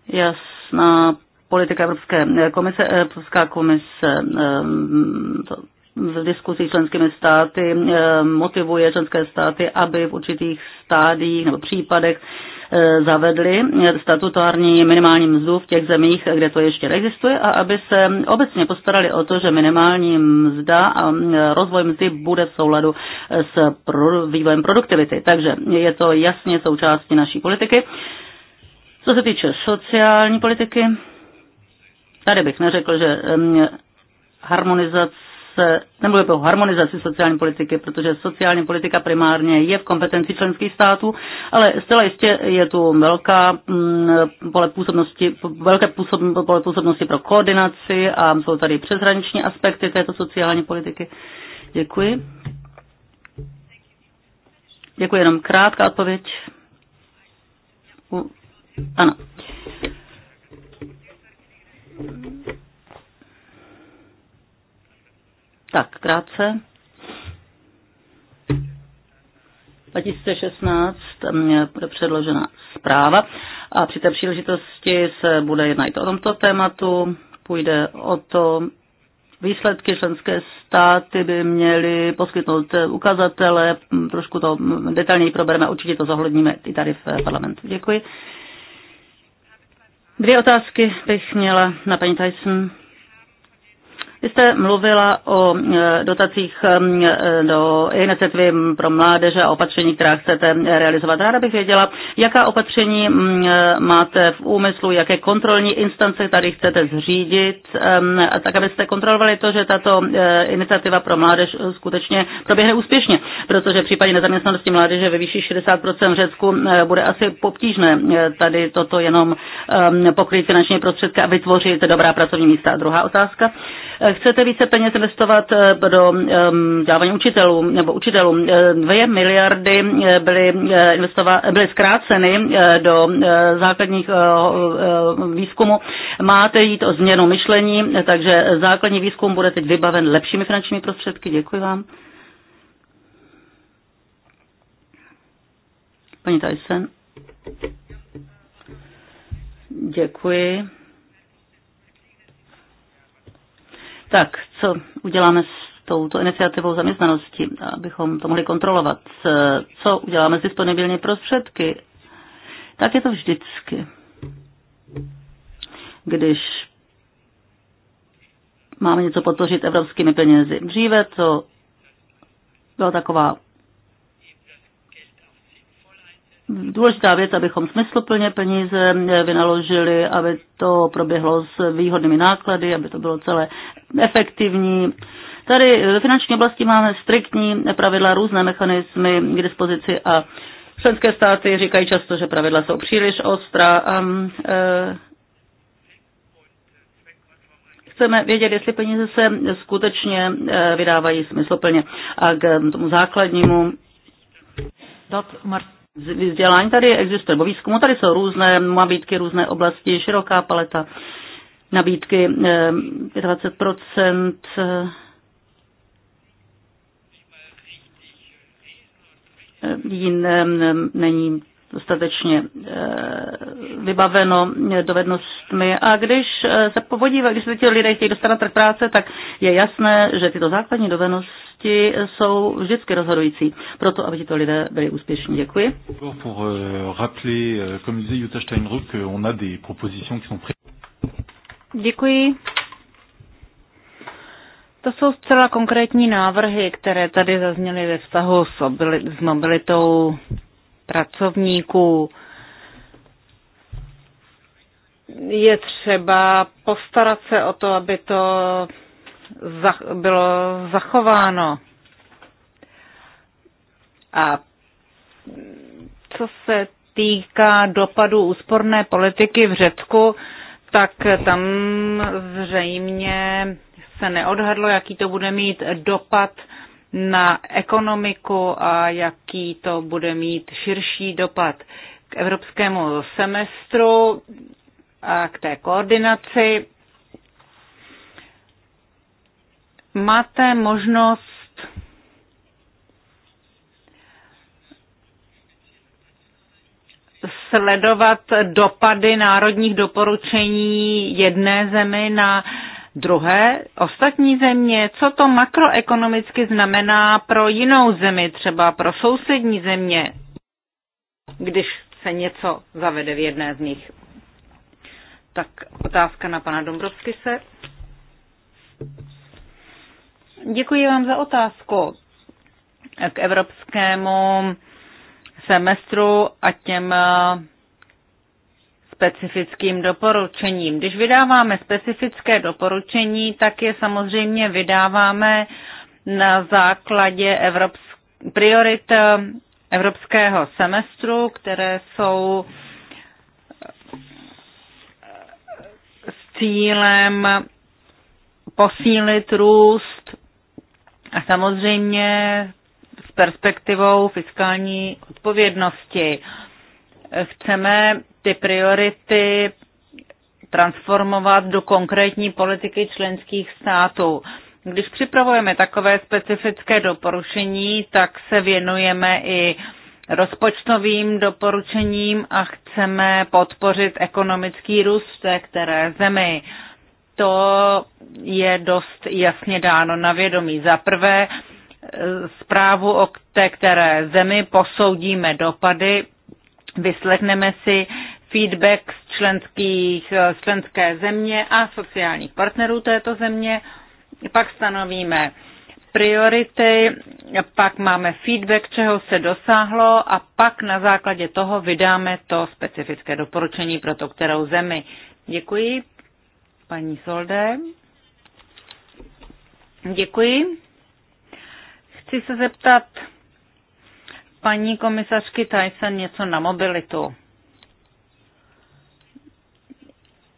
jasná politika Evropské komise, Evropská komise ehm, to, v diskuzích členskými státy ehm, motivuje členské státy, aby v určitých stádiích nebo případech E, zavedli statutární minimální mzdu v těch zemích, kde to ještě existuje a aby se obecně postarali o to, že minimální mzda a rozvoj mzdy bude v souladu s vývojem produktivity. Takže je to jasně součástí naší politiky. Co se týče sociální politiky, tady bych neřekl, že harmonizace se, nemluvím o harmonizaci sociální politiky, protože sociální politika primárně je v kompetenci členských států, ale zcela jistě je tu velká mm, pole působnosti, velké působ, pole působnosti pro koordinaci a jsou tady přeshraniční aspekty této sociální politiky. Děkuji. Děkuji, jenom krátká odpověď. Ano. Tak, krátce. 2016 mm, bude předložena zpráva a při té příležitosti se bude jednat o tomto tématu. Půjde o to, výsledky členské státy by měly poskytnout ukazatele, mm, trošku to mm, detailněji probereme, určitě to zohledníme i tady v parlamentu. Děkuji. Dvě otázky bych měla na paní Tyson. Vy jste mluvila o e, dotacích e, do iniciativy pro mládeže a opatření, která chcete realizovat. Ráda bych věděla, jaká opatření e, máte v úmyslu, jaké kontrolní instance tady chcete zřídit, tak abyste kontrolovali to, že tato iniciativa pro mládež skutečně proběhne úspěšně, protože v případě nezaměstnanosti mládeže ve výši 60% v Řecku bude asi obtížné tady toto jenom pokryt finanční prostředky a vytvořit dobrá pracovní místa. A druhá otázka. Eh, chcete více peněz investovat eh, do dávání učitelů, nebo učitelům. Eh, dvě miliardy byly, byly zkráceny do základních výzkumu. Máte jít o změnu myšlení, takže základní výzkum bude teď vybaven lepšími finančními prostředky. Děkuji vám. Paní Tyson. Děkuji. Tak, co uděláme s touto iniciativou zaměstnanosti, abychom to mohli kontrolovat? Eh, co uděláme s disponibilní prostředky? Tak je to vždycky. Když máme něco podpořit evropskými penězi. Dříve to byla taková důležitá věc, abychom smysluplně peníze vynaložili, aby to proběhlo s výhodnými náklady, aby to bylo celé efektivní. Tady ve finanční oblasti máme striktní pravidla, různé mechanismy k dispozici a členské státy říkají často, že pravidla jsou příliš ostrá a e, chceme vědět, jestli peníze se skutečně e, vydávají smysluplně. A k tomu základnímu dat, maar vzdělání tady existuje, nebo výzkumu, tady jsou různé nabídky, různé oblasti, široká paleta nabídky, eh, 20 jiné eh, eh, není dostatečně eh, vybaveno dovednostmi. A když eh, se povodí, když se ti lidé chtějí dostat na trh práce, tak je jasné, že tyto základní dovednosti jsou vždycky rozhodující pro to, aby tito lidé byli úspěšní. Děkuji. Euh, euh, euh, Děkuji. To jsou zcela konkrétní návrhy, které tady zazněly ve vztahu s mobilitou pracovníků. Je třeba postarat se o to, aby to bylo zachováno. A co se týká dopadu úsporné politiky v Řecku, tak tam zřejmě se neodhadlo, jaký to bude mít dopad na ekonomiku a jaký to bude mít širší dopad k evropskému semestru a k té koordinaci. Máte možnost sledovat dopady národních doporučení jedné zemi na uh, Druhé, ostatní země, co to makroekonomicky znamená pro jinou zemi, třeba pro sousední země, když se něco zavede v jedné z nich. Tak otázka na pana Dombrovsky se. Děkuji vám za otázku k evropskému semestru a těm specifickým doporučením. Když vydáváme specifické doporučení, tak je samozřejmě vydáváme na základě evropsk- priorit eh, evropského semestru, které jsou eh, s cílem posílit růst a samozřejmě s perspektivou fiskální odpovědnosti. Chceme ty priority transformovat do konkrétní politiky členských států. Když připravujeme takové specifické doporučení, tak se věnujeme i rozpočtovým doporučením a chceme podpořit ekonomický růst v té které zemi. To je dost jasně dáno na vědomí. Za prvé, e, zprávu o té které zemi posoudíme dopady Vyslechneme si feedback z, členských, eh, z členské země a sociálních partnerů této země. Pak stanovíme priority, pak máme feedback, čeho se dosáhlo a pak na základě toho vydáme to specifické doporučení pro to, kterou zemi. Děkuji, paní Solde. Děkuji. Chci se zeptat, paní komisařky Tyson něco na mobilitu.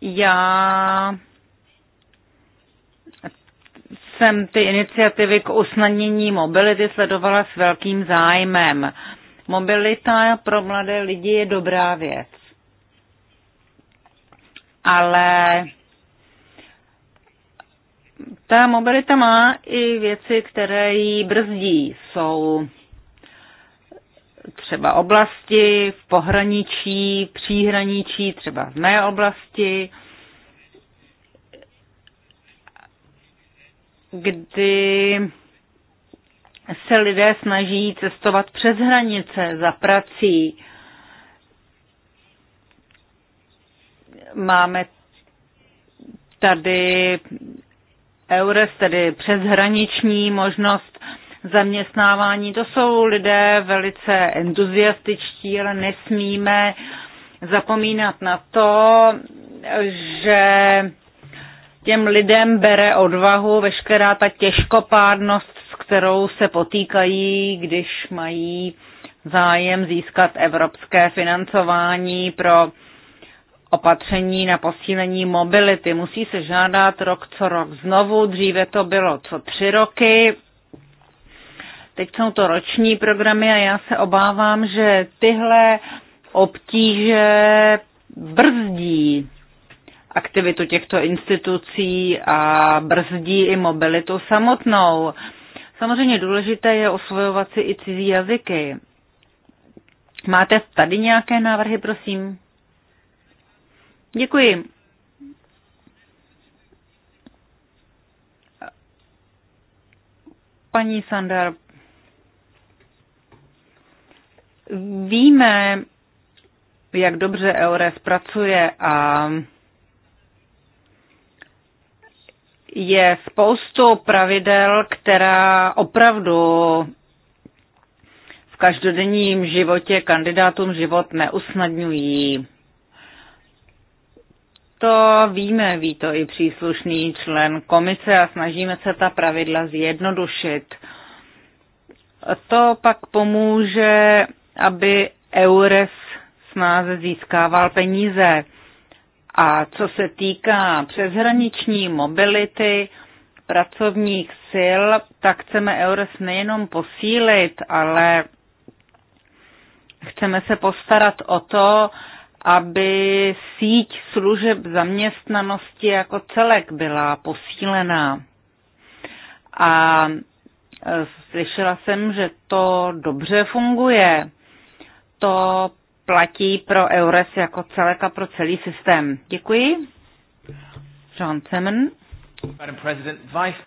Já jsem ty iniciativy k usnadnění mobility sledovala s velkým zájmem. Mobilita pro mladé lidi je dobrá věc. Ale ta mobilita má i věci, které ji brzdí. Jsou třeba oblasti, v pohraničí, příhraničí, třeba v mé oblasti, kdy se lidé snaží cestovat přes hranice za prací. Máme tady EURES, tedy přeshraniční možnost zaměstnávání. To jsou lidé velice entuziastičtí, ale nesmíme zapomínat na to, že těm lidem bere odvahu veškerá ta těžkopádnost, s kterou se potýkají, když mají zájem získat evropské financování pro opatření na posílení mobility. Musí se žádat rok co rok znovu, dříve to bylo co tři roky. Teď jsou to roční programy a já se obávám, že tyhle obtíže brzdí aktivitu těchto institucí a brzdí i mobilitu samotnou. Samozřejmě důležité je osvojovat si i cizí jazyky. Máte tady nějaké návrhy, prosím? Děkuji. Paní Sandar, Víme, jak dobře EURES pracuje a je spoustu pravidel, která opravdu v každodenním životě kandidátům život neusnadňují. To víme, ví to i příslušný člen komise a snažíme se ta pravidla zjednodušit. To pak pomůže aby EURES snáze získával peníze. A co se týká přeshraniční mobility pracovních sil, tak chceme EURES nejenom posílit, ale chceme se postarat o to, aby síť služeb zaměstnanosti jako celek byla posílená. A slyšela jsem, že to dobře funguje to platí pro EURES jako celek a pro celý systém. Děkuji. John Simon.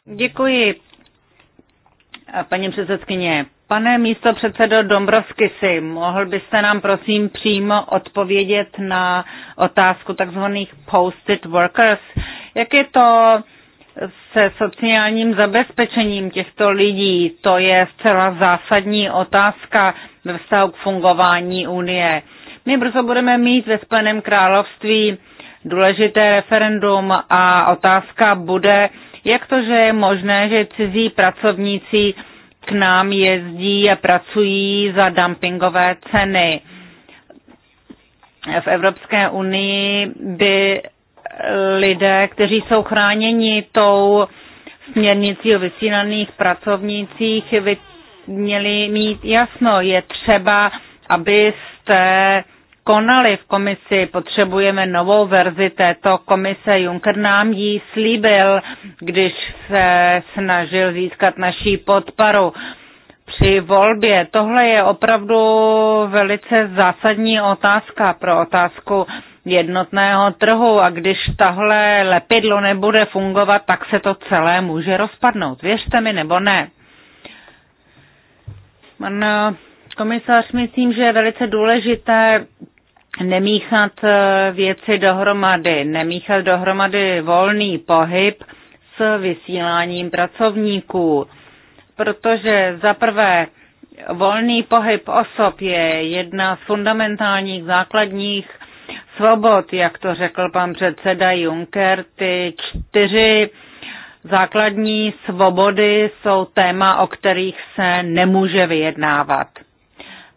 Děkuji. Paní předsedkyně, pane místo předsedo si mohl byste nám prosím přímo odpovědět na otázku takzvaných posted workers? Jak je to se sociálním zabezpečením těchto lidí? To je zcela zásadní otázka ve vztahu k fungování Unie. My brzo budeme mít ve Spojeném království důležité referendum a otázka bude, jak to, že je možné, že cizí pracovníci k nám jezdí a pracují za dumpingové ceny. V Evropské unii by lidé, kteří jsou chráněni tou směrnicí o vysílaných pracovnících, měli mít jasno. Je třeba, abyste konali v komisi. Potřebujeme novou verzi této komise. Juncker nám ji slíbil, když se snažil získat naší podporu při volbě. Tohle je opravdu velice zásadní otázka pro otázku jednotného trhu a když tahle lepidlo nebude fungovat, tak se to celé může rozpadnout. Věřte mi nebo ne. Pan eh, komisař, myslím, že je velice důležité nemíchat eh, věci dohromady, nemíchat dohromady volný pohyb s vysíláním pracovníků, protože za prvé volný pohyb osob je jedna z fundamentálních základních svobod, jak to řekl pan předseda Juncker, ty čtyři Základní svobody jsou téma, o kterých se nemůže vyjednávat.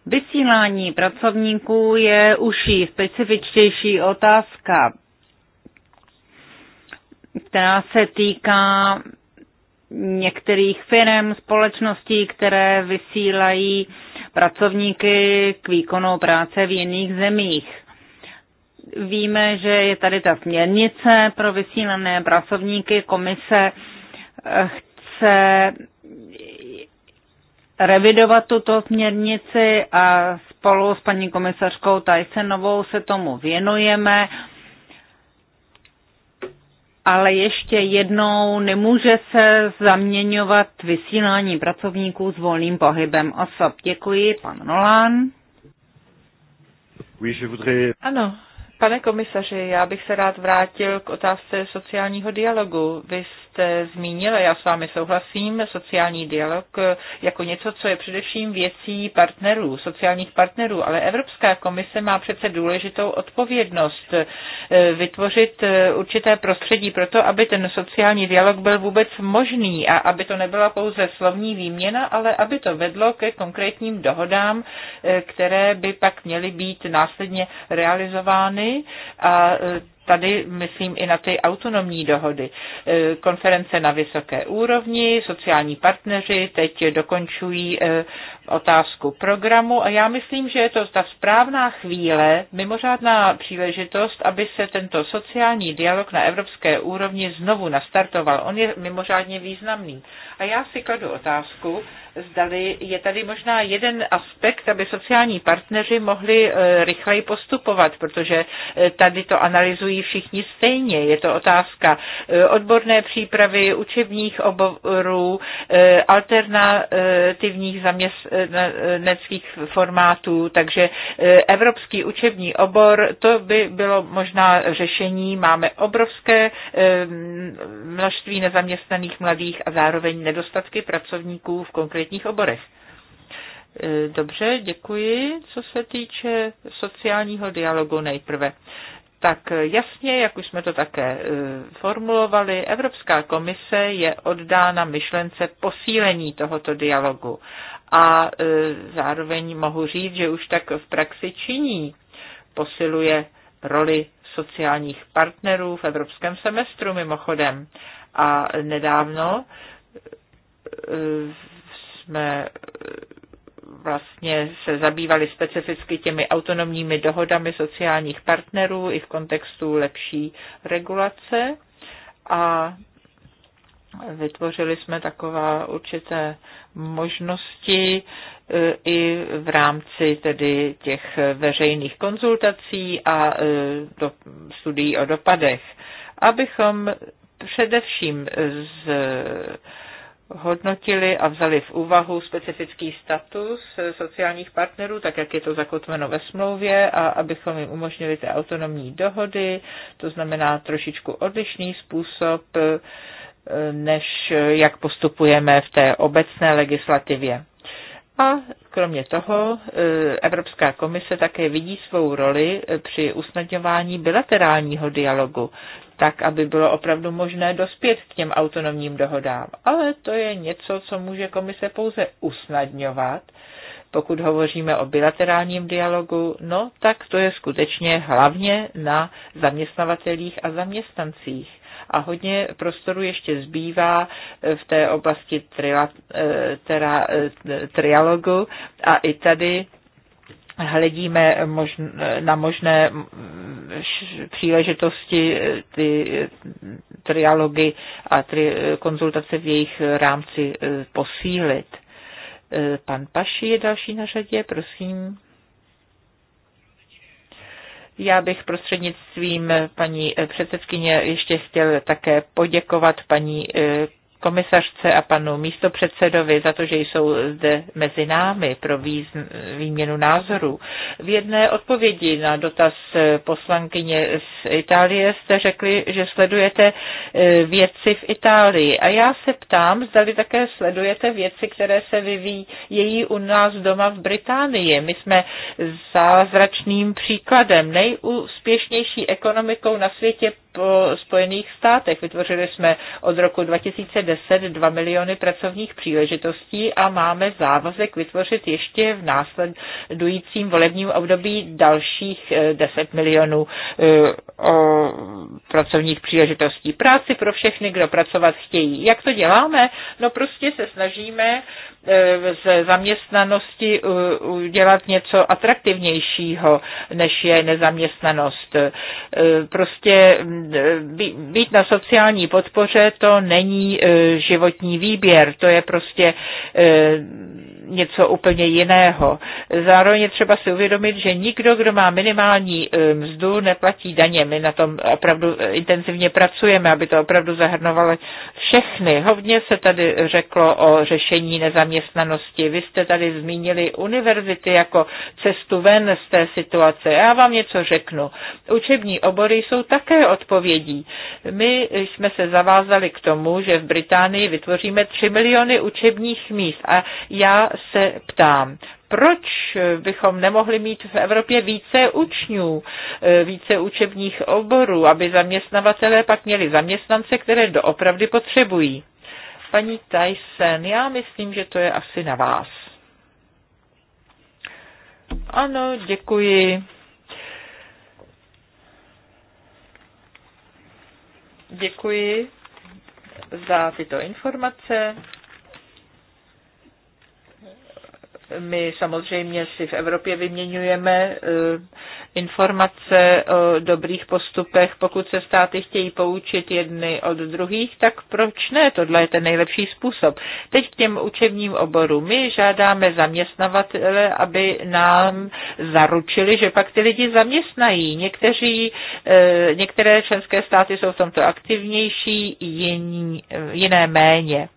Vysílání pracovníků je uší, specifičtější otázka, která se týká některých firm, společností, které vysílají pracovníky k výkonu práce v jiných zemích. Víme, že je tady ta směrnice pro vysílané pracovníky. Komise eh, chce revidovat tuto směrnici a spolu s paní komisařkou Tysonovou se tomu věnujeme. Ale ještě jednou nemůže se zaměňovat vysílání pracovníků s volným pohybem osob. Děkuji, pan Nolan. Ano, Pane komisaři, já bych se rád vrátil k otázce sociálního dialogu. Vy jste zmínil, a já s vámi souhlasím, sociální dialog jako něco, co je především věcí partnerů, sociálních partnerů, ale Evropská komise má přece důležitou odpovědnost eh, vytvořit eh, určité prostředí pro to, aby ten sociální dialog byl vůbec možný a aby to nebyla pouze slovní výměna, ale aby to vedlo ke konkrétním dohodám, eh, které by pak měly být následně realizovány a tady myslím i na ty autonomní dohody. E, konference na vysoké úrovni, sociální partneři teď dokončují e, otázku programu a já myslím, že je to ta správná chvíle, mimořádná příležitost, aby se tento sociální dialog na evropské úrovni znovu nastartoval. On je mimořádně významný. A já si kladu otázku, zdali je tady možná jeden aspekt, aby sociální partneři mohli eh, rychleji postupovat, protože eh, tady to analyzují všichni stejně. Je to otázka eh, odborné přípravy, učebních oborů, alternativních zaměst interneckých formátů, takže e, evropský učební obor, to by bylo možná řešení. Máme obrovské e, množství nezaměstnaných mladých a zároveň nedostatky pracovníků v konkrétních oborech. E, dobře, děkuji. Co se týče sociálního dialogu nejprve tak jasně, jak už jsme to také e, formulovali, Evropská komise je oddána myšlence posílení tohoto dialogu. A e, zároveň mohu říct, že už tak v praxi činí, posiluje roli sociálních partnerů v evropském semestru mimochodem. A nedávno e, jsme vlastně se zabývali specificky těmi autonomními dohodami sociálních partnerů i v kontextu lepší regulace a vytvořili jsme taková určité možnosti eh, i v rámci tedy těch veřejných konzultací a eh, do, studií o dopadech, abychom především z hodnotili a vzali v úvahu specifický status sociálních partnerů, tak jak je to zakotveno ve smlouvě, a abychom jim umožnili ty autonomní dohody, to znamená trošičku odlišný způsob, eh, než jak postupujeme v té obecné legislativě. A kromě toho e, Evropská komise také vidí svou roli e, při usnadňování bilaterálního dialogu, tak, aby bylo opravdu možné dospět k těm autonomním dohodám. Ale to je něco, co může komise pouze usnadňovat. Pokud hovoříme o bilaterálním dialogu, no tak to je skutečně hlavně na zaměstnavatelích a zaměstnancích a hodně prostoru ještě zbývá eh, v té oblasti trila, eh, tera, eh, trialogu a i tady hledíme možn, na možné příležitosti ty trialogy a tri, konzultace v jejich rámci posílit. Pan Paši je další na řadě, prosím. Já bych prostřednictvím paní eh, předsedkyně ještě chtěl také poděkovat paní eh, komisařce a panu místopředsedovi za to, že jsou zde mezi námi pro výměnu názorů. V jedné odpovědi na dotaz poslankyně z Itálie jste řekli, že sledujete e, věci v Itálii. A já se ptám, zdali také sledujete věci, které se vyvíjí u nás doma v Británii. My jsme zázračným příkladem, nejúspěšnější ekonomikou na světě po Spojených státech. Vytvořili jsme od roku 2010 2 miliony pracovních příležitostí a máme závazek vytvořit ještě v následujícím volebním období dalších 10 eh, milionů eh, o pracovních příležitostí. Práci pro všechny, kdo pracovat chtějí. Jak to děláme? No prostě se snažíme eh, z zaměstnanosti udělat něco atraktivnějšího, než je nezaměstnanost. Prostě mm, být na sociální podpoře, to není e, životní výběr, to je prostě e, něco úplně jiného. Zároveň je třeba si uvědomit, že nikdo, kdo má minimální e, mzdu, neplatí daně. My na tom opravdu intenzivně pracujeme, aby to opravdu zahrnovalo všechny. Hodně se tady řeklo o řešení nezaměstnanosti. Vy jste tady zmínili univerzity jako cestu ven z té situace. Já vám něco řeknu. Učební obory jsou také odpovědné odpovědí. My jsme se zavázali k tomu, že v Británii vytvoříme 3 miliony učebních míst a já se ptám, proč bychom nemohli mít v Evropě více učňů, více učebních oborů, aby zaměstnavatelé pak měli zaměstnance, které doopravdy potřebují. Paní Tyson, já myslím, že to je asi na vás. Ano, děkuji. Děkuji za tyto informace. My samozřejmě si v Evropě vyměňujeme e, informace o dobrých postupech. Pokud se státy chtějí poučit jedny od druhých, tak proč ne? Tohle je ten nejlepší způsob. Teď k těm učebním oborům. My žádáme zaměstnavatele, aby nám zaručili, že pak ty lidi zaměstnají. Někteří, e, některé členské státy jsou v tomto aktivnější, jiní, jiné méně.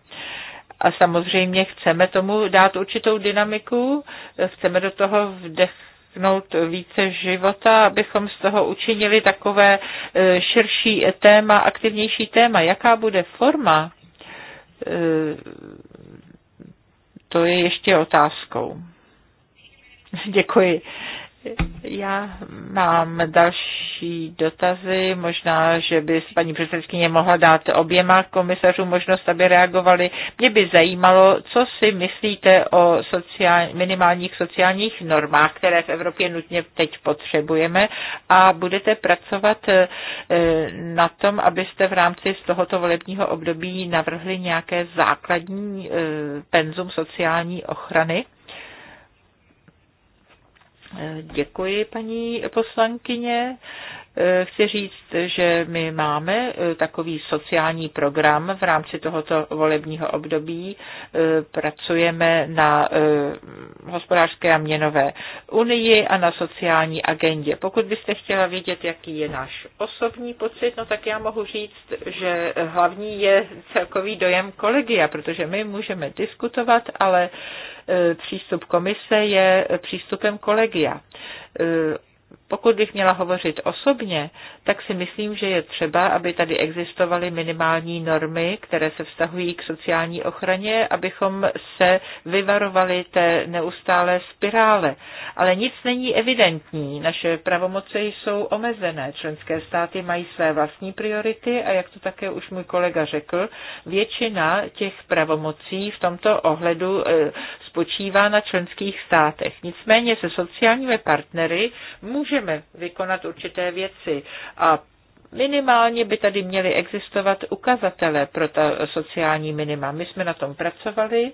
A samozřejmě chceme tomu dát určitou dynamiku, chceme do toho vdech vdechnout více života, abychom z toho učinili takové e, širší téma, aktivnější téma. Jaká bude forma, e, to je ještě otázkou. Děkuji. Já mám další dotazy. Možná, že by paní předsedkyně mohla dát oběma komisařům možnost, aby reagovali. Mě by zajímalo, co si myslíte o sociál, minimálních sociálních normách, které v Evropě nutně teď potřebujeme a budete pracovat e, na tom, abyste v rámci z tohoto volebního období navrhli nějaké základní e, penzum sociální ochrany? Děkuji, paní poslankyně. Eh, chci říct, že my máme eh, takový sociální program v rámci tohoto volebního období. Eh, pracujeme na hospodářské a měnové unii a na sociální agendě. Pokud byste chtěla vědět, jaký je náš osobní pocit, no tak já mohu říct, že hlavní je celkový dojem kolegia, protože my můžeme diskutovat, ale přístup komise je přístupem kolegia pokud bych měla hovořit osobně, tak si myslím, že je třeba, aby tady existovaly minimální normy, které se vztahují k sociální ochraně, abychom se vyvarovali té neustálé spirále. Ale nic není evidentní. Naše pravomoce jsou omezené. Členské státy mají své vlastní priority a jak to také už můj kolega řekl, většina těch pravomocí v tomto ohledu eh, spočívá na členských státech. Nicméně se sociálními partnery můžeme vykonat určité věci a Minimálně by tady měly existovat ukazatele pro ta sociální minima. My jsme na tom pracovali,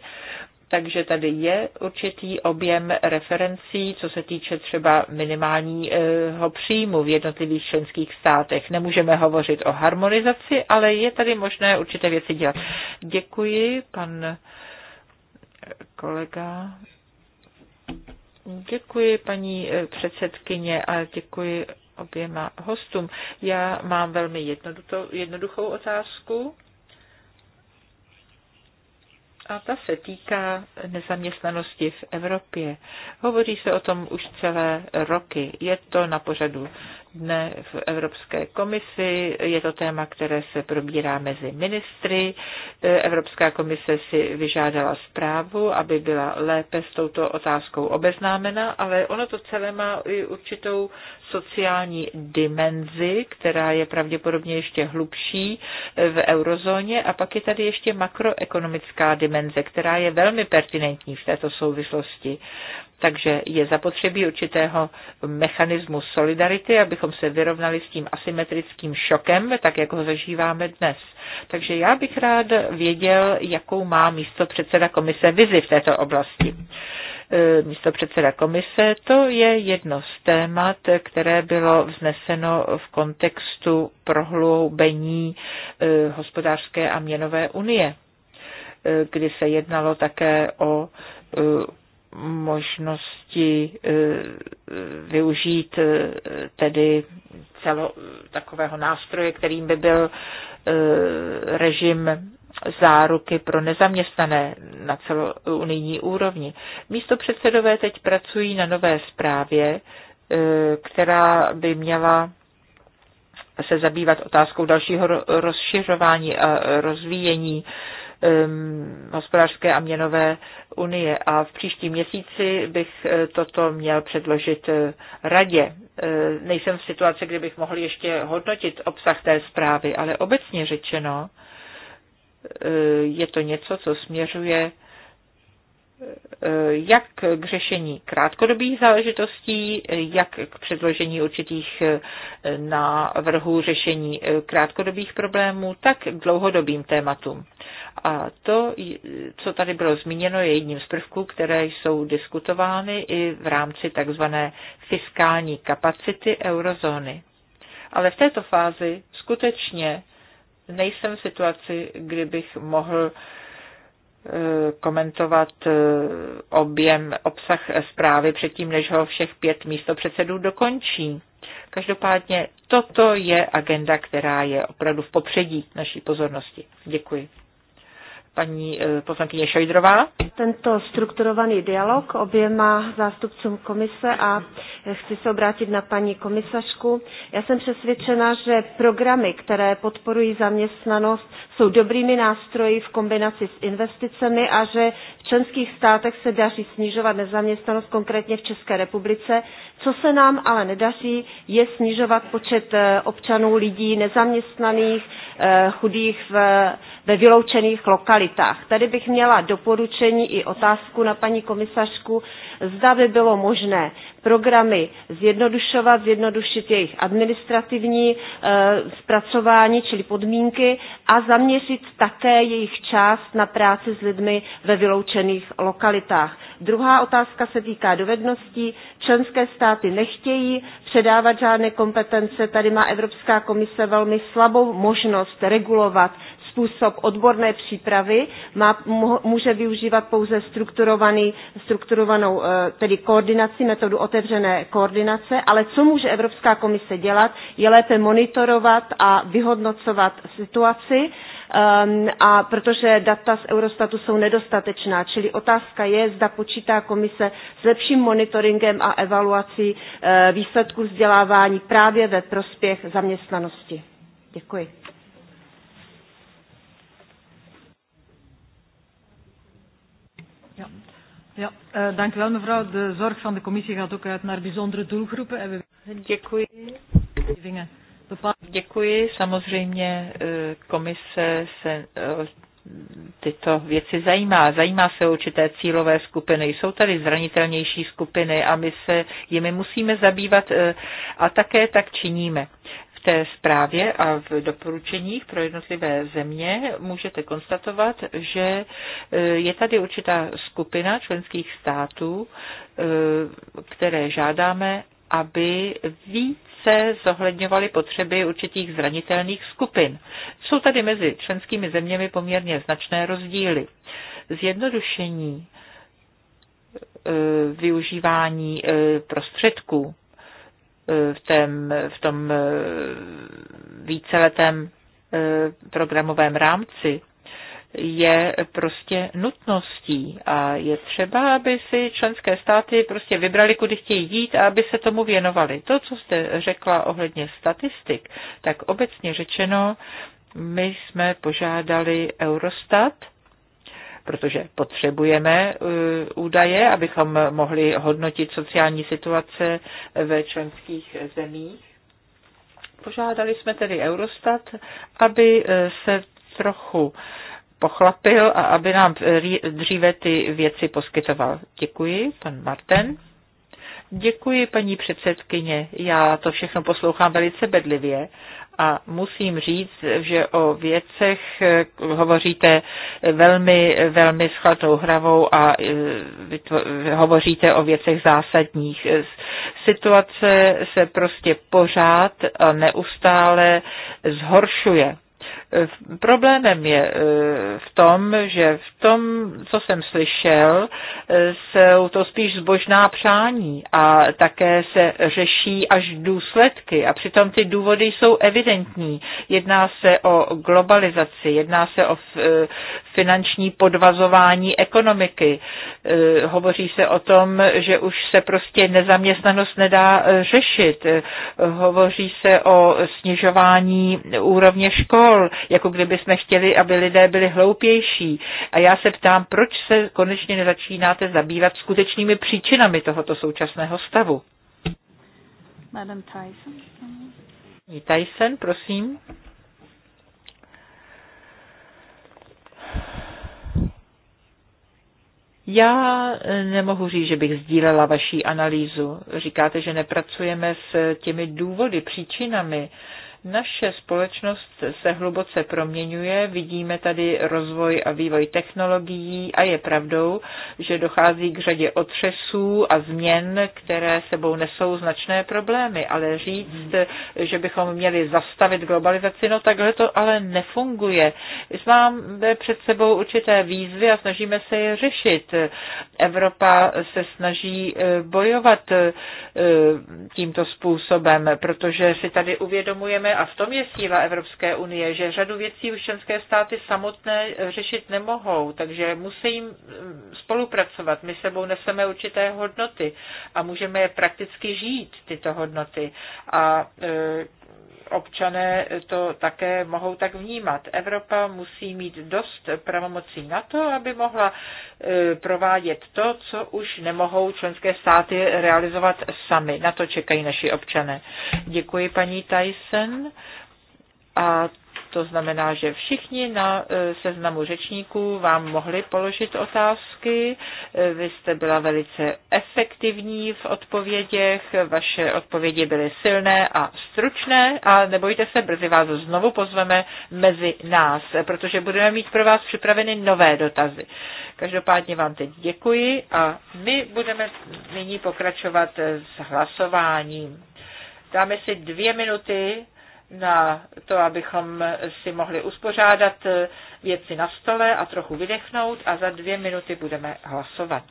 takže tady je určitý objem referencí, co se týče třeba minimálního příjmu v jednotlivých členských státech. Nemůžeme hovořit o harmonizaci, ale je tady možné určité věci dělat. Děkuji, pan kolega. Děkuji, paní eh, předsedkyně, a děkuji oběma hostům. Já mám velmi jednoduchou otázku a ta se týká nezaměstnanosti v Evropě. Hovoří se o tom už celé roky. Je to na pořadu dne v Evropské komisi. Je to téma, které se probírá mezi ministry. Evropská komise si vyžádala zprávu, aby byla lépe s touto otázkou obeznámena, ale ono to celé má i určitou sociální dimenzi, která je pravděpodobně ještě hlubší v eurozóně. A pak je tady ještě makroekonomická dimenze, která je velmi pertinentní v této souvislosti. Takže je zapotřebí určitého mechanismu solidarity, abychom se vyrovnali s tím asymetrickým šokem, tak jak ho zažíváme dnes. Takže já bych rád věděl, jakou má místo předseda komise vizi v této oblasti e, místo předseda komise, to je jedno z témat, které bylo vzneseno v kontextu prohloubení e, hospodářské a měnové unie, e, kdy se jednalo také o možnosti eh, využít eh, tedy celo, takového nástroje, kterým by byl eh, režim záruky pro nezaměstnané na celounijní úrovni. Místo předsedové teď pracují na nové zprávě, která by měla se zabývat otázkou dalšího rozšiřování a rozvíjení um, hospodářské a měnové unie. A v příštím měsíci bych eh, toto měl předložit eh, radě. Eh, nejsem v situaci, kdy bych mohl ještě hodnotit obsah té zprávy, ale obecně řečeno je to něco, co směřuje Eh, jak k řešení krátkodobých záležitostí, jak k předložení určitých eh, návrhů řešení eh, krátkodobých problémů, tak k dlouhodobým tématům. A to, co tady bylo zmíněno, je jedním z prvků, které jsou diskutovány i v rámci takzvané fiskální kapacity eurozóny. Ale v této fázi skutečně nejsem v situaci, kdybych mohl uh, komentovat eh, objem, obsah zprávy předtím, než ho všech pět místopředsedů dokončí. Každopádně toto je agenda, která je opravdu v popředí naší pozornosti. Děkuji. Paní eh, poslankyně Šojdrová. Tento strukturovaný dialog oběma zástupcům komise a eh, chci se obrátit na paní komisařku. Já jsem přesvědčena, že programy, které podporují zaměstnanost, jsou dobrými nástroji v kombinaci s investicemi a že v členských státech se daří snižovat nezaměstnanost, konkrétně v České republice. Co se nám ale nedaří, je snižovat počet eh, občanů, lidí nezaměstnaných, eh, chudých ve vyloučených lokalitách. Tady bych měla doporučení i otázku na paní komisařku, Zda by bylo možné programy zjednodušovat, zjednodušit jejich administrativní eh, zpracování, čili podmínky a zaměřit také jejich část na práci s lidmi ve vyloučených lokalitách. Druhá otázka se týká dovedností. Členské státy nechtějí předávat žádné kompetence. Tady má Evropská komise velmi slabou možnost regulovat způsob odborné přípravy, má, může využívat pouze strukturovaný, strukturovanou eh, tedy koordinaci, metodu otevřené koordinace, ale co může Evropská komise dělat, je lépe monitorovat a vyhodnocovat situaci, ehm, a protože data z Eurostatu jsou nedostatečná, čili otázka je, zda počítá komise s lepším monitoringem a evaluací eh, výsledků vzdělávání právě ve prospěch zaměstnanosti. Děkuji. Ja, eh, dank u wel mevrouw. De zorg van de commissie gaat ook uit naar bijzondere doelgroepen. En we... Děkuji. Děkuji. Samozřejmě eh, komise se eh, tyto věci zajímá. Zajímá se určité cílové skupiny. Jsou tady zranitelnější skupiny a my se jimi musíme zabývat a také tak činíme v té zprávě a v doporučeních pro jednotlivé země můžete konstatovat, že eh, je tady určitá skupina členských států, eh, které žádáme, aby více zohledňovaly potřeby určitých zranitelných skupin. Jsou tady mezi členskými zeměmi poměrně značné rozdíly. Zjednodušení eh, využívání prostředků Eh, v, tém, v tom eh, víceletém eh, programovém rámci je prostě nutností a je třeba, aby si členské státy prostě vybrali, kudy chtějí jít a aby se tomu věnovali. To, co jste řekla ohledně statistik, tak obecně řečeno, my jsme požádali Eurostat, protože potřebujeme e, údaje, abychom mohli hodnotit sociální situace ve členských zemích. Požádali jsme tedy Eurostat, aby e, se trochu pochlapil a aby nám dříve ty věci poskytoval. Děkuji, pan Marten. Děkuji, paní předsedkyně. Já to všechno poslouchám velice bedlivě a musím říct, že o věcech eh, hovoříte velmi, velmi chladnou hravou a eh, hovoříte o věcech zásadních. Eh, situace se prostě pořád a neustále zhoršuje. Eh, problémem je eh, v tom, že v tom, co jsem slyšel, eh, jsou to spíš zbožná přání a také se řeší až důsledky a přitom ty důvody jsou evidentní. Jedná se o globalizaci, jedná se o finanční podvazování ekonomiky. Hovoří se o tom, že už se prostě nezaměstnanost nedá řešit. Hovoří se o snižování úrovně škol kontrol, jako kdyby jsme chtěli, aby lidé byli hloupější. A já se ptám, proč se konečně nezačínáte zabývat skutečnými příčinami tohoto současného stavu? Madam Tyson. Tyson, prosím. Já nemohu říct, že bych sdílela vaší analýzu. Říkáte, že nepracujeme s těmi důvody, příčinami. Naše společnost se hluboce proměňuje, vidíme tady rozvoj a vývoj technologií a je pravdou, že dochází k řadě otřesů a změn, které sebou nesou značné problémy, ale říct, že bychom měli zastavit globalizaci, no takhle to ale nefunguje. Máme před sebou určité výzvy a snažíme se je řešit. Evropa se snaží eh, bojovat eh, tímto způsobem, protože si tady uvědomujeme, a v tom je síla Evropské unie, že řadu věcí už členské státy samotné řešit nemohou, takže musí mm, spolupracovat. My sebou neseme určité hodnoty a můžeme je prakticky žít, tyto hodnoty. A e, občané to také mohou tak vnímat. Evropa musí mít dost pravomocí na to, aby mohla e, provádět to, co už nemohou členské státy realizovat sami. Na to čekají naši občané. Děkuji paní Tyson. A to znamená, že všichni na e, seznamu řečníků vám mohli položit otázky. E, vy jste byla velice efektivní v odpovědích. vaše odpovědi byly silné a stručné a nebojte se, brzy vás znovu pozveme mezi nás, protože budeme mít pro vás připraveny nové dotazy. Každopádně vám teď děkuji a my budeme nyní pokračovat s hlasováním. Dáme si dvě minuty na to, abychom si mohli uspořádat věci na stole a trochu vydechnout a za dvě minuty budeme hlasovat.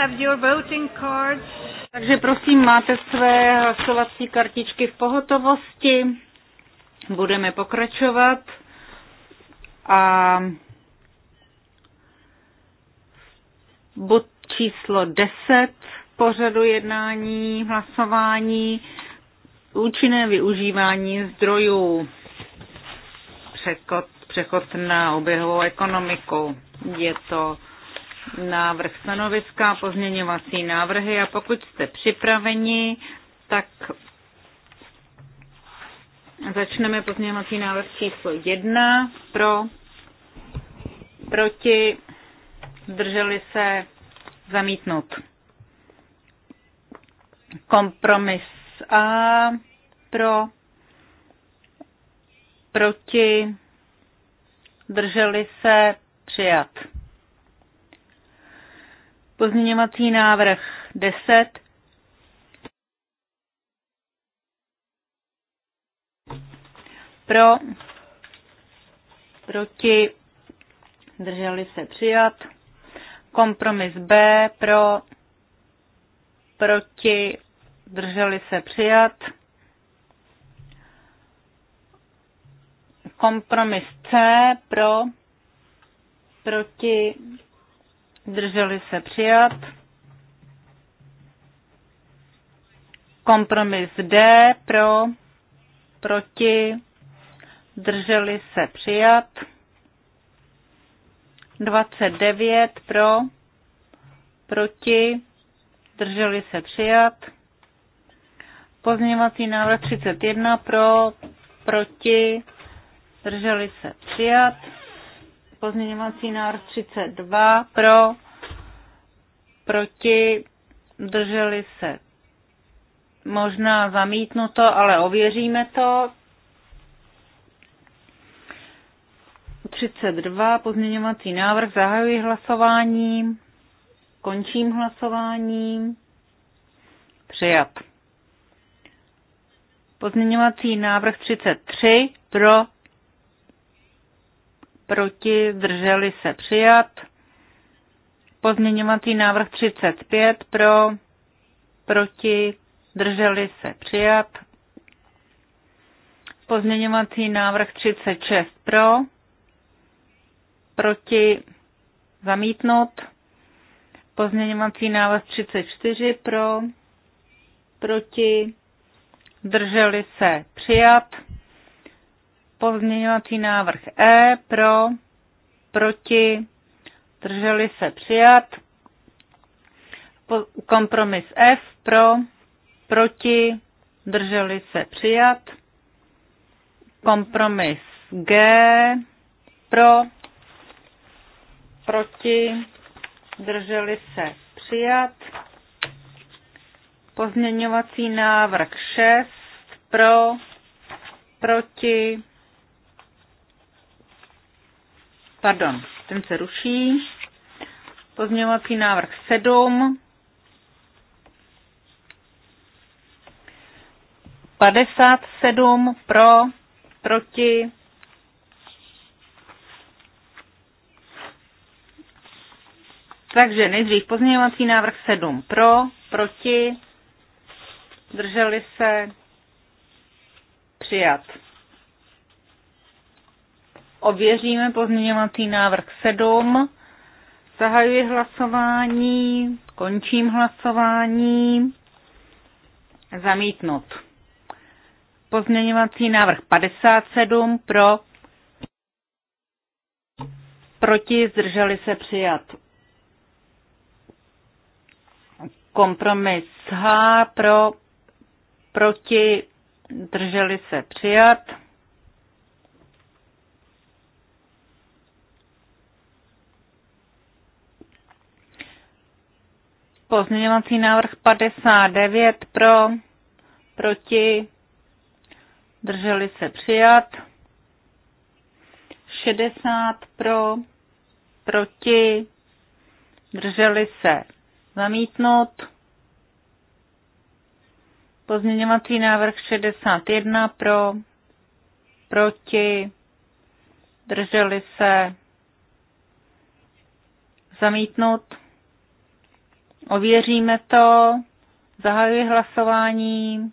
have your voting cards. Takže prosím, máte své hlasovací kartičky v pohotovosti. Budeme pokračovat. A bod číslo 10 pořadu jednání, hlasování, účinné využívání zdrojů, přechod, přechod na oběhovou ekonomiku. Je to návrh stanoviska, pozměňovací návrhy a pokud jste připraveni, tak začneme pozměňovací návrh číslo 1 pro, proti, zdrželi se zamítnout. Kompromis A pro, proti, drželi se přijat. Pozměňovací návrh 10. Pro, proti, drželi se přijat. Kompromis B pro, proti, drželi se přijat. Kompromis C pro, proti, zdrželi se přijat. Kompromis D pro, proti, zdrželi se přijat. 29 pro, proti, zdrželi se přijat. Pozměňovací návrh 31 pro, proti, zdrželi se přijat. Pozměňovací návrh 32 pro, proti, drželi se. Možná zamítnuto, ale ověříme to. 32 pozměňovací návrh, zahajuji hlasování, končím hlasování, přijat. Pozměňovací návrh 33 pro proti, drželi se přijat. Pozměňovací návrh 35 pro, proti, drželi se přijat. Pozměňovací návrh 36 pro, proti, zamítnout. Pozměňovací návrh 34 pro, proti, drželi se přijat. Pozměňovací návrh E pro, proti, drželi se přijat. Kompromis F pro, proti, drželi se přijat. Kompromis G pro, proti, drželi se přijat. Pozměňovací návrh 6 pro, proti, Pardon, ten se ruší. Pozměňovací návrh 7. 57 pro, proti. Takže nejdřív pozměňovací návrh 7 pro, proti, drželi se, přijat. Ověříme pozměňovací návrh 7. Zahajuji hlasování, končím hlasování. Zamítnut. Pozměňovací návrh 57 pro, proti, zdrželi se přijat. Kompromis H pro, proti, zdrželi se přijat. Pozměňovací návrh 59 pro, proti, drželi se přijat. 60 pro, proti, drželi se zamítnout. Pozměňovací návrh 61 pro, proti, drželi se zamítnout. Ověříme to. Zahajuji hlasování.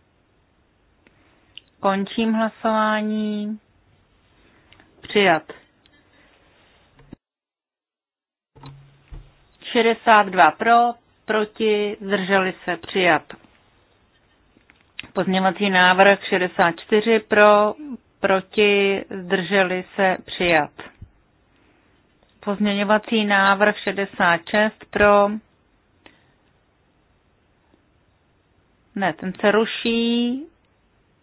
Končím hlasování. Přijat. 62 pro, proti, zdrželi se, přijat. Pozměvací návrh 64 pro, proti, zdrželi se, přijat. Pozměňovací návrh 66 pro, Ne, ten se ruší.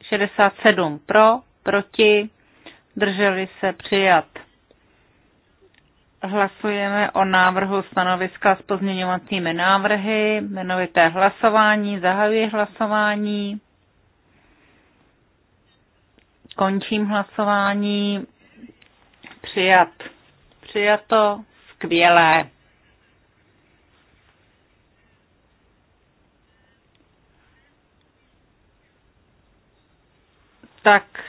67 pro, proti, drželi se přijat. Hlasujeme o návrhu stanoviska s pozměňovacími návrhy, jmenovité hlasování, zahajuji hlasování, končím hlasování, přijat. Přijato, skvělé. Tak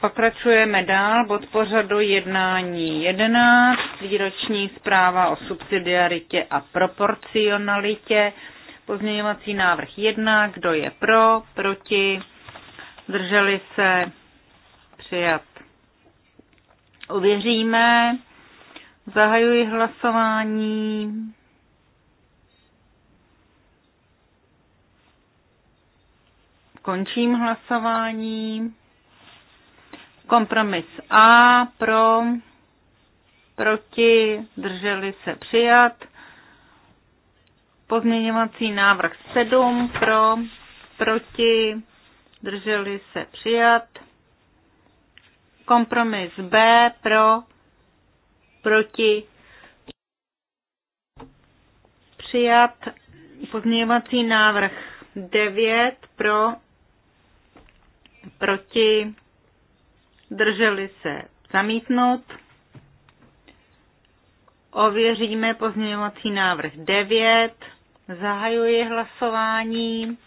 pokračujeme dál. Bod pořadu jednání 11, výroční zpráva o subsidiaritě a proporcionalitě. Pozměňovací návrh 1, kdo je pro, proti, Drželi se, přijat. Ověříme. Zahajuji hlasování. Končím hlasování. Kompromis A pro, proti, drželi se přijat. Pozměňovací návrh 7 pro, proti, drželi se přijat. Kompromis B pro, proti, přijat. Pozměňovací návrh 9 pro, proti, drželi se zamítnout. Ověříme pozměňovací návrh 9. Zahajuji hlasování.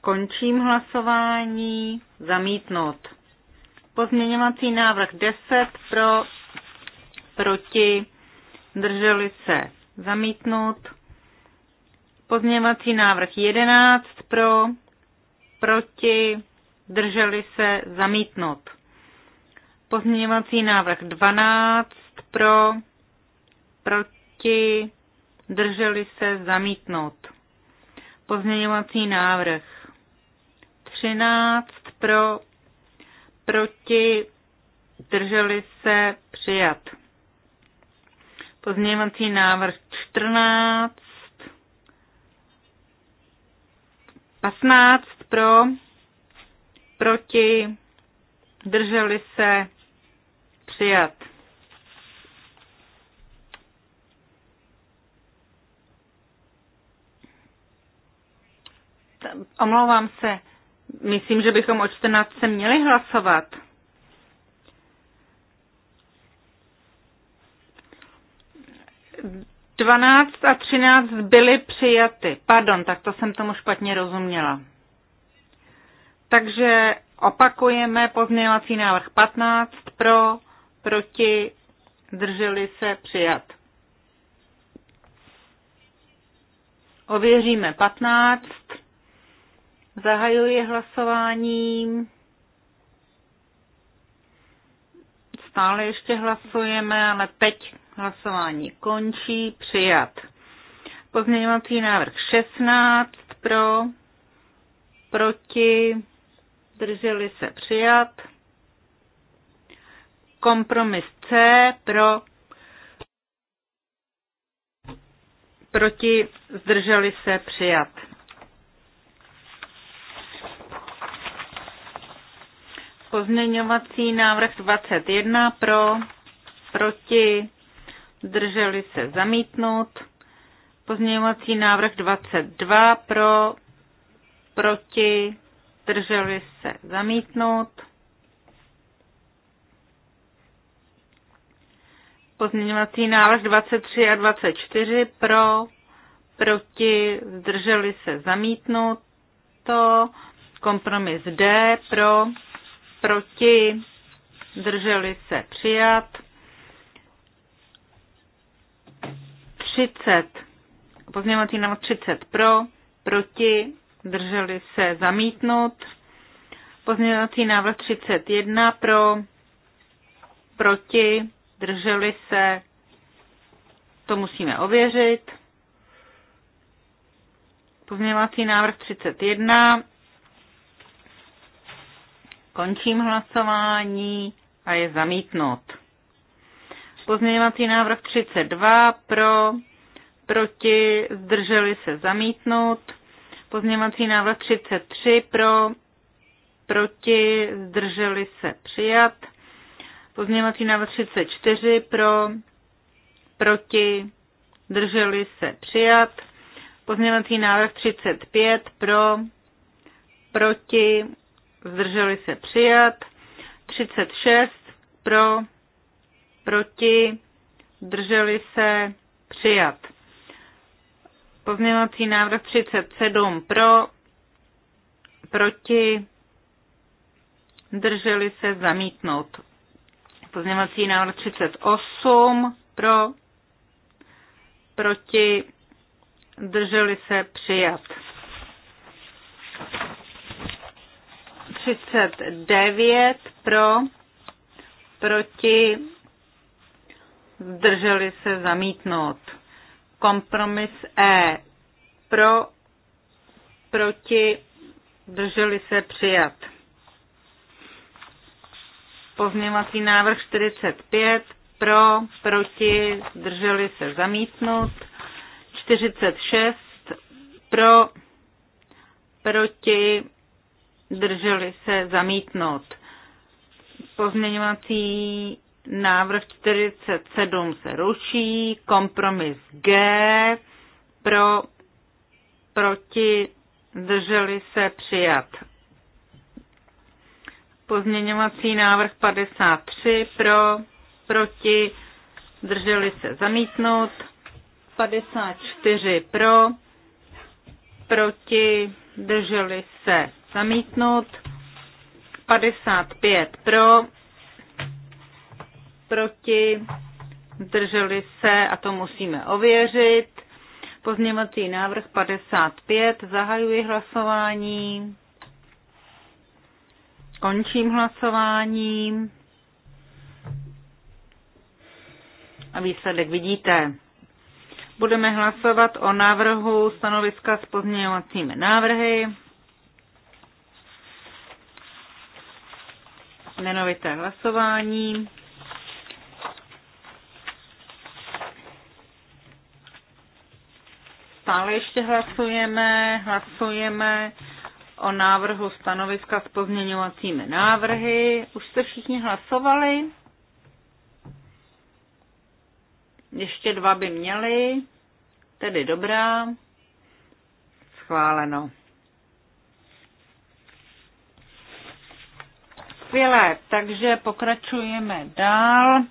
Končím hlasování. Zamítnout. Pozměňovací návrh 10 pro, proti, drželi se zamítnout. Pozměňovací návrh 11 pro, proti, drželi se, zamítnout. Pozměňovací návrh 12 pro, proti, drželi se, zamítnout. Pozměňovací návrh 13 pro, proti, drželi se, přijat. Pozměňovací návrh 14, 15 pro, proti, drželi se, přijat. Omlouvám se, myslím, že bychom o 14 měli hlasovat. Dvanáct a třináct byly přijaty. Pardon, tak to jsem tomu špatně rozuměla. Takže opakujeme pozměňovací návrh 15 pro, proti, drželi se přijat. Ověříme 15. Zahajuji hlasování. Stále ještě hlasujeme, ale teď hlasování končí. Přijat. Pozměňovací návrh 16 pro, proti, zdrželi se přijat. Kompromis C pro, proti, zdrželi se přijat. Pozměňovací návrh 21 pro, proti, zdrželi se zamítnout. Pozměňovací návrh 22 pro, proti, zdrželi se zamítnout. Pozměňovací návrh 23 a 24 pro, proti, zdrželi se zamítnout to. Kompromis D pro, proti, zdrželi se přijat. 30. Pozměňovací návrh 30 pro, proti, zdrželi se zamítnout. Pozměňovací návrh 31 pro, proti, drželi se, to musíme ověřit. Pozměňovací návrh 31. Končím hlasování a je zamítnut. Pozměňovací návrh 32 pro, proti, zdrželi se zamítnout. Pozměvací návrh 33 pro, proti, zdrželi se přijat. Pozměvací návrh 34 pro, proti, zdrželi se přijat. Pozměvací návrh 35 pro, proti, zdrželi se přijat. 36 pro, proti, zdrželi se přijat. Pozměňovací návrh 37 pro, proti, drželi se zamítnout. Pozměňovací návrh 38 pro, proti, drželi se přijat. 39 pro, proti, zdrželi se zamítnout. Kompromis E. Pro, proti, drželi se přijat. Pozměňovací návrh 45. Pro, proti, drželi se zamítnout. 46. Pro, proti, drželi se zamítnout. Pozměňovací Návrh 47 se ruší. Kompromis G. Pro, proti, drželi se přijat. Pozměňovací návrh 53 pro, proti, drželi se zamítnout. 54 pro, proti, drželi se zamítnout, 55 pro, proti, drželi se a to musíme ověřit. Pozměňovací návrh 55, zahajuji hlasování, končím hlasování a výsledek vidíte. Budeme hlasovat o návrhu stanoviska s pozměňovacími návrhy. Jmenovité hlasování. stále ještě hlasujeme, hlasujeme o návrhu stanoviska s pozměňovacími návrhy. Už jste všichni hlasovali? Ještě dva by měli, tedy dobrá. Schváleno. Skvělé, takže pokračujeme dál.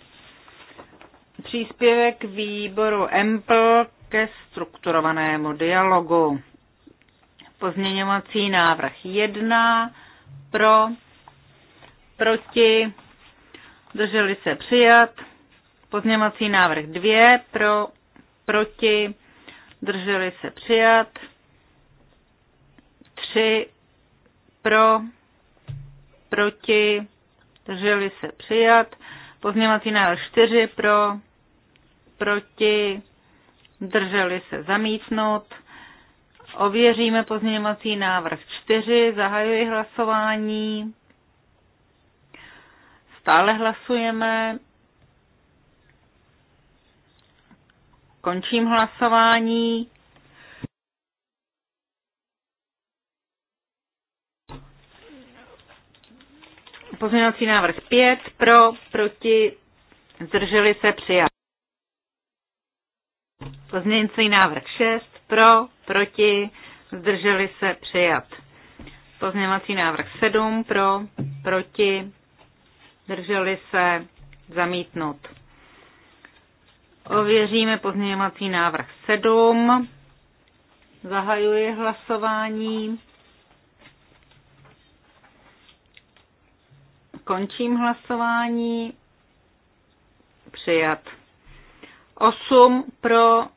Příspěvek výboru EMPL ke strukturovanému dialogu. Pozměňovací návrh 1 pro, proti, drželi se přijat. Pozměňovací návrh 2 pro, proti, drželi se přijat. 3 pro, proti, drželi se přijat. Pozměňovací návrh 4 pro, proti, drželi se zamítnout. Ověříme pozměňovací návrh 4, zahajuji hlasování. Stále hlasujeme. Končím hlasování. Pozměňovací návrh 5 pro, proti, zdrželi se přijat. Pozměňující návrh 6 pro, proti, zdrželi se přijat. Pozměňovací návrh 7 pro, proti, zdrželi se zamítnout. Ověříme pozměňovací návrh 7. Zahajuji hlasování. Končím hlasování. Přijat. 8 pro,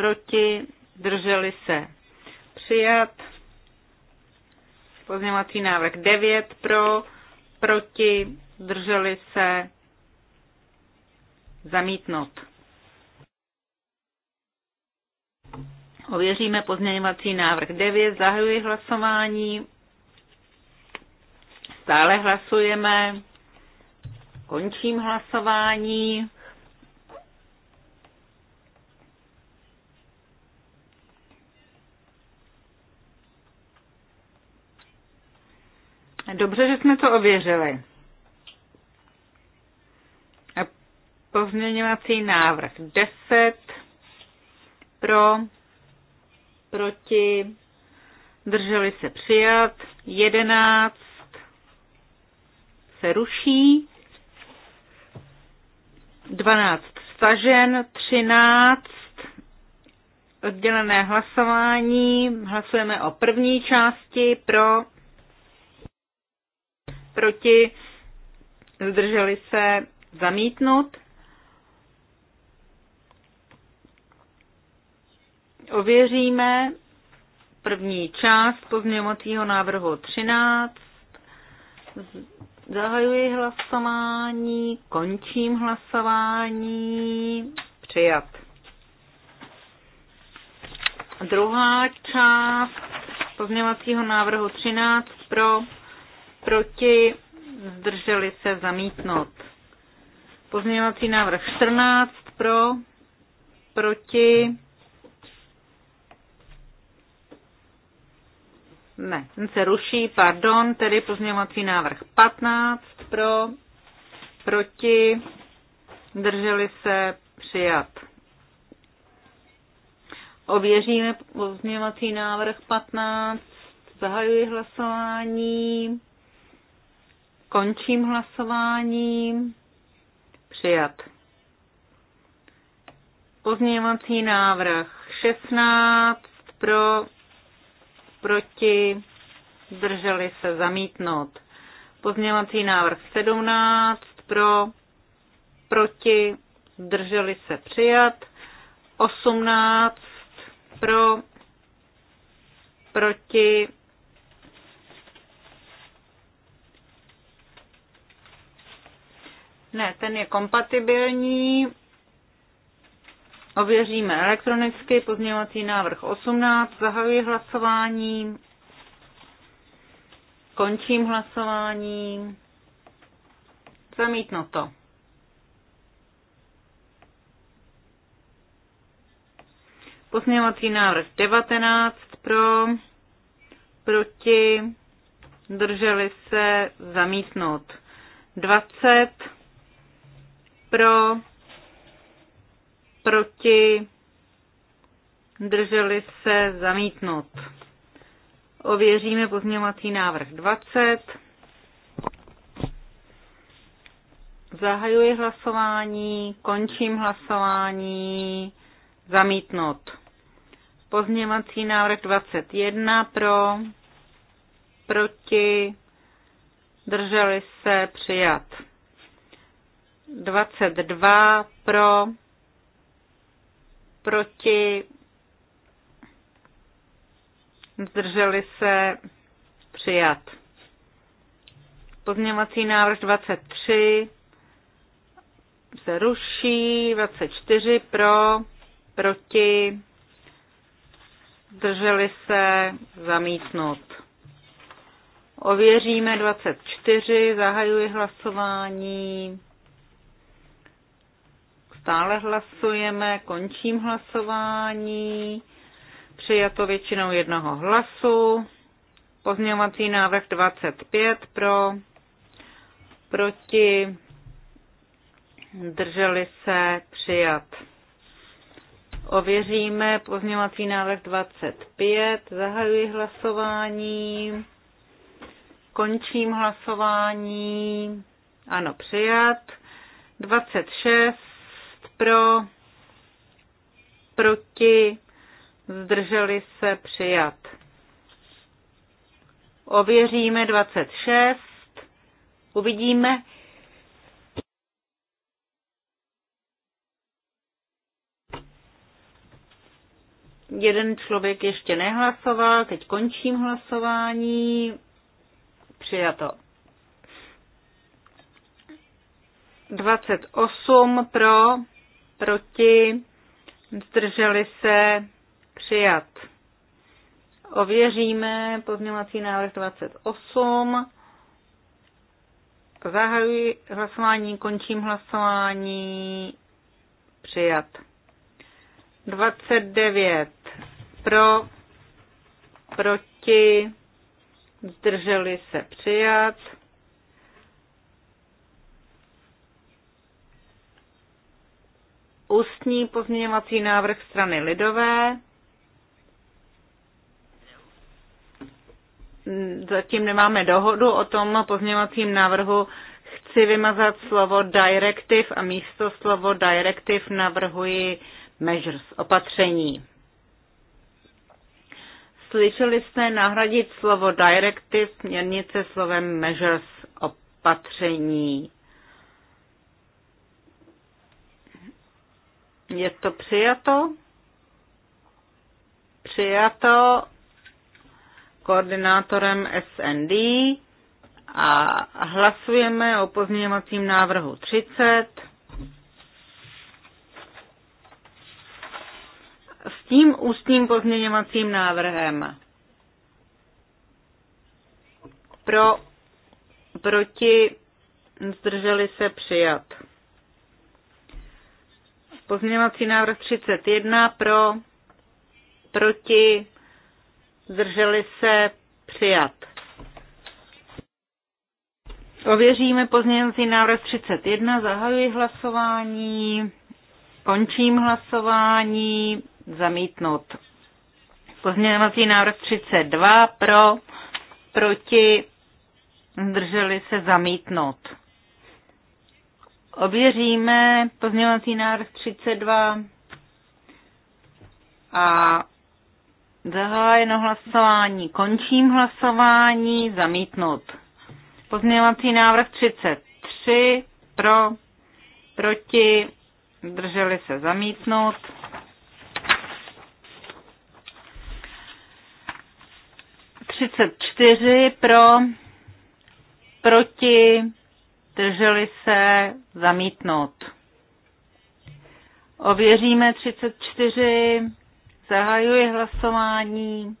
proti, drželi se přijat. Pozměňovací návrh 9 pro, proti, drželi se zamítnout. Ověříme pozměňovací návrh 9, zahajuji hlasování, stále hlasujeme, končím hlasování. Dobře, že jsme to ověřili. A pozměňovací návrh 10 pro, proti, drželi se přijat, 11 se ruší, 12 stažen, 13 oddělené hlasování. Hlasujeme o první části pro, proti, zdrželi se zamítnout. Ověříme první část pozměňovacího návrhu 13. Zahajuji hlasování, končím hlasování, přijat. Druhá část pozměňovacího návrhu 13 pro proti, zdrželi se zamítnout. Pozměňovací návrh 14 pro, proti, ne, ten se ruší, pardon, tedy pozměňovací návrh 15 pro, proti, drželi se, přijat. Ověříme pozměňovací návrh 15, zahajuji hlasování. Končím hlasování. Přijat. Pozměňovací návrh 16 pro, proti, zdrželi se zamítnout. Pozměňovací návrh 17 pro, proti, zdrželi se přijat. 18 pro, proti, Ne, ten je kompatibilní. Ověříme elektronicky pozměňovací návrh 18. Zahajuji hlasování. Končím hlasování. Zamítno to. Pozměňovací návrh 19 pro, proti, drželi se, zamítnout 20 pro, proti, drželi se zamítnout. Ověříme pozměňovací návrh 20. Zahajuji hlasování, končím hlasování, zamítnout. Pozměňovací návrh 21 pro, proti, drželi se, přijat. 22 pro, proti, zdrželi se, přijat. Pozměňovací návrh 23 se ruší, 24 pro, proti, zdrželi se, zamítnout. Ověříme 24, zahajuji hlasování stále hlasujeme, končím hlasování. Přijato většinou jednoho hlasu. Pozměňovací návrh 25 pro, proti, drželi se, přijat. Ověříme pozměňovací návrh 25, zahajuji hlasování, končím hlasování, ano, přijat. 26 pro, proti, zdrželi se přijat. Ověříme 26, uvidíme. Jeden člověk ještě nehlasoval, teď končím hlasování. Přijato. 28 pro, proti, zdrželi se, přijat. Ověříme pozměňovací návrh 28. Zahajuji hlasování, končím hlasování, přijat. 29 pro, proti, zdrželi se přijat. ústní pozměňovací návrh strany Lidové. Zatím nemáme dohodu o tom pozměňovacím návrhu. Chci vymazat slovo directive a místo slovo directive navrhuji measures, opatření. Slyšeli jste nahradit slovo directive směrnice slovem measures, opatření. Je to přijato? Přijato koordinátorem SND a hlasujeme o pozměňovacím návrhu 30. S tím ústním pozměňovacím návrhem. Pro, proti, zdrželi se přijat. Pozměňovací návrh 31 pro, proti, zdrželi se, přijat. Ověříme pozměňovací návrh 31, zahajuji hlasování, končím hlasování, zamítnout. Pozměňovací návrh 32 pro, proti, zdrželi se zamítnout. Ověříme pozměňovací návrh 32 a zahájeno hlasování. Končím hlasování. Zamítnut. Pozměňovací návrh 33 pro, proti, drželi se zamítnout. Třicet čtyři pro, proti, zdrželi se, zamítnout. Ověříme 34, zahajuji hlasování,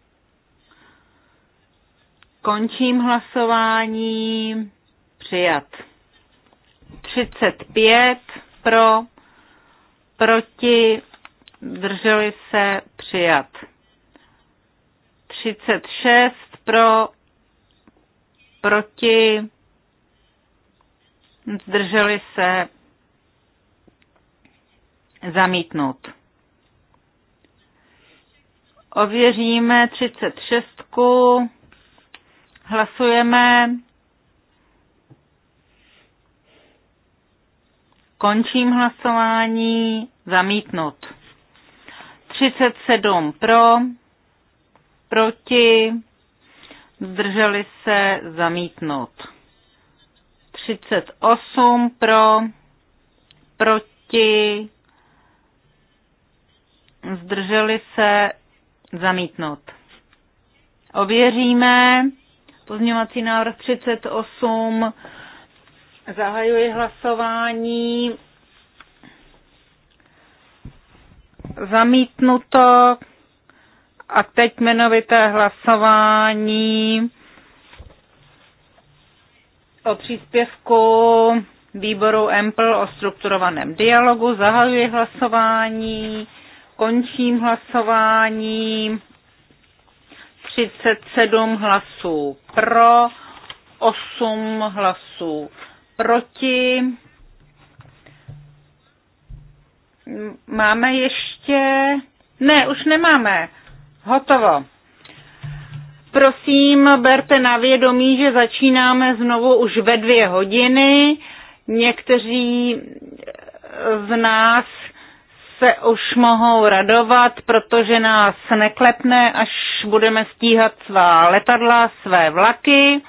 končím hlasování, přijat. 35 pro, proti, zdrželi se, přijat. 36 pro, proti, zdrželi se zamítnout. Ověříme 36. Hlasujeme. Končím hlasování. Zamítnut. 37 pro, proti, zdrželi se zamítnout. 38 pro, proti, zdrželi se, zamítnout. Ověříme pozměňovací návrh 38, zahajuji hlasování, zamítnuto a teď jmenovité hlasování o příspěvku výboru EMPL o strukturovaném dialogu. Zahajuji hlasování, končím hlasování. 37 hlasů pro, 8 hlasů proti. Máme ještě... Ne, už nemáme. Hotovo. Prosím, berte na vědomí, že začínáme znovu už ve dvě hodiny. Někteří z nás se už mohou radovat, protože nás neklepne, až budeme stíhat svá letadla, své vlaky.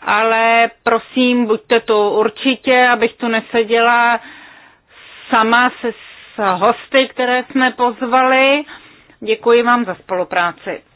Ale prosím, buďte tu určitě, abych tu neseděla sama se s hosty, které jsme pozvali. Děkuji vám za spolupráci.